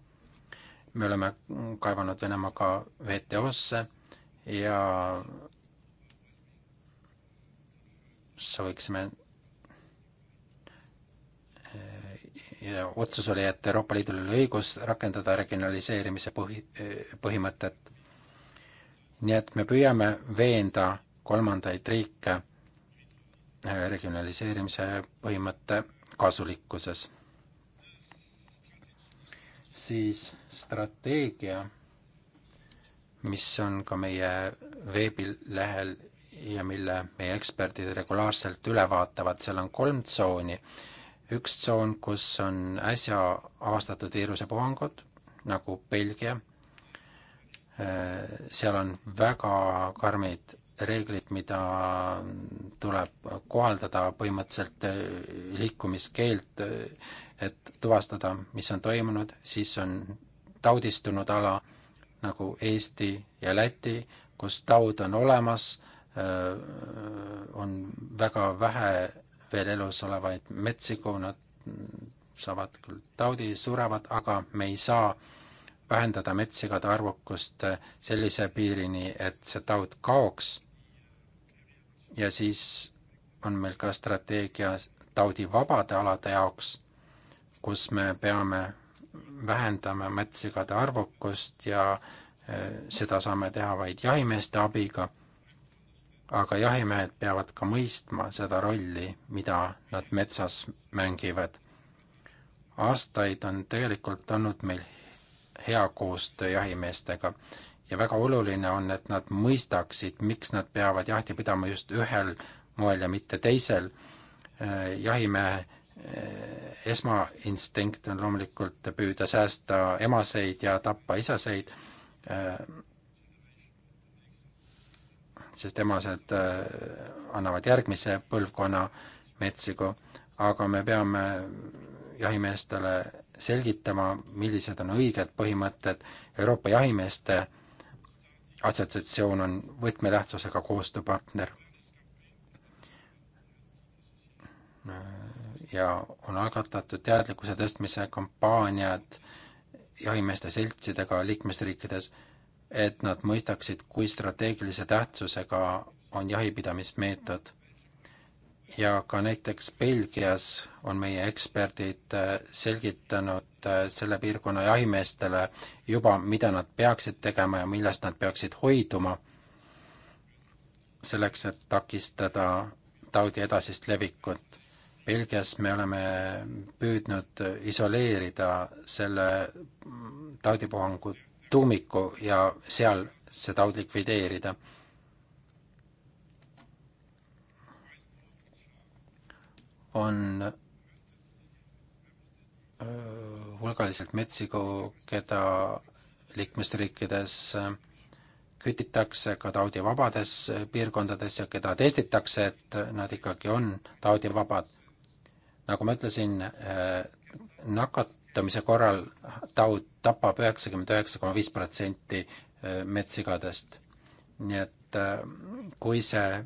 me oleme kaevanud Venemaaga WTO-sse ja sooviksime eh, ja otsus oli, et Euroopa Liidul oli õigus rakendada regionaliseerimise põhi, eh, põhimõtet. nii et me püüame veenda kolmandaid riike eh, regionaliseerimise põhimõtte kasulikkuses. siis strateegia, mis on ka meie veebilehel ja mille meie eksperdid regulaarselt üle vaatavad, seal on kolm tsooni. üks tsoon, kus on äsja avastatud viirusepuhangud, nagu Belgia, seal on väga karmid reeglid, mida tuleb kohaldada, põhimõtteliselt äh, liikumiskeeld, äh, et tuvastada, mis on toimunud, siis on taudistunud ala nagu Eesti ja Läti, kus taud on olemas, Äh, äh, on väga vähe veel elus olevaid metsiku, nad saavad küll taudi, surevad, aga me ei saa vähendada metssigade arvukust äh, sellise piirini, et see taud kaoks ja siis on meil ka strateegia taudivabade alade jaoks, kus me peame vähendama metssigade arvukust ja seda saame teha vaid jahimeeste abiga aga jahimehed peavad ka mõistma seda rolli, mida nad metsas mängivad. aastaid on tegelikult olnud meil hea koostöö jahimeestega ja väga oluline on, et nad mõistaksid, miks nad peavad jahti pidama just ühel moel ja mitte teisel. jahimehe eh, esmainstinkt on loomulikult püüda säästa emaseid ja tappa isaseid eh, sest emased äh, annavad järgmise põlvkonna metsigu, aga me peame jahimeestele selgitama, millised on õiged põhimõtted. Euroopa Jahimeeste Assotsiatsioon on võtmetähtsusega koostööpartner. ja on algatatud teadlikkuse tõstmise kampaaniad jahimeeste seltsidega liikmesriikides et nad mõistaksid, kui strateegilise tähtsusega on jahipidamismeetod. ja ka näiteks Belgias on meie eksperdid äh, selgitanud äh, selle piirkonna jahimeestele juba, mida nad peaksid tegema ja millest nad peaksid hoiduma, selleks, et takistada taudi edasist levikut. Belgias me oleme püüdnud isoleerida selle mm, taudipuhangu tuumikku ja seal seda aud likvideerida. on hulgaliselt metsigu, keda liikmesriikides kütitakse ka taudivabades piirkondades ja keda testitakse, et nad ikkagi on taudivabad. nagu ma ütlesin, nakatumise korral taud tapab üheksakümmend üheksa koma viis protsenti äh, metssigadest. nii et äh, kui see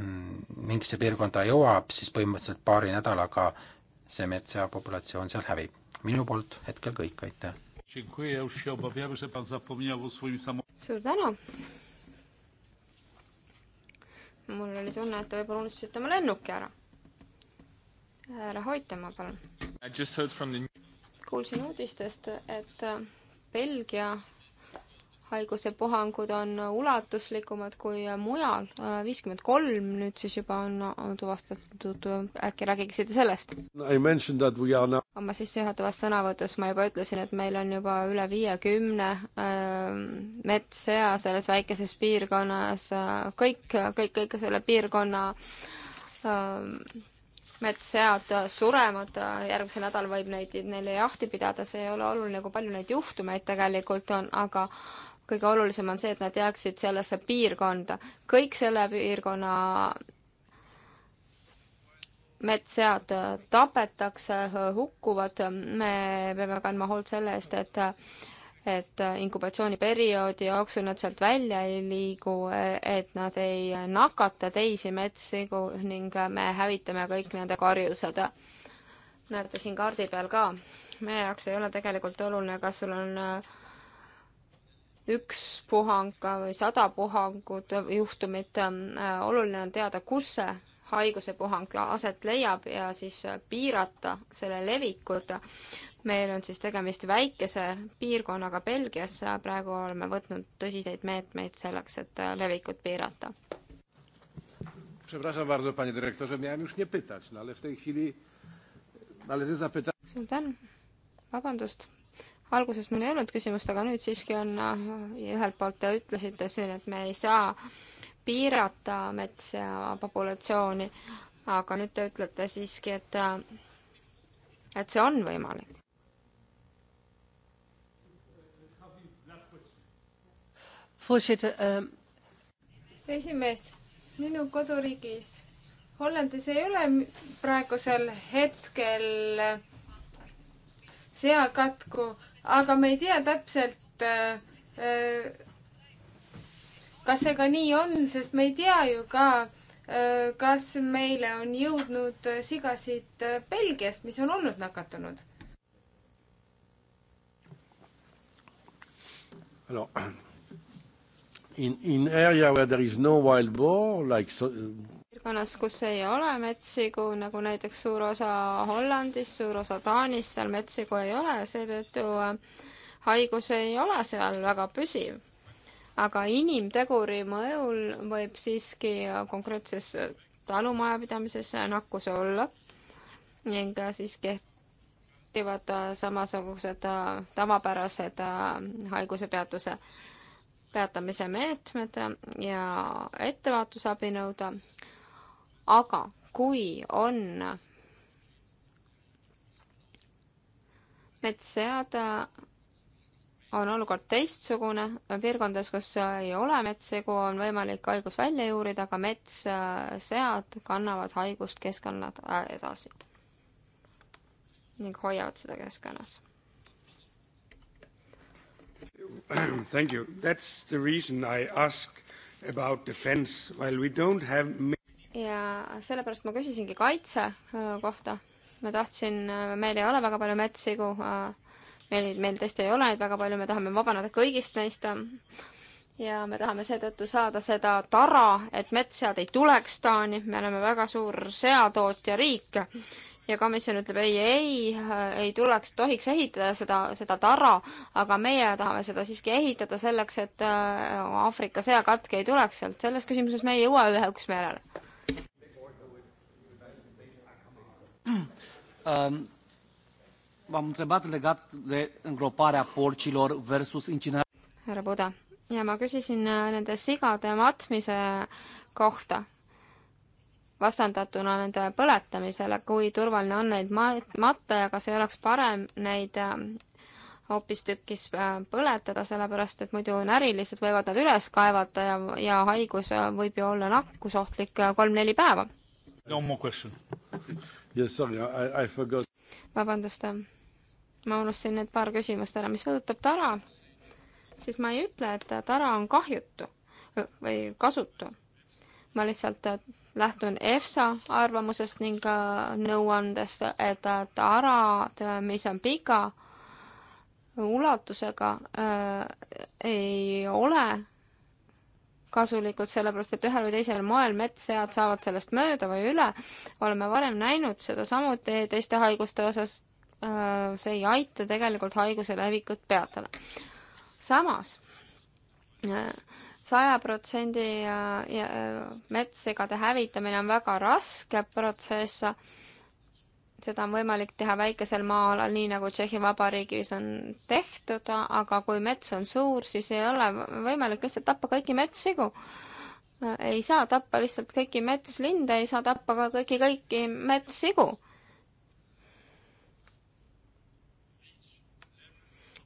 mingisse mm, piirkonda jõuab, siis põhimõtteliselt paari nädalaga see metssea populatsioon seal hävib. minu poolt hetkel kõik, aitäh! suur tänu! mul oli tunne, et te võib-olla unustasite oma lennuki ära härra Hoitamaa, palun. kuulsin uudistest, et äh, Belgia haigusepuhangud on ulatuslikumad kui äh, mujal, äh, viiskümmend kolm nüüd siis juba on, on tuvastatud, äkki räägiksite sellest? Now... oma sissejuhatavas sõnavõtus ma juba ütlesin, et meil on juba üle viiekümne äh, metssea selles väikeses piirkonnas äh,, kõik, kõik, kõik selle piirkonna äh, metssead äh, surevad, äh, järgmisel nädalal võib neid, neile jahti pidada, see ei ole oluline, kui palju neid juhtumeid tegelikult on, aga kõige olulisem on see, et nad jääksid sellesse piirkonda. kõik selle piirkonna metssead äh, tapetakse, hukkuvad, me peame kandma hoolt selle eest, et et äh, inkubatsiooniperioodi jooksul nad sealt välja ei liigu, äh, et nad ei nakata teisi metsi ning äh, me hävitame kõik nende karjused. näete siin kaardi peal ka, meie jaoks ei ole tegelikult oluline, kas sul on üks puhang või sada puhangut juhtumit, oluline on teada, kus see haiguse puhang aset leiab ja siis piirata selle levikut meil on siis tegemist väikese piirkonnaga Belgias ja praegu oleme võtnud tõsiseid meetmeid selleks, et äh, levikut piirata. suur tänu, vabandust, alguses mul ei olnud küsimust, aga nüüd siiski on, äh, ühelt poolt te ütlesite siin, et me ei saa piirata metsa populatsiooni, aga nüüd te ütlete siiski, et äh, et see on võimalik voorzitter uh.... esimees, minu koduriigis Hollandis ei ole praegusel hetkel äh, seakatku, aga me ei tea täpselt äh, äh,, kas see ka nii on, sest me ei tea ju ka äh,, kas meile on jõudnud äh, sigasid Belgiast, mis on olnud nakatunud. alors in, in area where there is no wild boar like so, piirkonnas, kus ei ole metssigu, nagu näiteks suur osa Hollandis, suur osa Taanis, seal metssigu ei ole ja seetõttu äh, haigus ei ole seal väga püsiv. aga inimteguri mõjul võib siiski äh, konkreetses äh, talumajapidamises nakkus olla ning siis kehtivad samasugused tavapärased haiguse peatuse peatamise meetmed ja ettevaatusabinõud, aga kui on metssead, on olukord teistsugune, piirkondades, kus ei ole metssegu, on võimalik haigus välja juurida, aga metssead kannavad haigust keskkonnad äh, edasi ning hoiavad seda keskkonnas Thank you. That's the reason I ask about defense while we don't have ja sellepärast ma küsisingi kaitse äh, kohta. ma tahtsin, äh, meil ei ole väga palju metsi, kuhu äh, meil, meil tõesti ei ole neid väga palju, me tahame vabaneda kõigist neist. ja me tahame seetõttu saada seda tara, et metssead ei tuleks Taani, me oleme väga suur seatootja riik ja komisjon ütleb ei, ei, ei tuleks, tohiks ehitada seda, seda tara, aga meie tahame seda siiski ehitada selleks, et äh, Aafrika sõjakatke ei tuleks sealt. selles küsimuses me ei jõua ühe üksmeelele mm.. Ähm, V-am întrebat legat de îngroparea porcilor versus incinerarea. härra Buda ja ma küsisin äh, nende sigade matmise kohta vastandatuna nende põletamisele, kui turvaline on neid matta ja kas ei oleks parem neid äh, hoopistükkis äh, põletada, sellepärast et muidu närilised võivad nad üles kaevata ja, ja haigus äh, võib ju olla nakkusohtlik kolm-neli päeva. no mu question. Yes, sorry, I, I forgot. vabandust, ma unustasin need paar küsimust ära, mis puudutab tara, siis ma ei ütle, et tara on kahjutu või kasutu. ma lihtsalt lähtun EFSA arvamusest ning nõuandest, et tarad, mis on pika ulatusega, äh, ei ole kasulikud, sellepärast et ühel või teisel moel metssead saavad sellest mööda või üle. oleme varem näinud seda samuti teiste haiguste osas. Äh, see ei aita tegelikult haiguse levikut peatada. samas äh, saja protsendi äh, metssegade hävitamine on väga raske protsess. seda on võimalik teha väikesel maa-alal, nii nagu Tšehhi Vabariigis on tehtud, aga kui mets on suur, siis ei ole võimalik lihtsalt tappa kõiki metssigu. ei saa tappa lihtsalt kõiki metslinde, ei saa tappa ka kõiki, kõiki metssigu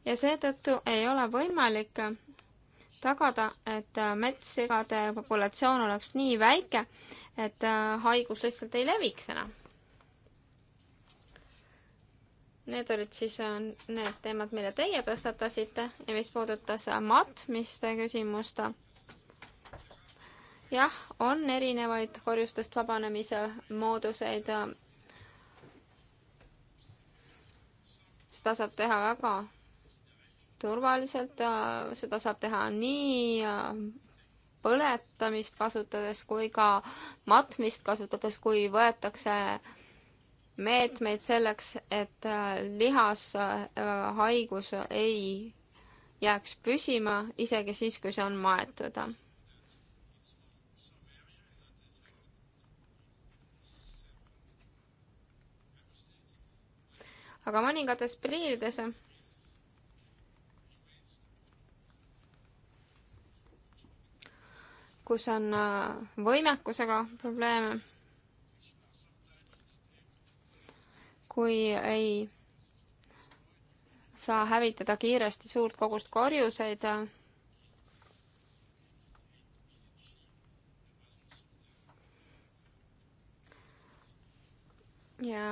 ja seetõttu ei ole võimalik tagada, et äh, metssegade populatsioon oleks nii väike, et äh, haigus lihtsalt ei leviks enam. Need olid siis äh, need teemad, mille teie tõstatasite ja mis puudutas matmiste küsimust. jah, on erinevaid korjustest vabanemise mooduseid. seda saab teha väga turvaliselt, äh, seda saab teha nii äh, põletamist kasutades kui ka matmist kasutades, kui võetakse meetmeid selleks, et äh, lihashaigus ei jääks püsima isegi siis, kui see on maetud. aga mõningates priirides kus on äh, võimekusega probleeme, kui ei saa hävitada kiiresti suurt kogust korjuseid, äh, ja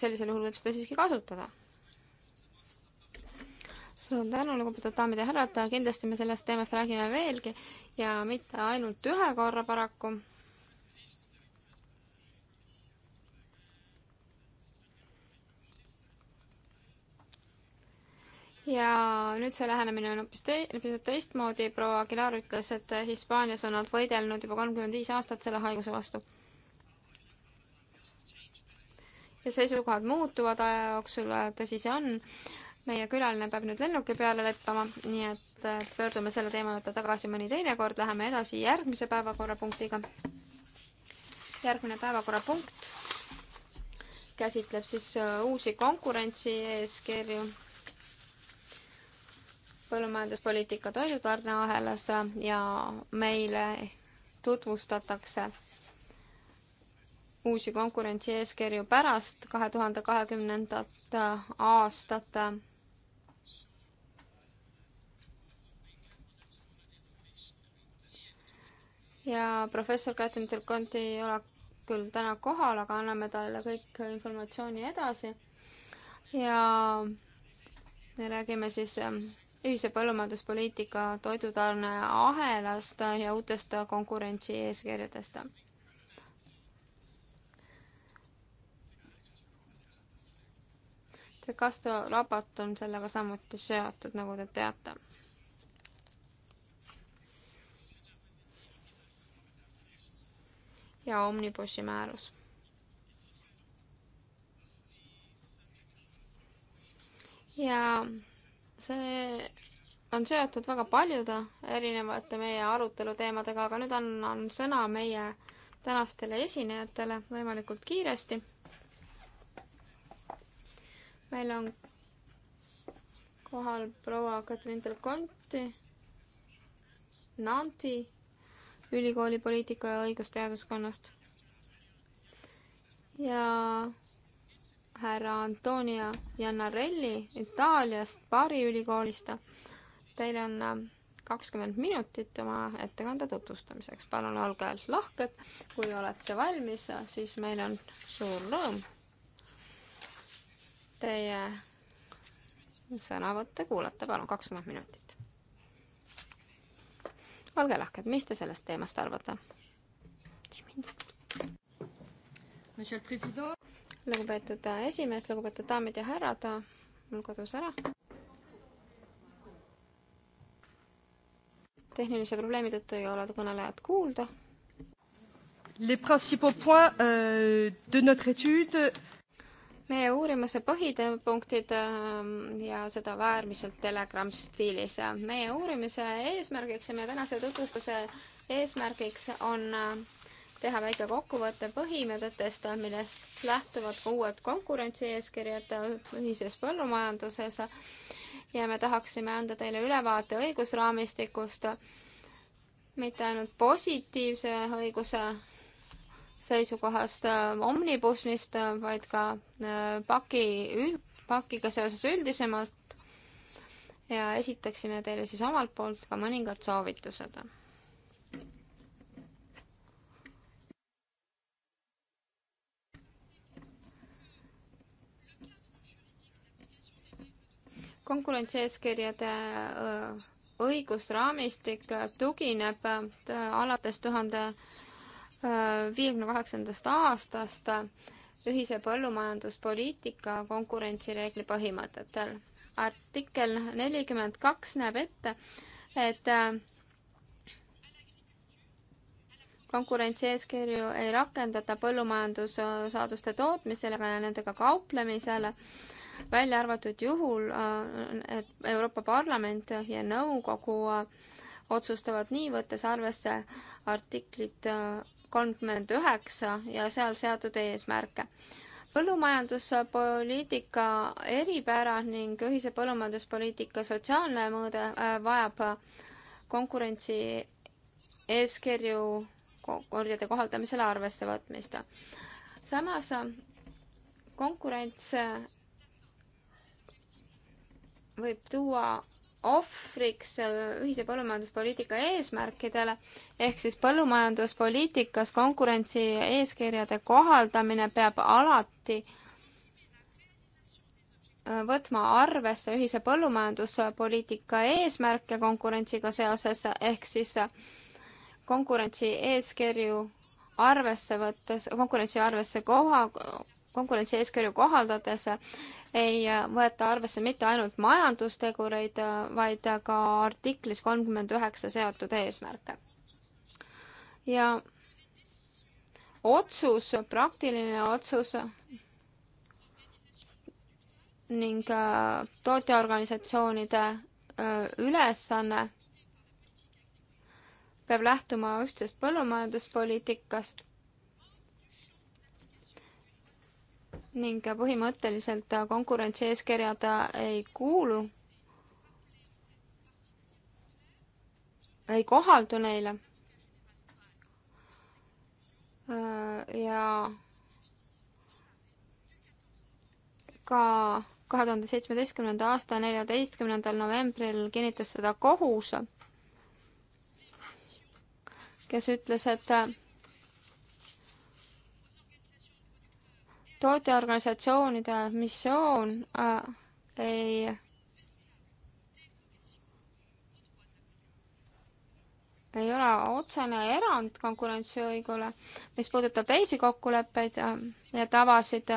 sellisel juhul võib seda siiski kasutada suur tänu, lugupeetud daamid ja härrad, kindlasti me sellest teemast räägime veelgi ja mitte ainult ühe korra paraku. ja nüüd see lähenemine on hoopis tei-, pisut teistmoodi, proua Aguilar ütles, et Hispaanias on nad võidelnud juba kolmkümmend viis aastat selle haiguse vastu ja seisukohad muutuvad aja jooksul, tõsi see on, meie külaline peab nüüd lennuki peale leppama, nii et äh, pöördume selle teema juurde tagasi mõni teine kord, läheme edasi järgmise päevakorrapunktiga. järgmine päevakorrapunkt käsitleb siis äh, uusi konkurentsieeskirju põllumajanduspoliitika toidutarneahelas äh, ja meile tutvustatakse uusi konkurentsieeskirju pärast kahe tuhande kahekümnendat aastat ja professor Kätlin Turkont ei ole küll täna kohal, aga anname talle kõik informatsiooni edasi. ja me räägime siis ähm, ühise põllumajanduspoliitika toidutarne ahelast ja uutest konkurentsi eeskirjadest. see Castro raport on sellega samuti seotud, nagu te teate ja Omnibussi määrus. ja see on seotud väga paljude erinevate meie aruteluteemadega, aga nüüd annan sõna meie tänastele esinejatele võimalikult kiiresti. meil on kohal proua Katrin Delconti, Nanti ülikooli poliitika ja õigusteaduskonnast. ja härra Antonia Jannarelli Itaaliast, Bari ülikoolist. Teil on äh, kakskümmend minutit oma ettekande tutvustamiseks. palun olge lahked, kui olete valmis, siis meil on suur rõõm teie sõnavõtte kuulata. palun, kakskümmend minutit olge lahked, mis te sellest teemast arvate? lugupeetud äh, esimees, lugupeetud daamid ja härrad, äh, mul kodus ära. tehnilise probleemi tõttu ei ole kõnelejat kuulda. Les principaux points euh, de notre étude meie uurimuse põhipunktid ähm, ja seda väärmiselt Telegram stiilis. meie uurimise eesmärgiks ja meie tänase tutvustuse eesmärgiks on ähm, teha väike kokkuvõte põhimõtetest, millest lähtuvad ka uued konkurentsieeskirjad ühises põllumajanduses. ja me tahaksime anda teile ülevaate õigusraamistikust, mitte ainult positiivse õiguse seisukohast äh, omnibusnist, äh, vaid ka äh, paki üld, pakiga seoses üldisemalt. ja esitaksime teile siis omalt poolt ka mõningad soovitused. konkurentsieeskirjade õigusraamistik tugineb alates tuhande 000 viiekümne kaheksandast aastast ühise põllumajanduspoliitika konkurentsireegli põhimõtetel. artikkel nelikümmend kaks näeb ette, et äh, konkurentsieeskirju ei rakendata põllumajandussaaduste tootmisele ega ka nendega kauplemisele, välja arvatud juhul, äh, et Euroopa Parlament ja Nõukogu äh, otsustavad nii, võttes arvesse artiklit kolmkümmend üheksa ja seal seatud eesmärke. põllumajanduspoliitika eripära ning ühise põllumajanduspoliitika sotsiaalne mõõde äh, vajab konkurentsi eeskirju korjade kohaldamisel arvesse võtmist. samas konkurents võib tuua ohvriks äh, ühise põllumajanduspoliitika eesmärkidele, ehk siis põllumajanduspoliitikas konkurentsi eeskirjade kohaldamine peab alati äh, võtma arvesse ühise põllumajanduspoliitika eesmärke konkurentsiga seoses, ehk siis äh, konkurentsi eeskirju arvesse võttes, konkurentsi arvesse koha, konkurentsieeskirju kohaldades ei võeta arvesse mitte ainult majandustegureid, vaid ka artiklis kolmkümmend üheksa seatud eesmärke. ja otsus, praktiline otsus ning äh, tootjaorganisatsioonide äh, ülesanne peab lähtuma ühtsest põllumajanduspoliitikast ning põhimõtteliselt konkurentsieeskirjad ei kuulu, ei kohaldu neile. ja ka kahe tuhande seitsmeteistkümnenda aasta neljateistkümnendal novembril kinnitas seda kohus, kes ütles, et tootjaorganisatsioonide missioon äh, ei ei ole otsene erand konkurentsiõigule, mis puudutab teisi kokkuleppeid äh, ja tavasid,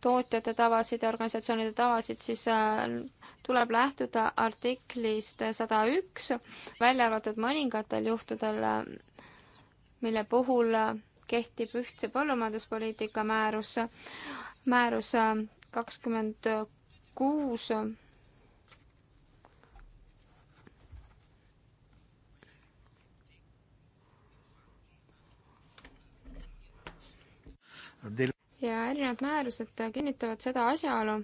tootjate tavasid ja organisatsioonide tavasid, siis äh, tuleb lähtuda artiklist sada üks, välja arvatud mõningatel juhtudel, äh, mille puhul kehtib ühtse põllumajanduspoliitika määrus, määrus kakskümmend kuus ja erinevad määrused kinnitavad seda asjaolu,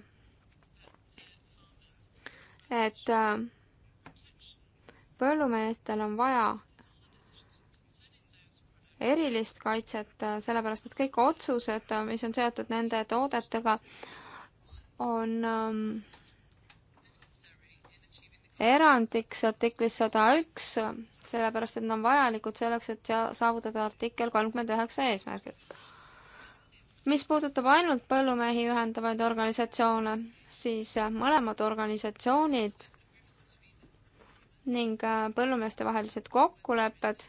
et põllumeestel on vaja erilist kaitset, äh, sellepärast et kõik otsused, äh, mis on seotud nende toodetega, on ähm, erandiks artiklis sada üks, sellepärast et nad on vajalikud selleks, et saavutada artikkel kolmkümmend üheksa eesmärgid. mis puudutab ainult põllumehi ühendavaid organisatsioone, siis äh, mõlemad organisatsioonid ning põllumeeste vahelised kokkulepped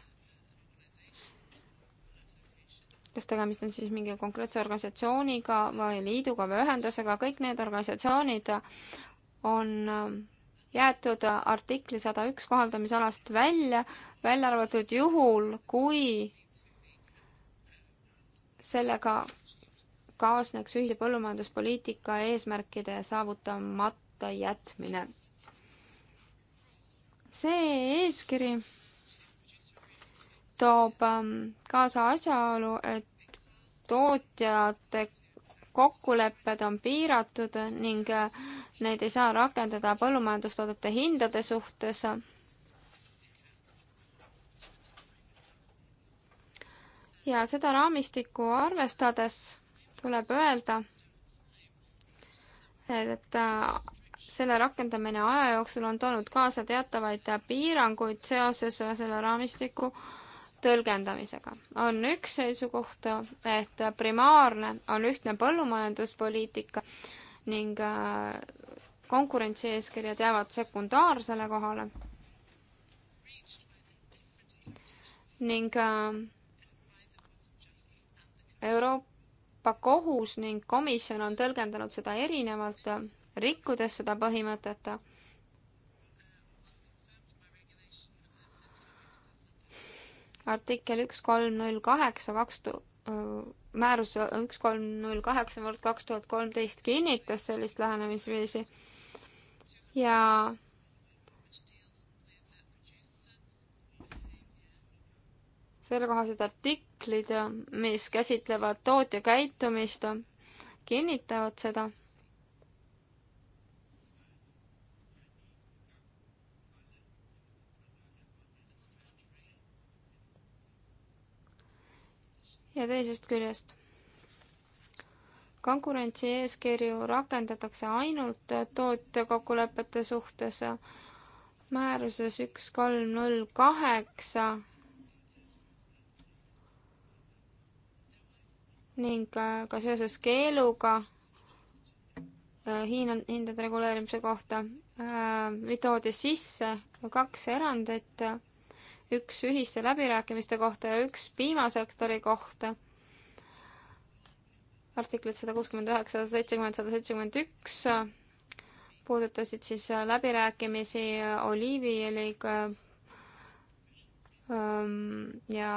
kas tegemist on siis mingi konkreetse organisatsiooniga või liiduga või ühendusega, kõik need organisatsioonid on äh, jäetud artikli sada üks kohaldamisalast välja, välja arvatud juhul, kui sellega kaasneks ühise põllumajanduspoliitika eesmärkide saavutamata jätmine. see eeskiri toob ähm, kaasa asjaolu, et tootjate kokkulepped on piiratud ning äh, neid ei saa rakendada põllumajandustoodete hindade suhtes. ja seda raamistikku arvestades tuleb öelda, et äh, selle rakendamine aja jooksul on toonud kaasa teatavaid piiranguid seoses äh, selle raamistiku äh, tõlgendamisega. on üks seisukoht, et primaarne on ühtne põllumajanduspoliitika ning äh, konkurentsieeskirjad jäävad sekundaarsele kohale. ning äh, Euroopa Kohus ning komisjon on tõlgendanud seda erinevalt, rikkudes seda põhimõtet artikkel üks kolm null kaheksa kaks tu-, määrus üks kolm null kaheksa murd kaks tuhat kolmteist kinnitas sellist lähenemisviisi ja sellekohased artiklid, mis käsitlevad tootja käitumist, kinnitavad seda ja teisest küljest konkurentsieeskirju rakendatakse ainult tootjakokkulepete suhtes määruses üks kolm null kaheksa ning ka seoses keeluga äh, Hiina hindade reguleerimise kohta äh, toodi sisse kaks erandit üks ühiste läbirääkimiste kohta ja üks piimasektori kohta. artiklid sada kuuskümmend üheksa, sada seitsekümmend, sada seitsekümmend üks puudutasid siis läbirääkimisi oliiviõliga ähm, ja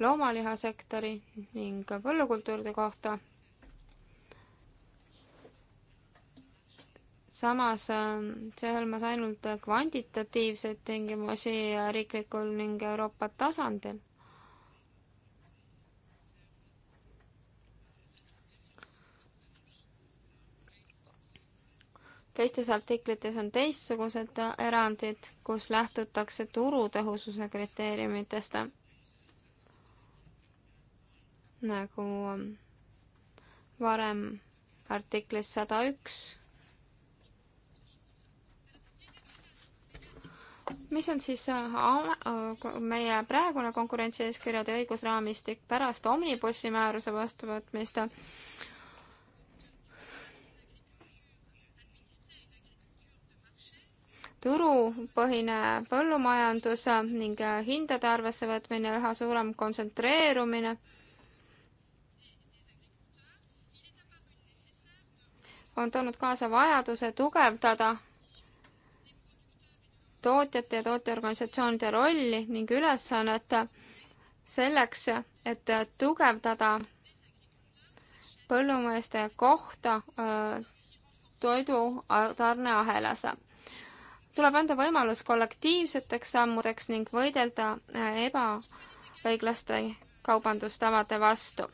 loomalihasektori ning põllukultuuride kohta samas ähm, see hõlmas ainult kvantitatiivseid tingimusi riiklikul ning Euroopa tasandil. teistes artiklites on teistsugused erandid, kus lähtutakse turutõhususe kriteeriumitest, nagu ähm, varem artiklis sada üks mis on siis äh, äh, meie praegune konkurentsieeskirjade õigusraamistik pärast omnibussi määruse vastuvõtmist? turupõhine põllumajandus ning äh, hindade arvesse võtmine, üha suurem kontsentreerumine on toonud kaasa vajaduse tugevdada tootjate ja tootjaorganisatsioonide rolli ning ülesannet selleks, et tugevdada põllumeeste kohta äh, toidu tarneahelas. tuleb anda võimalus kollektiivseteks sammudeks ning võidelda äh, ebaõiglaste kaubandustavade vastu.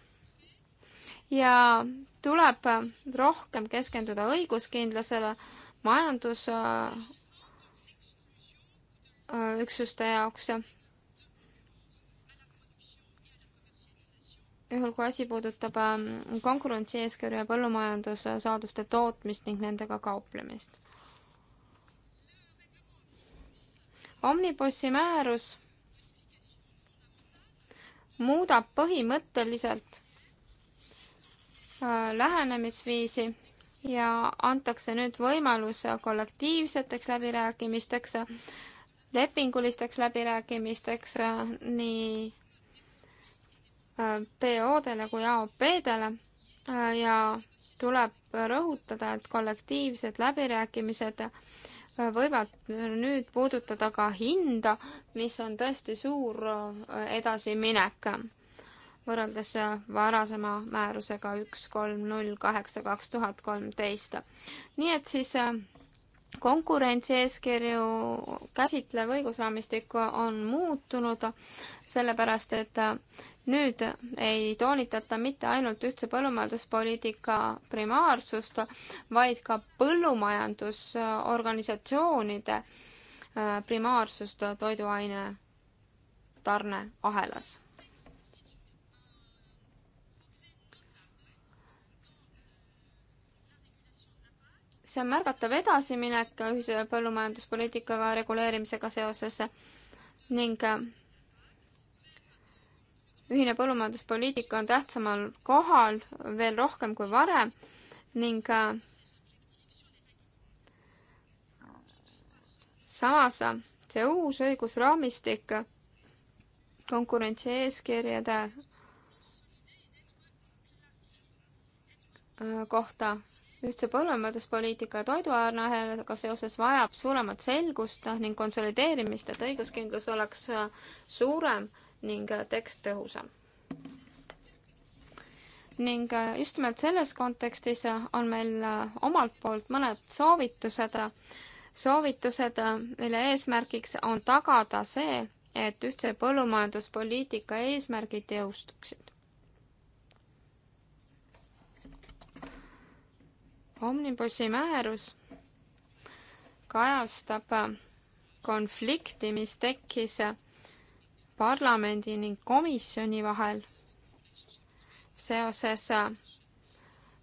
ja tuleb rohkem keskenduda õiguskindlasele majandus Äh, üksuste jaoks. juhul, kui asi puudutab ähm, konkurentsieeskirja põllumajandussaaduste tootmist ning nendega kauplemist. omnibussi määrus muudab põhimõtteliselt äh, lähenemisviisi ja antakse nüüd võimalus kollektiivseteks läbirääkimisteks lepingulisteks läbirääkimisteks äh, nii äh, PO-dele kui AOP-dele äh, ja tuleb rõhutada, et kollektiivsed läbirääkimised võivad nüüd puudutada ka hinda, mis on tõesti suur edasiminek võrreldes varasema määrusega üks kolm null kaheksa kaks tuhat kolmteist. nii et siis konkurentsieeskirju käsitlev õigusraamistik on muutunud, sellepärast et nüüd ei toonitata mitte ainult ühtse põllumajanduspoliitika primaarsust, vaid ka põllumajandusorganisatsioonide äh, primaarsust toiduaine tarneahelas. see on märgatav edasiminek ühise põllumajanduspoliitikaga reguleerimisega seoses ning äh, ühine põllumajanduspoliitika on tähtsamal kohal veel rohkem kui varem ning äh, samas äh, see uus õigusraamistik konkurentsieeskirjade kohta ühtse põllumajanduspoliitika ja toiduainega seoses vajab suuremat selgust ning konsolideerimist, et õiguskindlus oleks äh, suurem ning äh, tekst tõhusam. ning äh, just nimelt selles kontekstis on meil omalt poolt mõned soovitused, soovitused, mille eesmärgiks on tagada see, et ühtse põllumajanduspoliitika eesmärgid jõustuksid. omnibussi määrus kajastab äh, konflikti, mis tekkis äh, parlamendi ning komisjoni vahel seoses äh,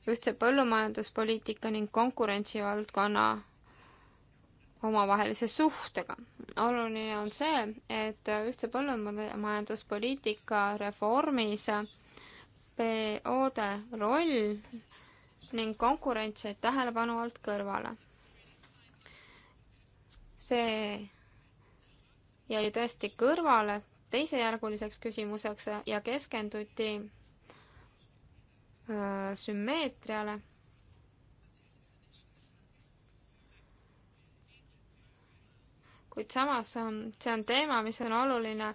ühtse põllumajanduspoliitika ning konkurentsivaldkonna omavahelise suhtega. oluline on see, et ühtse põllumajanduspoliitika reformis PO-de roll ning konkurents jäid tähelepanu alt kõrvale. see jäi tõesti kõrvale teisejärguliseks küsimuseks ja keskenduti sümmeetriale. kuid samas on, see on teema, mis on oluline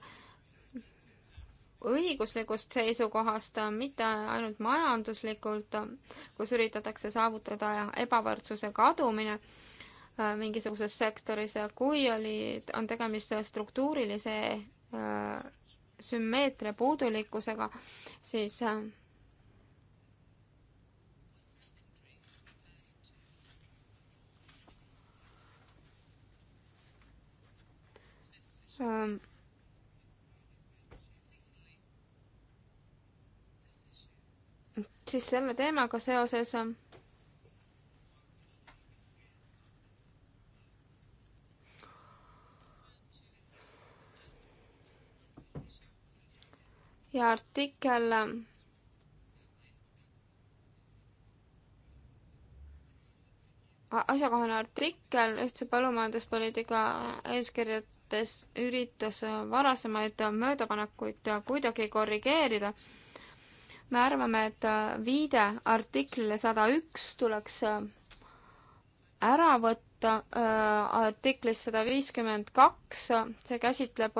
õiguslikust seisukohast, mitte ainult majanduslikult, kus üritatakse saavutada ebavõrdsuse kadumine äh, mingisuguses sektoris, kui oli, on tegemist struktuurilise äh, sümmeetria puudulikkusega, siis um, nüüd siis selle teemaga seoses ja artikkel asjakohane artikkel ühtse põllumajanduspoliitika eeskirjades üritas varasemaid möödapanekuid kuidagi korrigeerida me arvame, et äh, viide artiklile sada üks tuleks äh, ära võtta äh, artiklist sada viiskümmend kaks, see käsitleb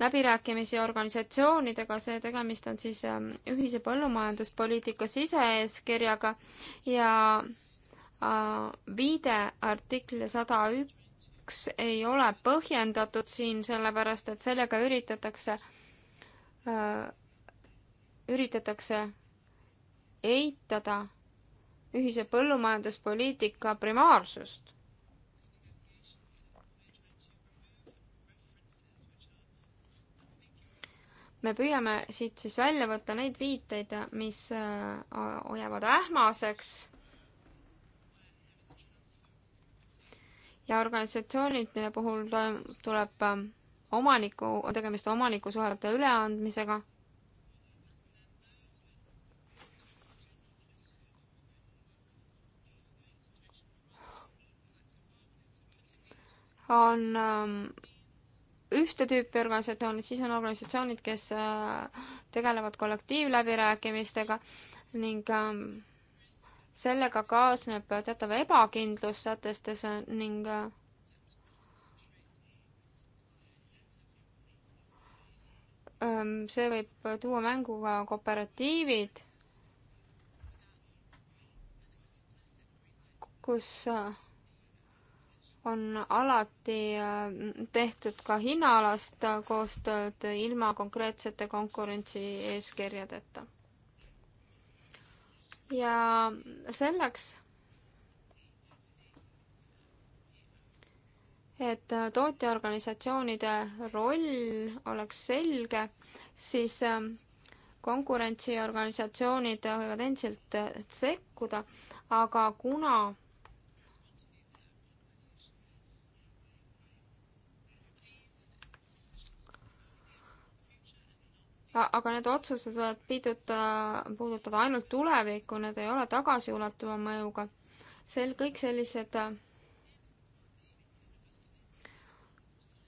läbirääkimisi organisatsioonidega, see tegemist on siis ühise põllumajanduspoliitika sise-eeskirjaga ja viide artiklile sada üks ei ole põhjendatud siin, sellepärast et sellega üritatakse üritatakse eitada ühise põllumajanduspoliitika primaarsust. me püüame siit siis välja võtta neid viiteid, mis äh, hoiavad ähmaseks ja organisatsioonid, mille puhul toim-, tuleb äh, omaniku, on tegemist omanikusuhete üleandmisega on ähm, ühte tüüpi organisatsioonid, siis on organisatsioonid, kes äh, tegelevad kollektiivläbirääkimistega ning ähm, sellega kaasneb teatav ebakindlus sätestes äh, ning äh, ähm, see võib tuua mängu ka kooperatiivid, kus on alati äh, tehtud ka hinnaalast koostööd ilma konkreetsete konkurentsieeskirjadeta. ja selleks, et tootjaorganisatsioonide roll oleks selge, siis äh, konkurentsiorganisatsioonid võivad endiselt sekkuda, aga kuna aga need otsused võivad piduta, äh, puudutada ainult tulevikku, need ei ole tagasiulatuva mõjuga. sel-, kõik sellised äh,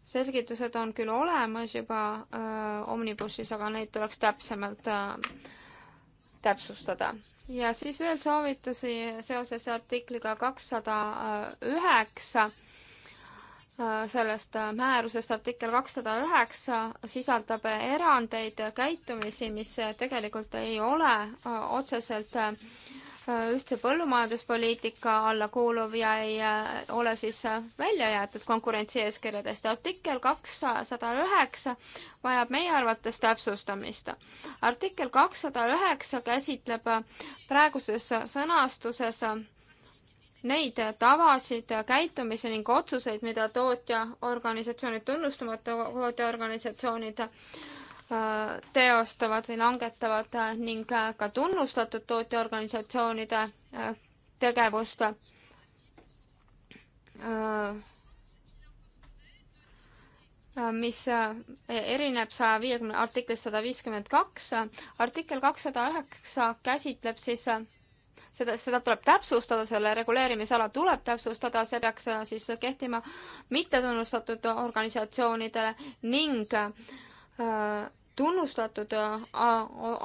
selgitused on küll olemas juba öö, äh, Omnibussis, aga neid tuleks täpsemalt öö, täpsustada. ja siis veel soovitusi seoses artikliga kakssada üheksa sellest määrusest artikkel kakssada üheksa sisaldab erandeid, käitumisi, mis tegelikult ei ole äh, otseselt äh, ühtse põllumajanduspoliitika alla kuuluv ja ei äh, ole siis välja jäetud konkurentsieeskirjadest. artikkel kakssada üheksa vajab meie arvates täpsustamist. artikkel kakssada üheksa käsitleb praeguses sõnastuses neid tavasid, käitumisi ning otsuseid, mida tootjaorganisatsioonid, tunnustamata tootjaorganisatsioonid äh, teostavad või langetavad ning äh, ka tunnustatud tootjaorganisatsioonide äh, tegevust. mis erineb saja viiekümne, artiklist sada viiskümmend kaks. artikkel kakssada üheksa käsitleb siis seda, seda tuleb täpsustada, selle reguleerimisala tuleb täpsustada, see peaks äh, siis kehtima mittetunnustatud organisatsioonidele ning äh, tunnustatud äh,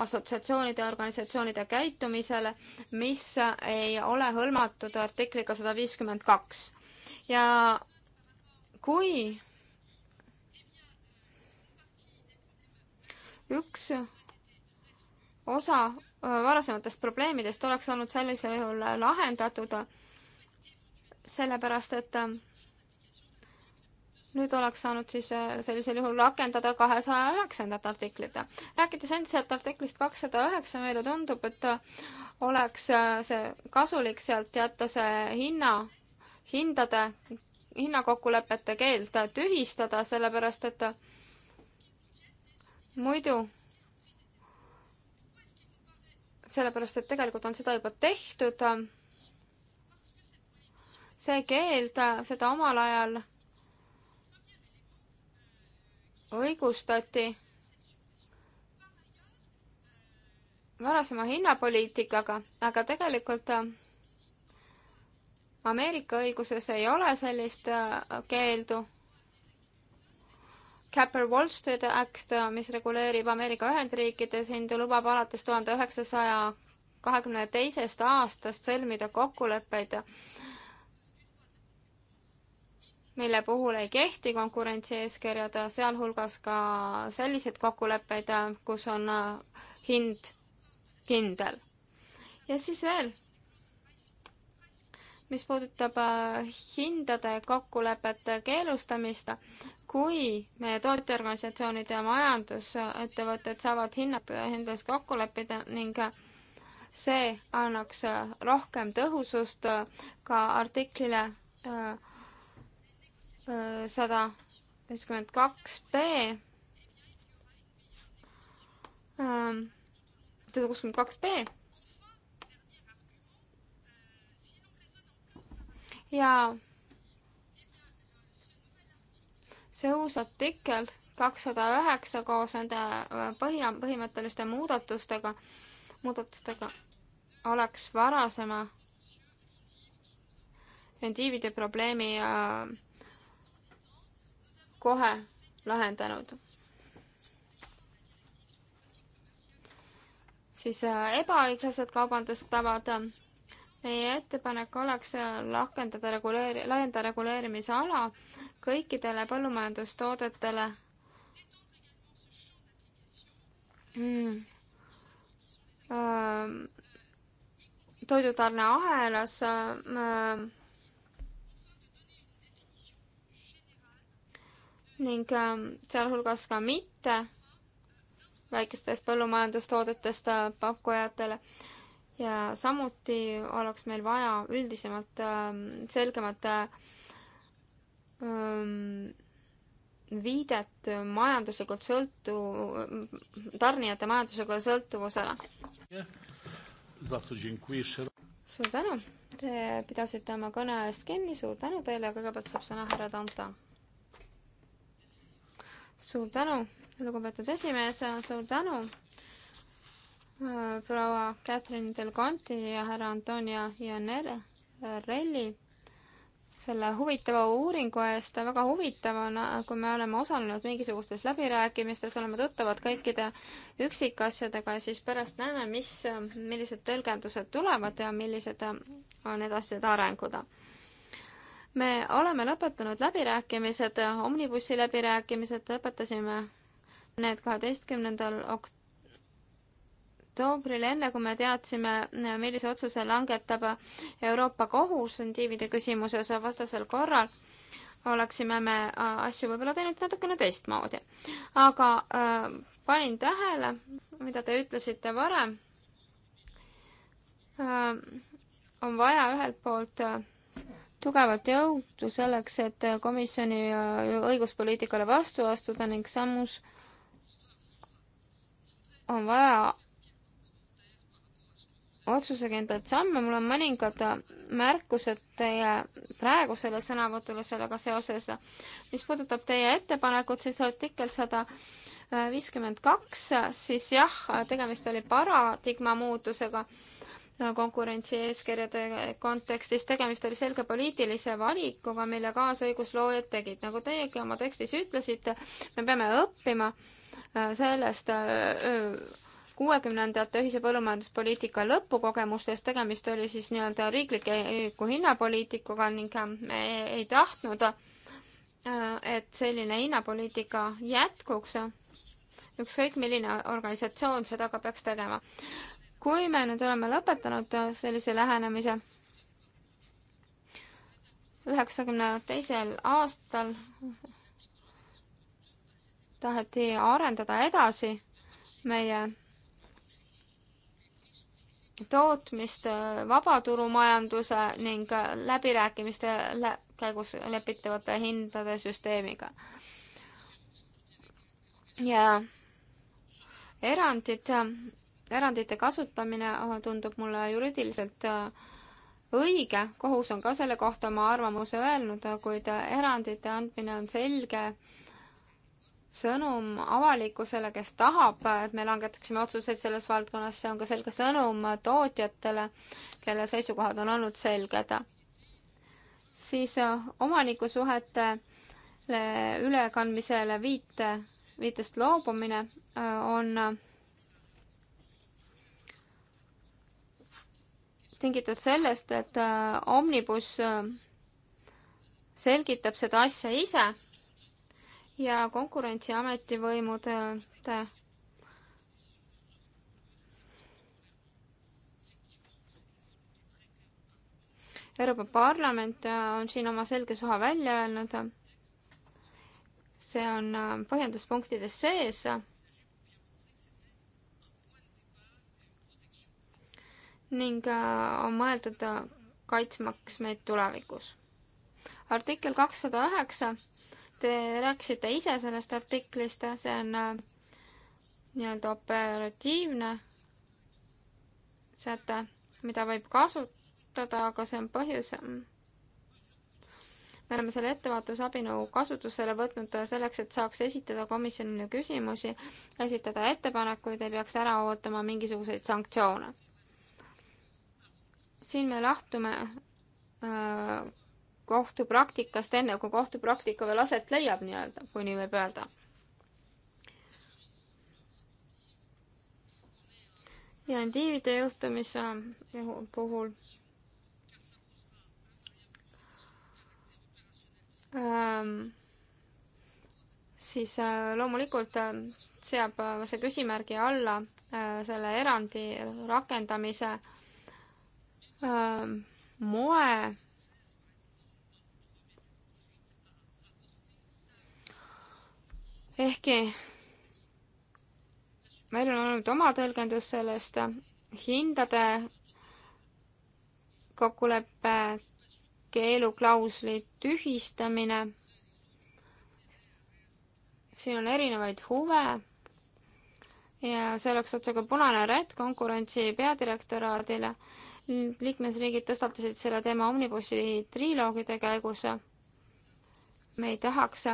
assotsiatsioonide ja organisatsioonide käitumisele, mis ei ole hõlmatud artikliga sada viiskümmend kaks. ja kui üks osa varasematest probleemidest oleks olnud sellisel juhul lahendatud, sellepärast et äh, nüüd oleks saanud siis äh, sellisel juhul rakendada kahesaja üheksandat artiklit. rääkides endiselt artiklist kakssada üheksa, meile tundub, et äh, oleks see kasulik sealt jätta see hinna, hindade, hinnakokkulepete keeld tühistada, sellepärast et muidu sellepärast et tegelikult on seda juba tehtud. see keeld, seda omal ajal õigustati varasema hinnapoliitikaga, aga tegelikult Ameerika õiguses ei ole sellist keeldu Capper-Wall Street Act, mis reguleerib Ameerika Ühendriikides, lubab alates tuhande üheksasaja kahekümne teisest aastast sõlmida kokkuleppeid, mille puhul ei kehti konkurentsieeskirjad, sealhulgas ka selliseid kokkuleppeid, kus on hind kindel. ja siis veel, mis puudutab hindade kokkulepete keelustamist, kui meie tootjaorganisatsioonid ja majandusettevõtted saavad hinnad endas kokku leppida ning see annaks rohkem tõhusust ka artiklile äh, äh, sada viiskümmend kaks B ähm, sada kuuskümmend kaks B. ja see uus artikkel kakssada üheksa koos nende äh, põhja, põhimõtteliste muudatustega, muudatustega oleks varasema diivide probleemi äh, kohe lahendanud. siis äh, ebaõiglased kaubandustavad äh, meie ettepanek oleks rakendada äh, reguleeri-, laiendada reguleerimise ala äh, kõikidele põllumajandustoodetele mm. Ähm, toidutarneahelas ähm, ähm, ning sealhulgas ka mitte väikestest põllumajandustoodetest äh, pakkujatele. ja samuti oleks meil vaja üldisemalt selgemat äh, viidet majanduslikult sõltu, tarnijate majandusega sõltuvusele. suur tänu, te pidasite oma kõne eest kinni, suur tänu teile ja kõigepealt saab sõna härra Tanta. suur tänu, lugupeetud esimees, suur tänu äh, proua Catherine Delconti ja härra Antonia Janere Relli selle huvitava uuringu eest, väga huvitav on, kui me oleme osalenud mingisugustes läbirääkimistes, oleme tuttavad kõikide üksikasjadega ja siis pärast näeme, mis, millised tõlgendused tulevad ja millised on edasised arengud me oleme lõpetanud läbirääkimised, Omnibussi läbirääkimised lõpetasime need kaheteistkümnendal ok-, oktoobril, enne kui me teadsime, millise otsuse langetab Euroopa Kohus diivide küsimuses vastasel korral, oleksime me äh, asju võib-olla teinud natukene teistmoodi. aga äh, panin tähele, mida te ütlesite varem äh,. on vaja ühelt poolt äh, tugevat jõudu selleks, et komisjoni äh, õiguspoliitikale vastu astuda ning samus on vaja otsusekindlaid samme, mul on mõningad äh, märkused teie praegusele sõnavõtule sellega seoses. mis puudutab teie ettepanekut, siis artikkel sada äh, viiskümmend kaks, siis jah, tegemist oli paradigma muutusega äh, konkurentsieeskirjade kontekstis, tegemist oli selge poliitilise valikuga, mille kaasõigusloojad tegid. nagu teiegi oma tekstis ütlesite, me peame õppima sellest öö, kuuekümnendate ühise põllumajanduspoliitika lõpukogemustest, tegemist oli siis nii-öelda riikliku hinnapoliitikaga ning me ei tahtnud, äh, et selline hinnapoliitika jätkuks. ükskõik, milline organisatsioon seda ka peaks tegema. kui me nüüd oleme lõpetanud sellise lähenemise, üheksakümne teisel aastal taheti arendada edasi meie tootmist äh, vabaturumajanduse ning äh, läbirääkimiste käigus lepitavate hindade süsteemiga. ja erandid, erandite kasutamine äh, tundub mulle juriidiliselt õige, kohus on ka selle kohta oma arvamuse öelnud, kuid erandite andmine on selge sõnum avalikkusele, kes tahab, et me langetaksime otsuseid selles valdkonnas, see on ka selge sõnum tootjatele, kelle seisukohad on olnud selged. siis äh, omanikusuhetele ülekandmisele viite, viitest loobumine äh, on äh, tingitud sellest, et Omnibus selgitab seda asja ise ja Konkurentsiameti võimud Euroopa Parlament on siin oma selge suha välja öelnud. see on äh, põhjenduspunktides sees. ning äh, on mõeldud kaitsmaks meid tulevikus. artikkel kakssada üheksa Te rääkisite ise sellest artiklist, see on äh, nii-öelda operatiivne säte, mida võib kasutada, aga see on põhjus. Äh, me oleme selle ettevaatusabinõu kasutusele võtnud äh, selleks, et saaks esitada komisjonile küsimusi, esitada ettepanekuid, ei peaks ära ootama mingisuguseid sanktsioone. siin me lahtume öö, kohtupraktikast, enne kui kohtupraktika veel aset leiab nii-öelda, kui nii võib öelda. ja indiivide juhtumise puhul ähm, siis äh, loomulikult äh, seab äh, see küsimärgi alla selle erandi rakendamise ähm, moe ehkki meil on olnud oma tõlgendus sellest, hindade kokkuleppe keeluklausli tühistamine. siin on erinevaid huve ja see oleks otse ka punane rätt konkurentsi peadirektoraadile. liikmesriigid tõstatasid selle teema omnibussi triloogide käigus. me ei tahaks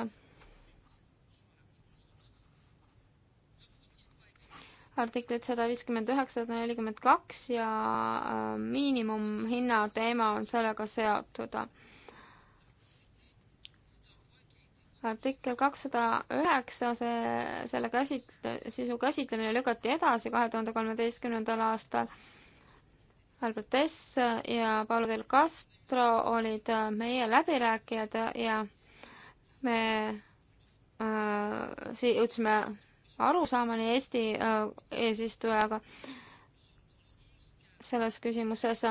artiklid sada viiskümmend üheksa, sada nelikümmend kaks ja äh, miinimumhinna teema on sellega seotud. artikkel kakssada üheksa, see, selle käsit-, sisu käsitlemine lükati edasi kahe tuhande kolmeteistkümnendal aastal. Albert Tess ja Paolo del Castro olid äh, meie läbirääkijad ja me äh, jõudsime arusaamani Eesti äh, eesistujaga selles küsimuses.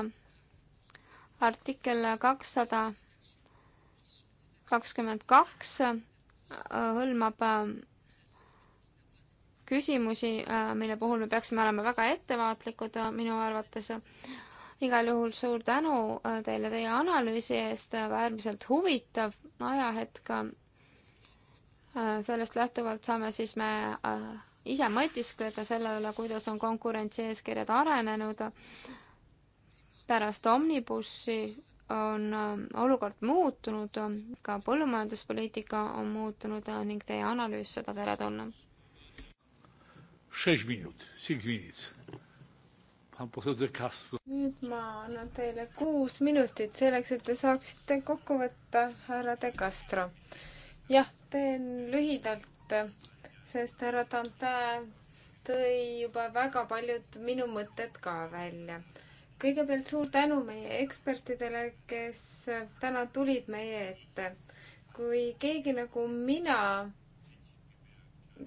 artikkel kakssada kakskümmend kaks äh, hõlmab äh, küsimusi, mille puhul me peaksime olema väga ettevaatlikud minu arvates. igal juhul suur tänu teile teie analüüsi eest, äärmiselt huvitav ajahetk Äh, sellest lähtuvalt saame siis me äh, ise mõtiskleda selle üle, kuidas on konkurentsieeskirjad arenenud. pärast omnibussi on äh, olukord muutunud, ka põllumajanduspoliitika on muutunud ning teie analüüs seda teretulnud. nüüd ma annan teile kuus minutit selleks, et te saaksite kokku võtta, härra De Castro. jah teen lühidalt, sest härra Tanta tõi juba väga paljud minu mõtted ka välja. kõigepealt suur tänu meie ekspertidele, kes täna tulid meie ette. kui keegi nagu mina,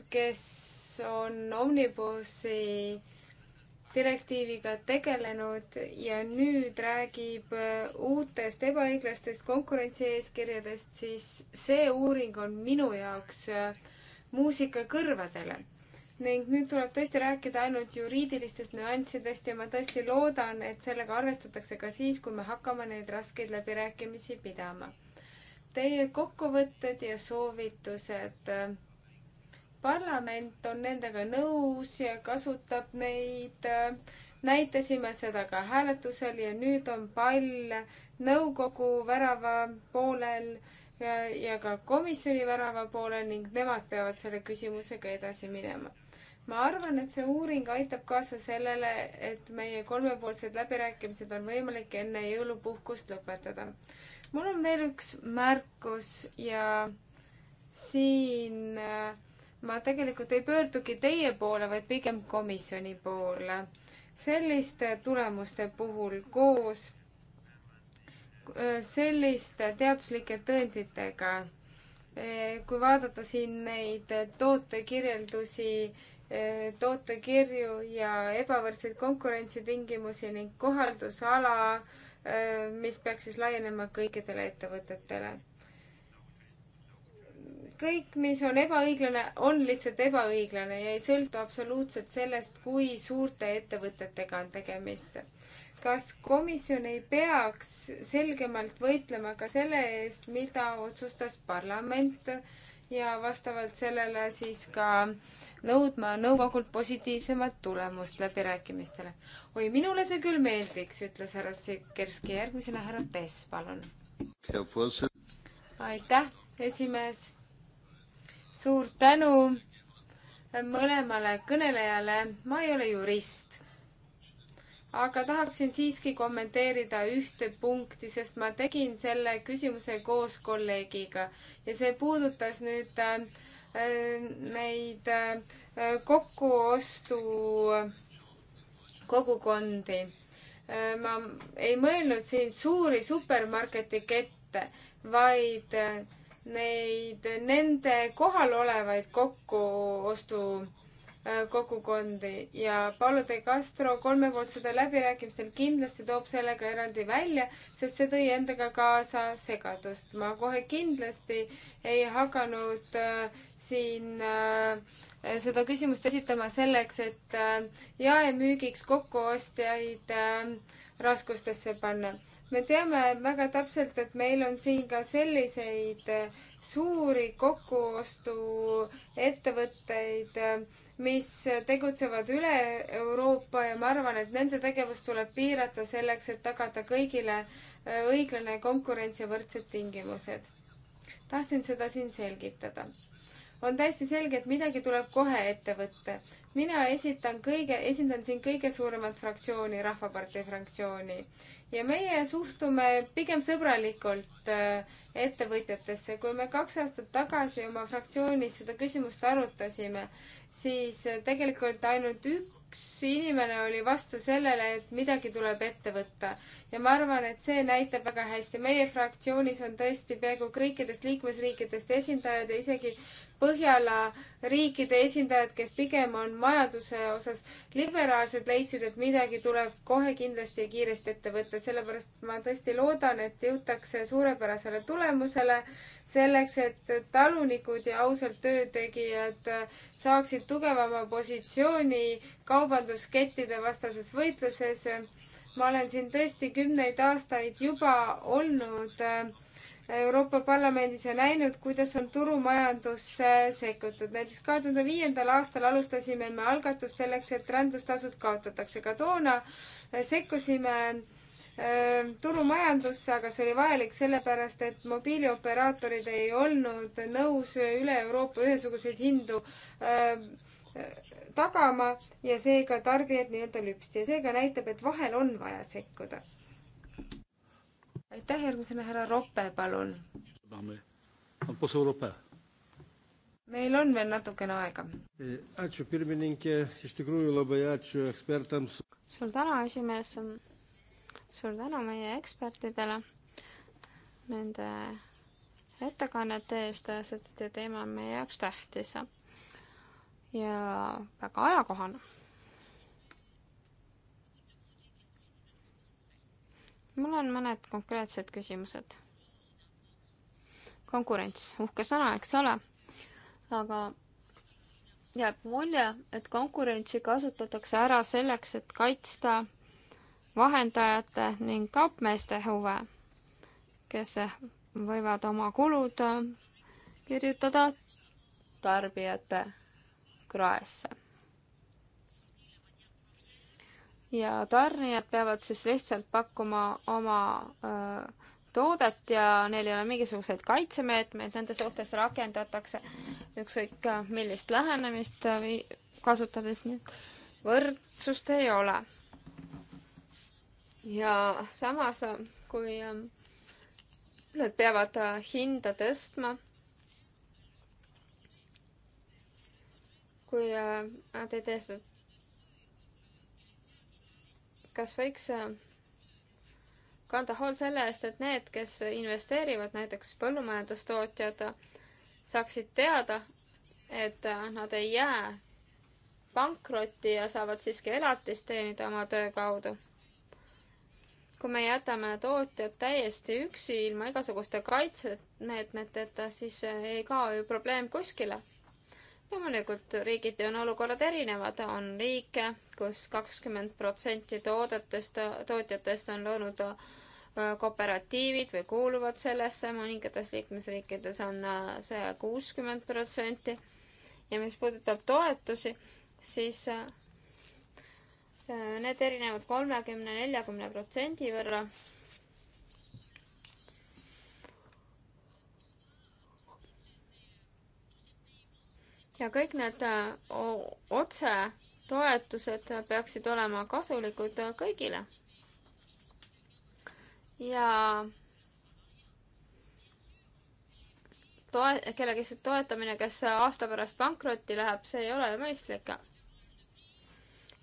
kes on Omnibusi äh, direktiiviga tegelenud ja nüüd räägib äh, uutest ebaõiglastest konkurentsieeskirjadest, siis see uuring on minu jaoks äh, muusika kõrvadele. ning nüüd tuleb tõesti rääkida ainult juriidilistest nüanssidest ja ma tõesti loodan, et sellega arvestatakse ka siis, kui me hakkame neid raskeid läbirääkimisi pidama. Teie kokkuvõtted ja soovitused äh, parlament on nendega nõus ja kasutab neid. näitasime seda ka hääletusel ja nüüd on pall nõukogu värava poolel ja, ja ka komisjoni värava poolel ning nemad peavad selle küsimusega edasi minema. ma arvan, et see uuring aitab kaasa sellele, et meie kolmepoolsed läbirääkimised on võimalik enne jõulupuhkust lõpetada. mul on veel üks märkus ja siin äh, ma tegelikult ei pöördugi teie poole, vaid pigem komisjoni poole. selliste tulemuste puhul koos selliste teaduslike tõenditega, kui vaadata siin neid tootekirjeldusi, tootekirju ja ebavõrdseid konkurentsitingimusi ning kohaldusala, mis peaks siis laienema kõikidele ettevõtetele kõik, mis on ebaõiglane, on lihtsalt ebaõiglane ja ei sõltu absoluutselt sellest, kui suurte ettevõtetega on tegemist. kas komisjon ei peaks selgemalt võitlema ka selle eest, mida otsustas parlament ja vastavalt sellele siis ka nõudma nõukogult positiivsemat tulemust läbirääkimistele? oi, minule see küll meeldiks, ütles härra Sikerski. järgmisena härra Pess, palun. aitäh, esimees suur tänu mõlemale kõnelejale, ma ei ole jurist aga tahaksin siiski kommenteerida ühte punkti, sest ma tegin selle küsimuse koos kolleegiga ja see puudutas nüüd äh, neid äh, kokkuostu kogukondi äh,. ma ei mõelnud siin suuri supermarketikette, vaid äh, neid, nende kohal olevaid kokkuostu äh, kogukondi ja Paolo de Castro kolmepoolsetel läbirääkimistel kindlasti toob selle ka eraldi välja, sest see tõi endaga kaasa segadust. ma kohe kindlasti ei hakanud äh, siin äh, seda küsimust esitama selleks, et äh, jaemüügiks kokkuostjaid äh, raskustesse panna me teame väga täpselt, et meil on siin ka selliseid äh, suuri kokkuostuettevõtteid, äh, mis tegutsevad üle Euroopa ja ma arvan, et nende tegevust tuleb piirata selleks, et tagada kõigile äh, õiglane konkurents ja võrdsed tingimused. tahtsin seda siin selgitada on täiesti selge, et midagi tuleb kohe ette võtta. mina esitan kõige, esindan siin kõige suuremat fraktsiooni, Rahvapartei fraktsiooni. ja meie suhtume pigem sõbralikult äh, ettevõtjatesse. kui me kaks aastat tagasi oma fraktsioonis seda küsimust arutasime, siis äh, tegelikult ainult üks inimene oli vastu sellele, et midagi tuleb ette võtta. ja ma arvan, et see näitab väga hästi. meie fraktsioonis on tõesti peaaegu kõikidest liikmesriikidest esindajad ja isegi Põhjala riikide esindajad, kes pigem on majanduse osas liberaalsed, leidsid, et midagi tuleb kohe kindlasti ja kiiresti ette võtta, sellepärast ma tõesti loodan, et jõutakse suurepärasele tulemusele selleks, et talunikud ja ausalt töötegijad saaksid tugevama positsiooni kaubanduskettide vastases võitluses. ma olen siin tõesti kümneid aastaid juba olnud äh, Euroopa Parlamendis ja näinud, kuidas on turumajandusse sekkutud. näiteks kahe tuhande viiendal aastal alustasime me algatust selleks, et rändustasud kaotatakse. ka toona sekkusime ähm, turumajandusse, aga see oli vajalik sellepärast, et mobiilioperaatorid ei olnud nõus üle Euroopa ühesuguseid hindu ähm, tagama ja seega tarbijad nii-öelda lüpsti ja seega näitab, et vahel on vaja sekkuda aitäh, järgmisena härra Roppe, palun. meil on veel natukene aega. E, suur tänu, esimees. suur tänu meie ekspertidele nende ettekannete eest, see teema on meie jaoks tähtis ja väga ajakohane mul on mõned konkreetsed küsimused. konkurents, uhke sõna, eks ole, aga jääb mulje, et konkurentsi kasutatakse ära selleks, et kaitsta vahendajate ning kaupmeeste huve, kes võivad oma kulud kirjutada tarbijate kraesse ja tarnijad peavad siis lihtsalt pakkuma oma öö, toodet ja neil ei ole mingisuguseid kaitsemeetmeid, nende suhtes rakendatakse ükskõik millist lähenemist kasutades, nii et võrdsust ei ole. ja samas, kui nad peavad hinda tõstma, kui nad ei tee seda kas võiks äh, kanda hoolt selle eest, et need, kes investeerivad, näiteks põllumajandustootjad, saaksid teada, et äh, nad ei jää pankrotti ja saavad siiski elatist teenida oma töö kaudu. kui me jätame tootjad täiesti üksi, ilma igasuguste kaitsemeetmeteta, siis äh, ei kao ju probleem kuskile loomulikult riigiti on olukorrad erinevad, on riike kus, kus kakskümmend protsenti toodetest, tootjatest on loonud äh, kooperatiivid või kuuluvad sellesse, mõningates liikmesriikides on äh, see kuuskümmend protsenti. ja mis puudutab toetusi, siis äh, need erinevad kolmekümne, neljakümne protsendi võrra ja kõik need äh, otsetoetused peaksid olema kasulikud äh, kõigile. ja toe-, kellegi toetamine, kes aasta pärast pankrotti läheb, see ei ole ju mõistlik.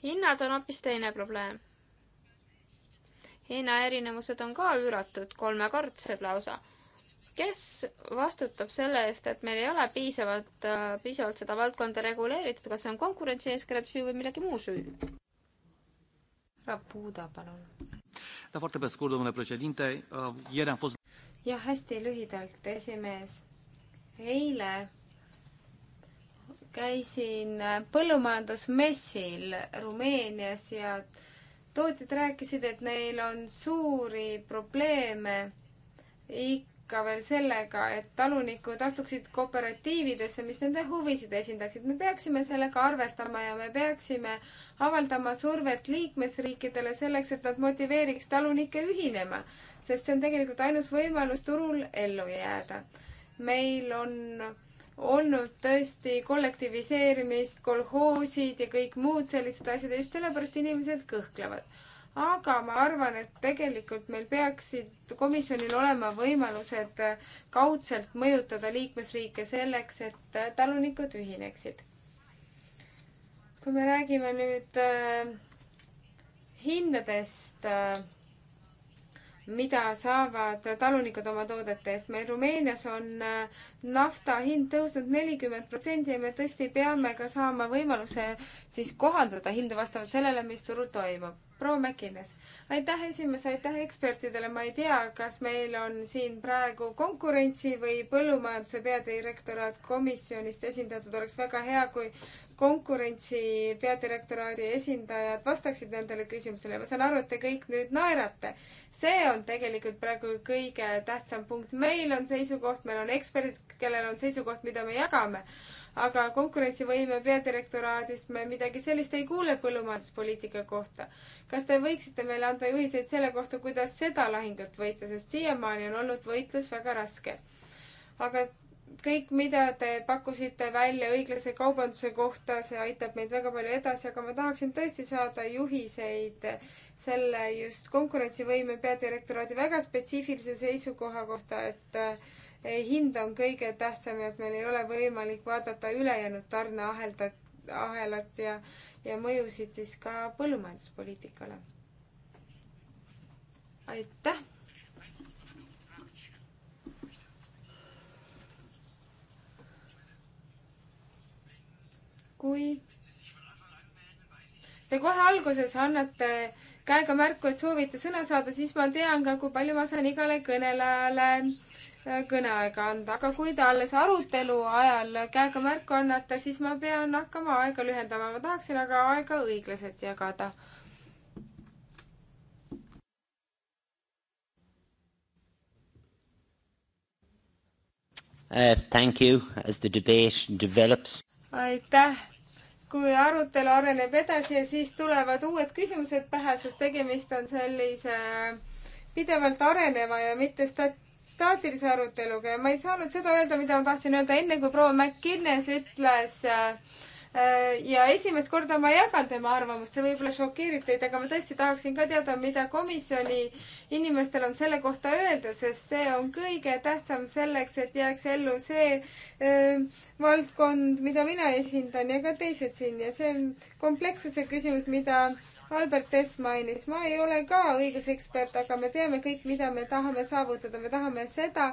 hinnad on hoopis teine probleem. hinnaerinevused on ka üüratud, kolmekordsed lausa kes vastutab selle eest, et meil ei ole piisavalt, äh, piisavalt seda valdkonda reguleeritud, kas see on konkurentsieeskirjade süü või millegi muu süü? Rapuda, palun. jah, uh, hästi lühidalt, esimees. eile käisin põllumajandusmessil Rumeenias ja tootjad rääkisid, et neil on suuri probleeme ik-, ka veel sellega, et talunikud astuksid kooperatiividesse, mis nende huvisid esindaksid. me peaksime sellega arvestama ja me peaksime avaldama survet liikmesriikidele selleks, et nad motiveeriks talunikke ühinema, sest see on tegelikult ainus võimalus turul ellu jääda. meil on olnud tõesti kollektiviseerimist, kolhoosid ja kõik muud sellised asjad ja just sellepärast inimesed kõhklevad aga ma arvan, et tegelikult meil peaksid komisjonil olema võimalused kaudselt mõjutada liikmesriike selleks, et talunikud ühineksid. kui me räägime nüüd äh, hindadest äh, mida saavad talunikud oma toodete eest. meil Rumeenias on äh, nafta hind tõusnud nelikümmend protsenti ja me tõesti peame ka saama võimaluse siis kohandada hindu vastavalt sellele, mis turul toimub. proua Mäkines, aitäh esimees, aitäh ekspertidele, ma ei tea, kas meil on siin praegu konkurentsi või põllumajanduse peadirektoraat komisjonist esindatud, oleks väga hea, kui konkurentsi peadirektoraadi esindajad vastaksid nendele küsimusele. ma saan aru, et te kõik nüüd naerate. see on tegelikult praegu kõige tähtsam punkt. meil on seisukoht, meil on eksperdid, kellel on seisukoht, mida me jagame. aga konkurentsivõime peadirektoraadist me midagi sellist ei kuule põllumajanduspoliitika kohta. kas te võiksite meile anda juhiseid selle kohta, kuidas seda lahingut võita, sest siiamaani on olnud võitlus väga raske. aga kõik, mida te pakkusite välja õiglase kaubanduse kohta, see aitab meid väga palju edasi, aga ma tahaksin tõesti saada juhiseid selle just konkurentsivõime peadirektoraadi väga spetsiifilise seisukoha kohta, et eh, hind on kõige tähtsam ja et meil ei ole võimalik vaadata ülejäänud tarneaheldat, ahelat ja, ja mõjusid siis ka põllumajanduspoliitikale. aitäh kui te kohe alguses annate käega märku, et soovite sõna saada, siis ma tean ka, kui palju ma saan igale kõnelejale äh, kõneaega anda, aga kui te alles arutelu ajal käega märku annate, siis ma pean hakkama aega lühendama, ma tahaksin aga aega õiglaselt jagada. Uh, thank you as the debate develops. aitäh kui arutelu areneb edasi ja siis tulevad uued küsimused pähe, sest tegemist on sellise pidevalt areneva ja mitte stat-, staatilise aruteluga ja ma ei saanud seda öelda, mida ma tahtsin öelda enne, kui proua McInnes ütles äh, Äh, ja esimest korda ma jagan tema arvamust, see võib-olla šokeerib teid, aga ma tõesti tahaksin ka teada, mida komisjoni inimestel on selle kohta öelda, sest see on kõige tähtsam selleks, et jääks ellu see öö, äh, valdkond, mida mina esindan ja ka teised siin ja see on komplekssuse küsimus, mida Albert S mainis, ma ei ole ka õigusekspert, aga me teame kõik, mida me tahame saavutada. me tahame seda,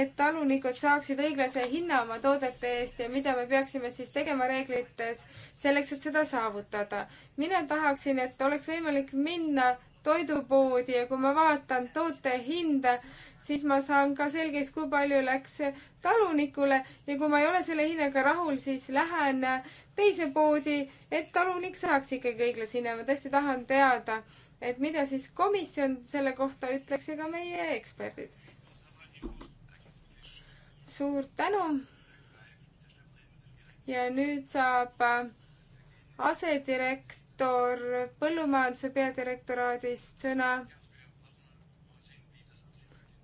et talunikud saaksid õiglase hinna oma toodete eest ja mida me peaksime siis tegema reeglites selleks, et seda saavutada. mina tahaksin, et oleks võimalik minna toidupoodi ja kui ma vaatan toote hinda, siis ma saan ka selgeks, kui palju läks talunikule ja kui ma ei ole selle hinnaga rahul, siis lähen teise poodi, et talunik saaks ikkagi õiglase hinna. ma tõesti tahan teada, et mida siis komisjon selle kohta ütleks ja ka meie eksperdid. suur tänu. ja nüüd saab äh, asedirektor põllumajanduse peadirektoraadist sõna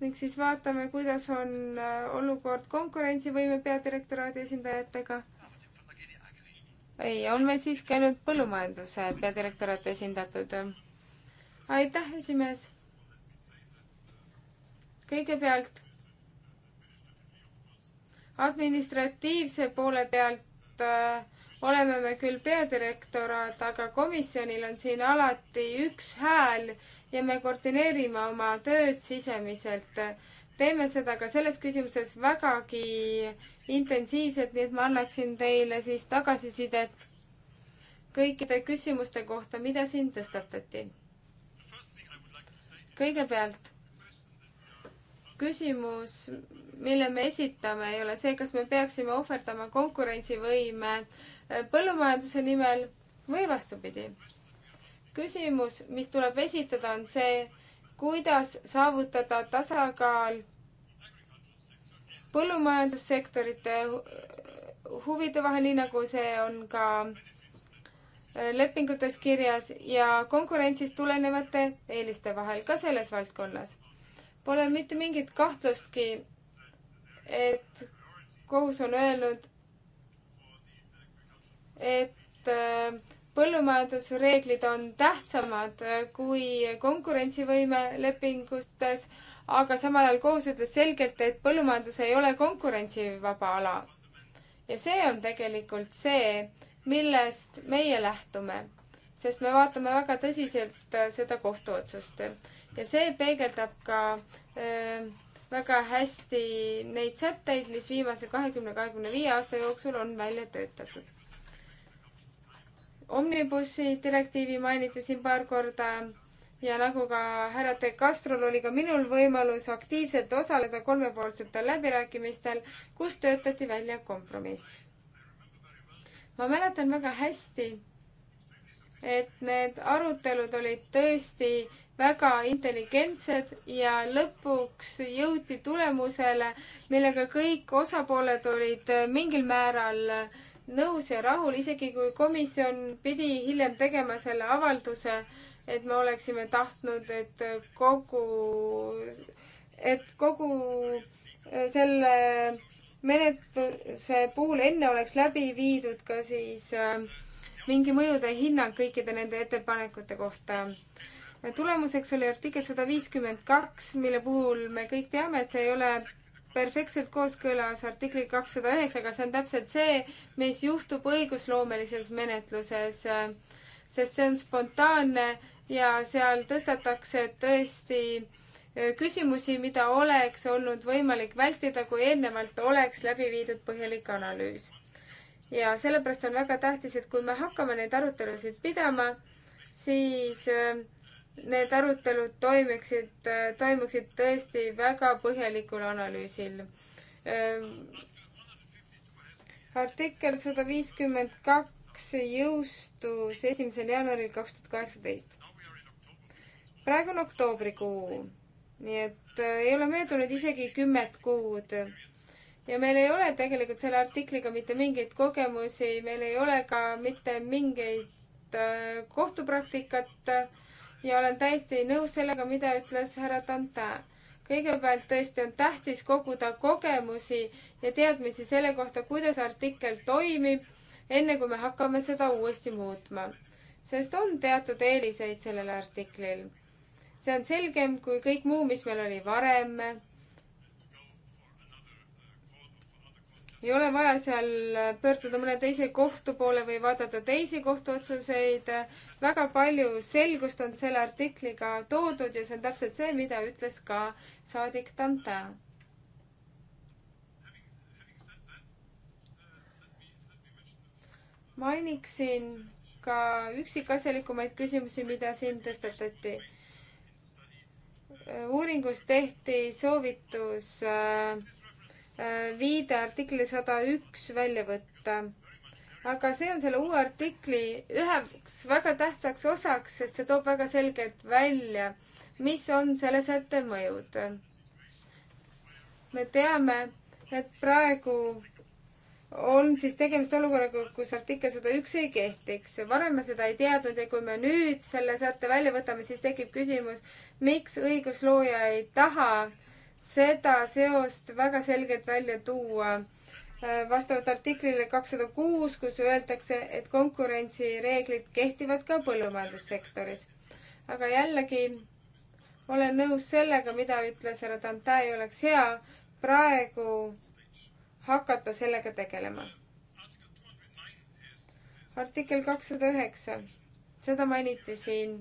ning siis vaatame, kuidas on äh, olukord konkurentsivõime peadirektoraadi esindajatega. ei, on meil siiski ainult põllumajanduse peadirektoraat esindatud. aitäh, esimees. kõigepealt administratiivse poole pealt äh, oleme me küll peadirektorad, aga komisjonil on siin alati üks hääl ja me koordineerime oma tööd sisemiselt. teeme seda ka selles küsimuses vägagi intensiivselt, nii et ma annaksin teile siis tagasisidet kõikide küsimuste kohta, mida siin tõstatati. kõigepealt küsimus, mille me esitame, ei ole see, kas me peaksime ohverdama konkurentsivõime äh, põllumajanduse nimel või vastupidi. küsimus, mis tuleb esitada, on see, kuidas saavutada tasakaal põllumajandussektorite huvide vahel, nii nagu see on ka äh, lepingutes kirjas ja konkurentsist tulenevate eeliste vahel ka selles valdkonnas Pole mitte mingit kahtlustki, et kohus on öelnud, et äh, põllumajandusreeglid on tähtsamad äh, kui konkurentsivõime lepingutes, aga samal ajal kohus ütles selgelt, et põllumajandus ei ole konkurentsivaba ala. ja see on tegelikult see, millest meie lähtume, sest me vaatame väga tõsiselt äh, seda kohtuotsust ja see peegeldab ka öö, äh, väga hästi neid sätteid, mis viimase kahekümne, kahekümne viie aasta jooksul on välja töötatud. omnibussi direktiivi mainiti siin paar korda ja nagu ka härra De Castrol oli ka minul võimalus aktiivselt osaleda kolmepoolsetel läbirääkimistel, kus töötati välja kompromiss. ma mäletan väga hästi et need arutelud olid tõesti väga intelligentsed ja lõpuks jõuti tulemusele, millega kõik osapooled olid mingil määral nõus ja rahul, isegi kui komisjon pidi hiljem tegema selle avalduse, et me oleksime tahtnud, et kogu, et kogu selle menetluse puhul enne oleks läbi viidud ka siis äh, mingi mõjude hinnang kõikide nende ettepanekute kohta. tulemuseks oli artikkel sada viiskümmend kaks, mille puhul me kõik teame, et see ei ole perfektselt kooskõlas artikli kakssada üheksa, aga see on täpselt see, mis juhtub õigusloomelises menetluses, sest see on spontaanne ja seal tõstatakse tõesti küsimusi, mida oleks olnud võimalik vältida, kui eelnevalt oleks läbi viidud põhjalik analüüs ja sellepärast on väga tähtis, et kui me hakkame neid arutelusid pidama, siis äh, need arutelud toimiksid, äh, toimuksid tõesti väga põhjalikul analüüsil. Äh, artikkel sada viiskümmend kaks jõustus esimesel jaanuaril kaks tuhat kaheksateist. praegu on oktoobrikuu, nii et ei ole möödunud isegi kümmet kuud ja meil ei ole tegelikult selle artikliga mitte mingeid kogemusi, meil ei ole ka mitte mingeid äh, kohtupraktikat ja olen täiesti nõus sellega, mida ütles härra Tantin. kõigepealt tõesti on tähtis koguda kogemusi ja teadmisi selle kohta, kuidas artikkel toimib, enne kui me hakkame seda uuesti muutma. sest on teatud eeliseid sellel artiklil. see on selgem kui kõik muu, mis meil oli varem ei ole vaja seal pöörduda mõne teise kohtu poole või vaadata teisi kohtuotsuseid. väga palju selgust on selle artikliga toodud ja see on täpselt see, mida ütles ka saadik Tanta. mainiksin ka üksikasjalikumaid küsimusi, mida siin tõstatati. uuringus tehti soovitus äh, viide artikli sada üks välja võtta. aga see on selle uue artikli üheks väga tähtsaks osaks, sest see toob väga selgelt välja, mis on selle sätte mõjud. me teame, et praegu on siis tegemist olukorraga, kus artikkel sada üks ei kehtiks. varem me seda ei teadnud ja kui me nüüd selle sätte välja võtame, siis tekib küsimus, miks õiguslooja ei taha seda seost väga selgelt välja tuua vastavalt artiklile kakssada kuus, kus öeldakse, et konkurentsireeglid kehtivad ka põllumajandussektoris. aga jällegi olen nõus sellega, mida ütles härra Dante, oleks hea praegu hakata sellega tegelema. artikkel kakssada üheksa, seda mainiti siin.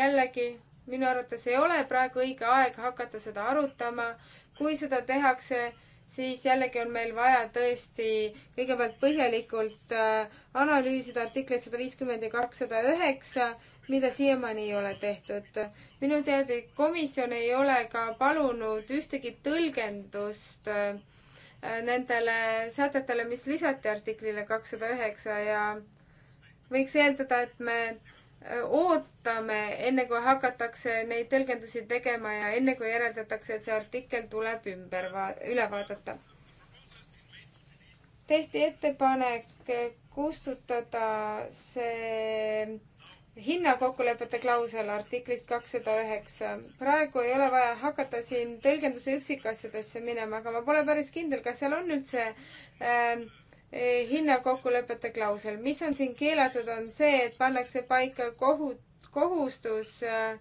jällegi minu arvates ei ole praegu õige aeg hakata seda arutama. kui seda tehakse, siis jällegi on meil vaja tõesti kõigepealt põhjalikult äh, analüüsida artikleid sada viiskümmend ja kakssada üheksa, mida siiamaani ei ole tehtud. minu teada komisjon ei ole ka palunud ühtegi tõlgendust äh, nendele sätetele, mis lisati artiklile kakssada üheksa ja võiks eeldada, et me ootame, enne kui hakatakse neid tõlgendusi tegema ja enne kui järeldatakse, et see artikkel tuleb ümber va-, üle vaadata. tehti ettepanek kustutada see hinnakokkulepete klausel artiklist kakssada üheksa. praegu ei ole vaja hakata siin tõlgenduse üksikasjadesse minema, aga ma pole päris kindel, kas seal on üldse äh, Eh, hinnakokkulepete klausel. mis on siin keelatud, on see, et pannakse paika kohu, kohustus eh,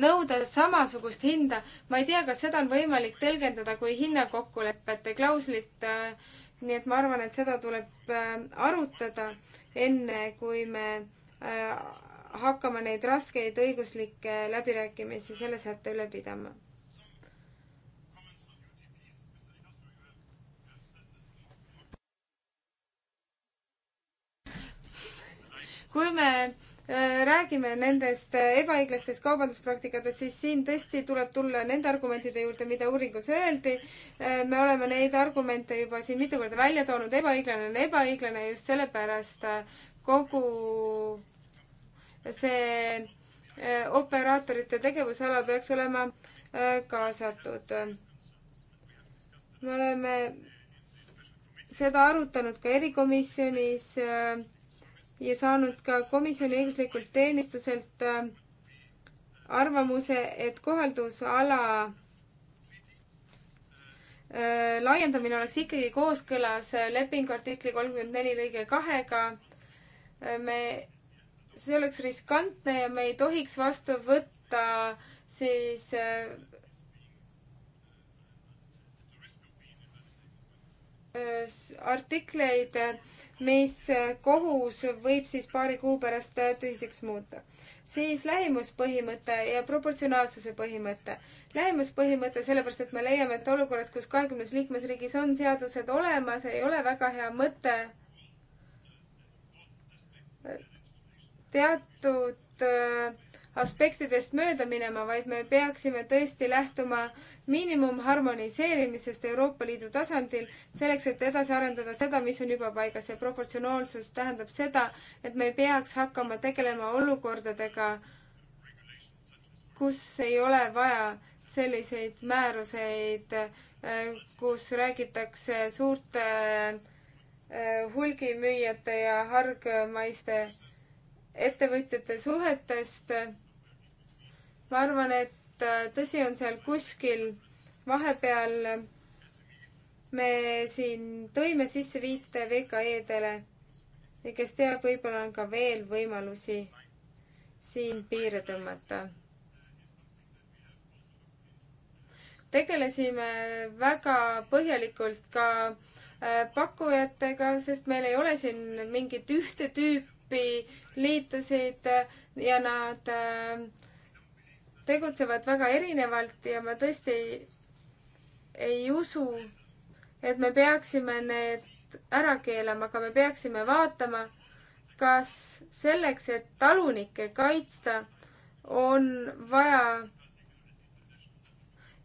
nõuda samasugust hinda. ma ei tea, kas seda on võimalik tõlgendada kui hinnakokkulepete klauslit. Eh, nii et ma arvan, et seda tuleb arutada enne, kui me hakkame neid raskeid õiguslikke läbirääkimisi selle sätte üle pidama kui me äh, räägime nendest äh, ebaõiglastest kaubanduspraktikatest, siis siin tõesti tuleb tulla nende argumentide juurde, mida uuringus öeldi. Äh, me oleme neid argumente juba siin mitu korda välja toonud, ebaõiglane on ebaõiglane just sellepärast kogu see operaatorite tegevusala peaks olema kaasatud. me oleme seda arutanud ka erikomisjonis ja saanud ka komisjoni õiguslikult teenistuselt äh, arvamuse, et kohaldusala äh, laiendamine oleks ikkagi kooskõlas äh, lepingu artikli kolmkümmend neli lõige kahega. me, see oleks riskantne ja me ei tohiks vastu võtta siis Äh, artikleid, mis kohus võib siis paari kuu pärast tühiseks muuta. siis lähimuspõhimõte ja proportsionaalsuse põhimõte. lähimuspõhimõte sellepärast, et me leiame, et olukorras, kus kahekümnes liikmesriigis on seadused olemas, ei ole väga hea mõte äh, teatud äh, aspektidest mööda minema, vaid me peaksime tõesti lähtuma miinimumharmoniseerimisest Euroopa Liidu tasandil, selleks et edasi arendada seda, mis on juba paigas ja proportsionaalsus tähendab seda, et me ei peaks hakkama tegelema olukordadega, kus ei ole vaja selliseid määruseid, kus räägitakse suurte eh, hulgimüüjate ja hargmaiste ettevõtjate suhetest. ma arvan, et äh, tõsi on seal kuskil vahepeal. me siin tõime sisse viite VKE-dele ja kes teab, võib-olla on ka veel võimalusi siin piire tõmmata. tegelesime väga põhjalikult ka äh, pakkujatega, sest meil ei ole siin mingit ühte tüüpi gruppi liitusid ja nad äh, tegutsevad väga erinevalt ja ma tõesti ei, ei usu, et me peaksime need ära keelama, aga me peaksime vaatama, kas selleks, et talunikke kaitsta, on vaja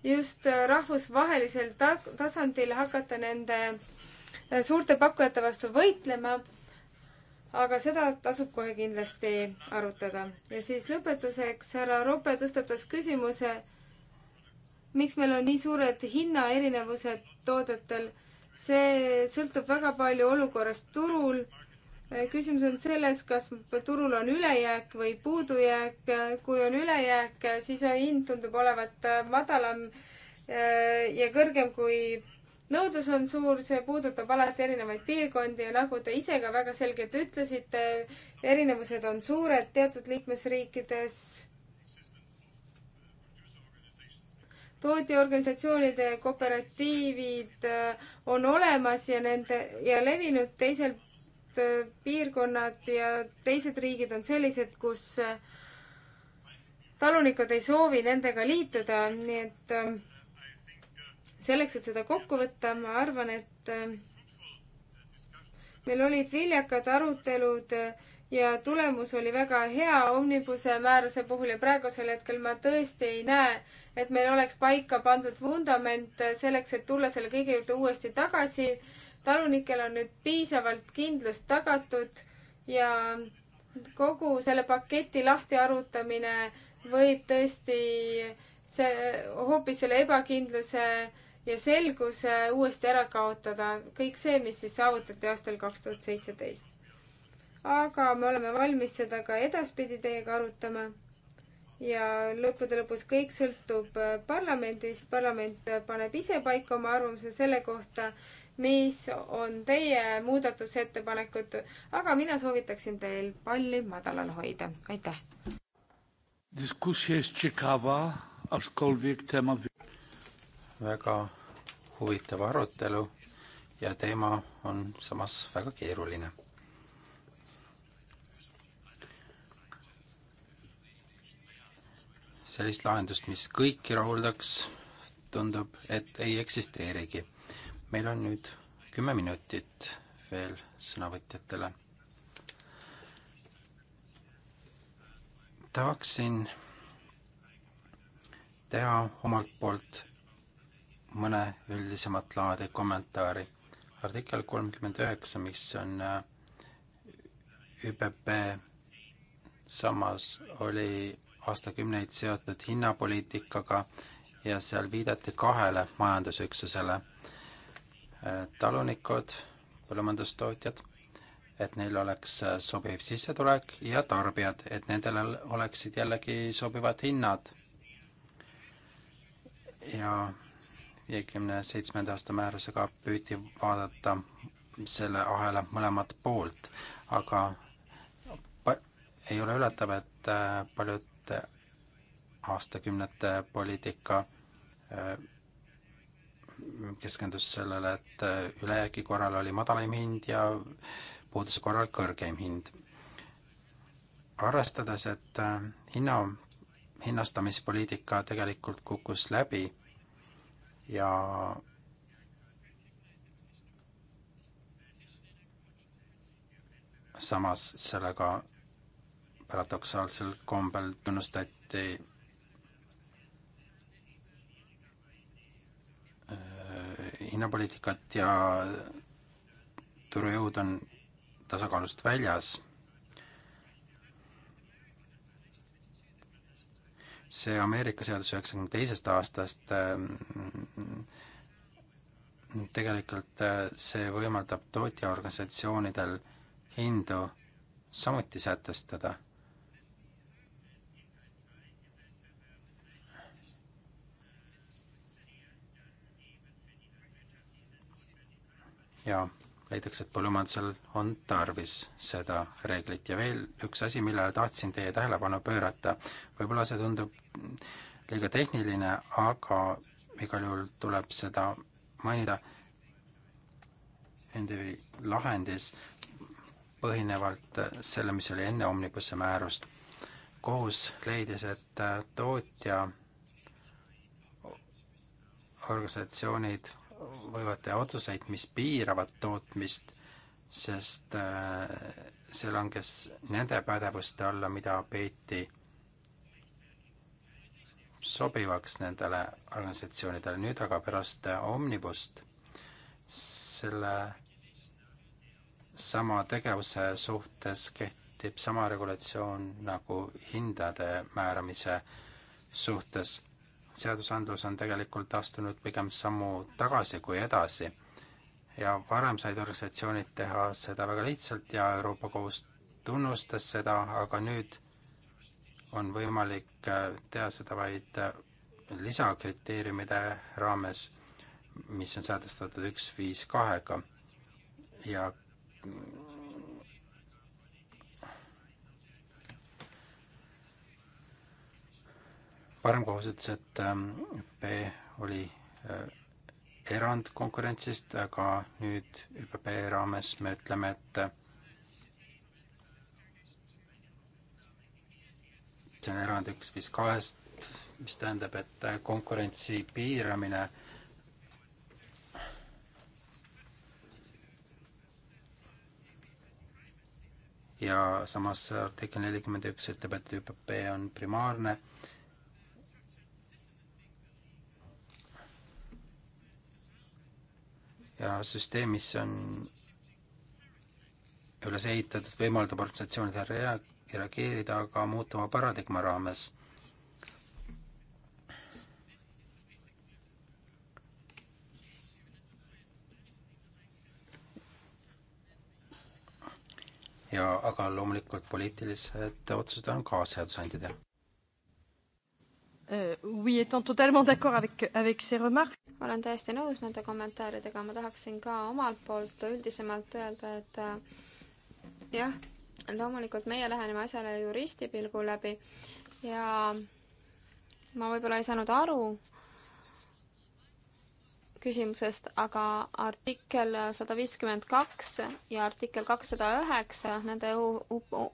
just rahvusvahelisel ta-, tasandil hakata nende äh, suurte pakkujate vastu võitlema aga seda tasub kohe kindlasti arutada. ja siis lõpetuseks härra Rope tõstatas küsimuse, miks meil on nii suured hinnaerinevused toodetel. see sõltub väga palju olukorrast turul. küsimus on selles, kas turul on ülejääk või puudujääk. kui on ülejääk, siis hind tundub olevat madalam eh, ja kõrgem kui nõudlus on suur, see puudutab alati erinevaid piirkondi ja nagu te ise ka väga selgelt ütlesite, erinevused on suured teatud liikmesriikides. tootjaorganisatsioonide kooperatiivid äh, on olemas ja nende ja levinud teisel äh, piirkonnad ja teised riigid on sellised, kus äh, talunikud ei soovi nendega liituda, nii et selleks, et seda kokku võtta, ma arvan, et äh, meil olid viljakad arutelud äh, ja tulemus oli väga hea omnibuse määruse puhul ja praegusel hetkel ma tõesti ei näe, et meil oleks paika pandud vundament äh, selleks, et tulla selle kõige juurde uuesti tagasi. talunikel on nüüd piisavalt kindlust tagatud ja kogu selle paketi lahtiarutamine võib tõesti see, hoopis selle ebakindluse ja selgus äh, uuesti ära kaotada kõik see, mis siis saavutati aastal kaks tuhat seitseteist. aga me oleme valmis seda ka edaspidi teiega arutama. ja lõppude lõpus kõik sõltub äh, parlamendist, parlament äh, paneb ise paika oma arvamuse selle kohta, mis on teie muudatusettepanekud, aga mina soovitaksin teil palli madalal hoida, aitäh. Dyskusja jest ciekawa, aczkolwiek temat väga huvitav arutelu ja teema on samas väga keeruline. sellist lahendust, mis kõiki rahuldaks, tundub, et ei eksisteerigi. meil on nüüd kümme minutit veel sõnavõtjatele. tahaksin teha omalt poolt mõne üldisemat laadi kommentaari. artikkel kolmkümmend üheksa, mis on äh, ÜPP sammas, oli aastakümneid seotud hinnapoliitikaga ja seal viidati kahele majandusüksusele, äh, talunikud, põllumajandustootjad, et neil oleks äh, sobiv sissetulek ja tarbijad, et nendel oleksid jällegi sobivad hinnad. ja viiekümne seitsmenda aasta määrusega püüti vaadata selle ahela mõlemat poolt, aga ei ole üllatav, et äh, paljud aastakümnete poliitika äh, keskendus sellele, et äh, ülejäägi korral oli madalaim hind ja puuduse korral kõrgeim hind. arvestades, et hinna, hinnastamispoliitika tegelikult kukkus läbi ja samas sellega paradoksaalsel kombel tunnustati äh, hinnapoliitikat ja turujõud on tasakaalust väljas see Ameerika seadus üheksakümne teisest aastast ähm, tegelikult äh, see võimaldab tootjaorganisatsioonidel hindu samuti sätestada. jaa leidaks, et põllumajandusel on tarvis seda reeglit ja veel üks asi, millele tahtsin teie tähelepanu pöörata, võib-olla see tundub liiga tehniline, aga igal juhul tuleb seda mainida NDV lahendis põhinevalt selle, mis oli enne Omnibusse määrust. kohus leidis, et tootja organisatsioonid võivad teha otsuseid, mis piiravad tootmist, sest äh, see langes nende pädevuste alla, mida peeti sobivaks nendele organisatsioonidele, nüüd aga pärast äh, Omnibust selle sama tegevuse suhtes kehtib sama regulatsioon nagu hindade määramise suhtes seadusandlus on tegelikult astunud pigem sammu tagasi kui edasi. ja varem said organisatsioonid teha seda väga lihtsalt ja Euroopa Kohus tunnustas seda, aga nüüd on võimalik äh, teha seda vaid äh, lisakriteeriumide raames, mis on sätestatud üks viis kahega ja mm, varem kohus ütles, et ÜP ähm, oli äh, erand konkurentsist, aga nüüd ÜPP raames me ütleme, et äh, see on erand üks viis kahest, mis tähendab, et äh, konkurentsi piiramine ja samas artikkel nelikümmend üks ütleb, et ÜPP on primaarne äh, ja süsteem, mis on üles ehitatud, võimaldab organisatsioonidel rea-, reageerida ka muutuva paradigma raames. ja aga loomulikult poliitilised otsused on ka seadusandja teha. Euh, oui, étant totalement d'accord avec, avec ces remarques. olen täiesti nõus nende kommentaaridega, ma tahaksin ka omalt poolt üldisemalt öelda, et äh, jah, loomulikult meie läheneme asjale juristi pilgu läbi ja ma võib-olla ei saanud aru küsimusest, aga artikkel sada viiskümmend kaks ja artikkel kakssada üheksa, nende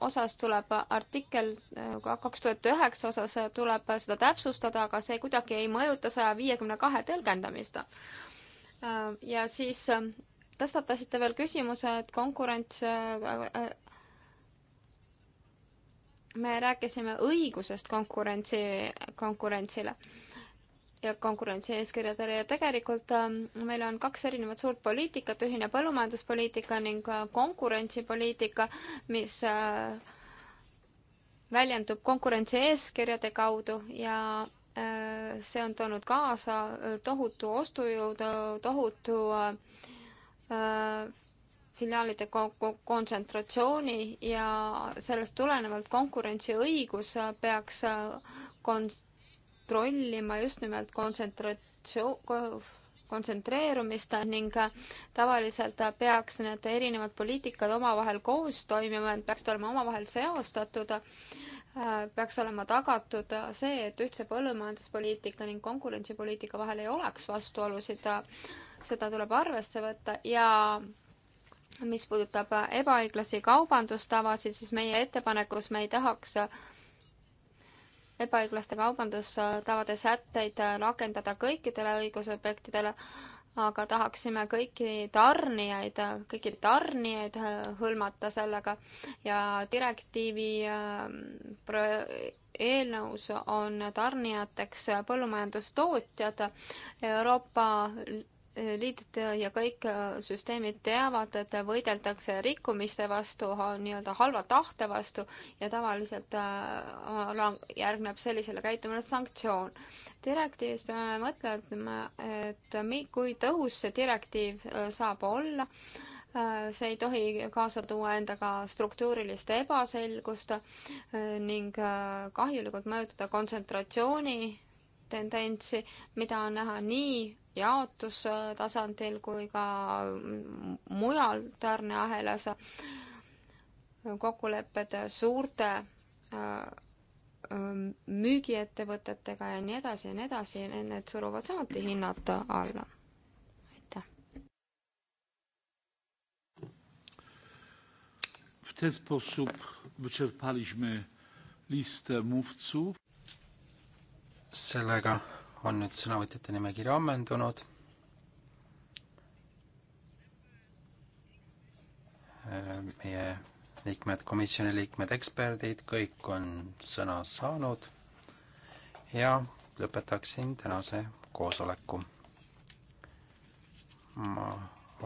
osas tuleb artikkel äh, kaks tuhat üheksa osas tuleb seda täpsustada, aga see kuidagi ei mõjuta saja viiekümne kahe tõlgendamist. Äh, ja siis äh, tõstatasite veel küsimuse, et konkurents me rääkisime õigusest konkurentsi, konkurentsile ja konkurentsieeskirjadele ja tegelikult ähm, meil on kaks erinevat suurt poliitikat, ühine põllumajanduspoliitika ning äh, konkurentsipoliitika, mis äh, väljendub konkurentsieeskirjade kaudu ja äh, see on toonud kaasa tohutu ostujõud, tohutu filiaalide kontsentratsiooni ja sellest tulenevalt konkurentsiõigus peaks kons-, kontrollima just nimelt kontsentratsioon, kontsentreerumist ning äh, tavaliselt äh, peaks need erinevad poliitikad omavahel koos toimima, need peaksid olema omavahel seostatud, äh, peaks olema tagatud see, et ühtse põllumajanduspoliitika ning konkurentsipoliitika vahel ei oleks vastuolusid, seda tuleb arvesse võtta ja mis puudutab ebaõiglasi kaubandustavasid, siis meie ettepanekus me ei tahaks ebaõiglaste kaubandustavade sätteid rakendada kõikidele õigusobjektidele, aga tahaksime kõiki tarnijaid, kõiki tarnijaid hõlmata sellega ja direktiivi ähm, eelnõus on tarnijateks põllumajandustootjad. Euroopa liidud ja kõik süsteemid teavad, et võideldakse rikkumiste vastu, nii-öelda halva tahte vastu ja tavaliselt äh, järgneb sellisele käitumisele sanktsioon. direktiivis peame mõtlema, et kui tõhus see direktiiv äh, saab olla, äh, see ei tohi kaasa tuua endaga struktuurilist ebaselgust ning kahjulikult mõjutada kontsentratsiooni tendentsi, mida on näha nii jaotustasandil kui ka mujal tarneahelas kokkulepped suurte äh, müügiettevõtetega ja nii edasi ja nii edasi, need suruvad samuti hinnad alla. aitäh. W ten sposób wyczerpaliśmy listę mówców. Sellega on nüüd sõnavõtjate nimekiri ammendunud. meie liikmed, komisjoni liikmed, eksperdid, kõik on sõna saanud ja lõpetaksin tänase koosoleku. ma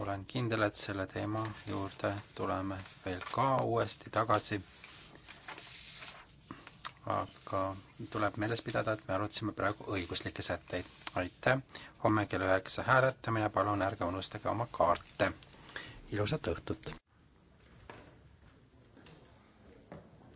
olen kindel, et selle teema juurde tuleme veel ka uuesti tagasi aga tuleb meeles pidada, et me arutasime praegu õiguslikke sätteid. aitäh, homme kell üheksa hääletamine, palun ärge unustage oma kaarte. ilusat õhtut!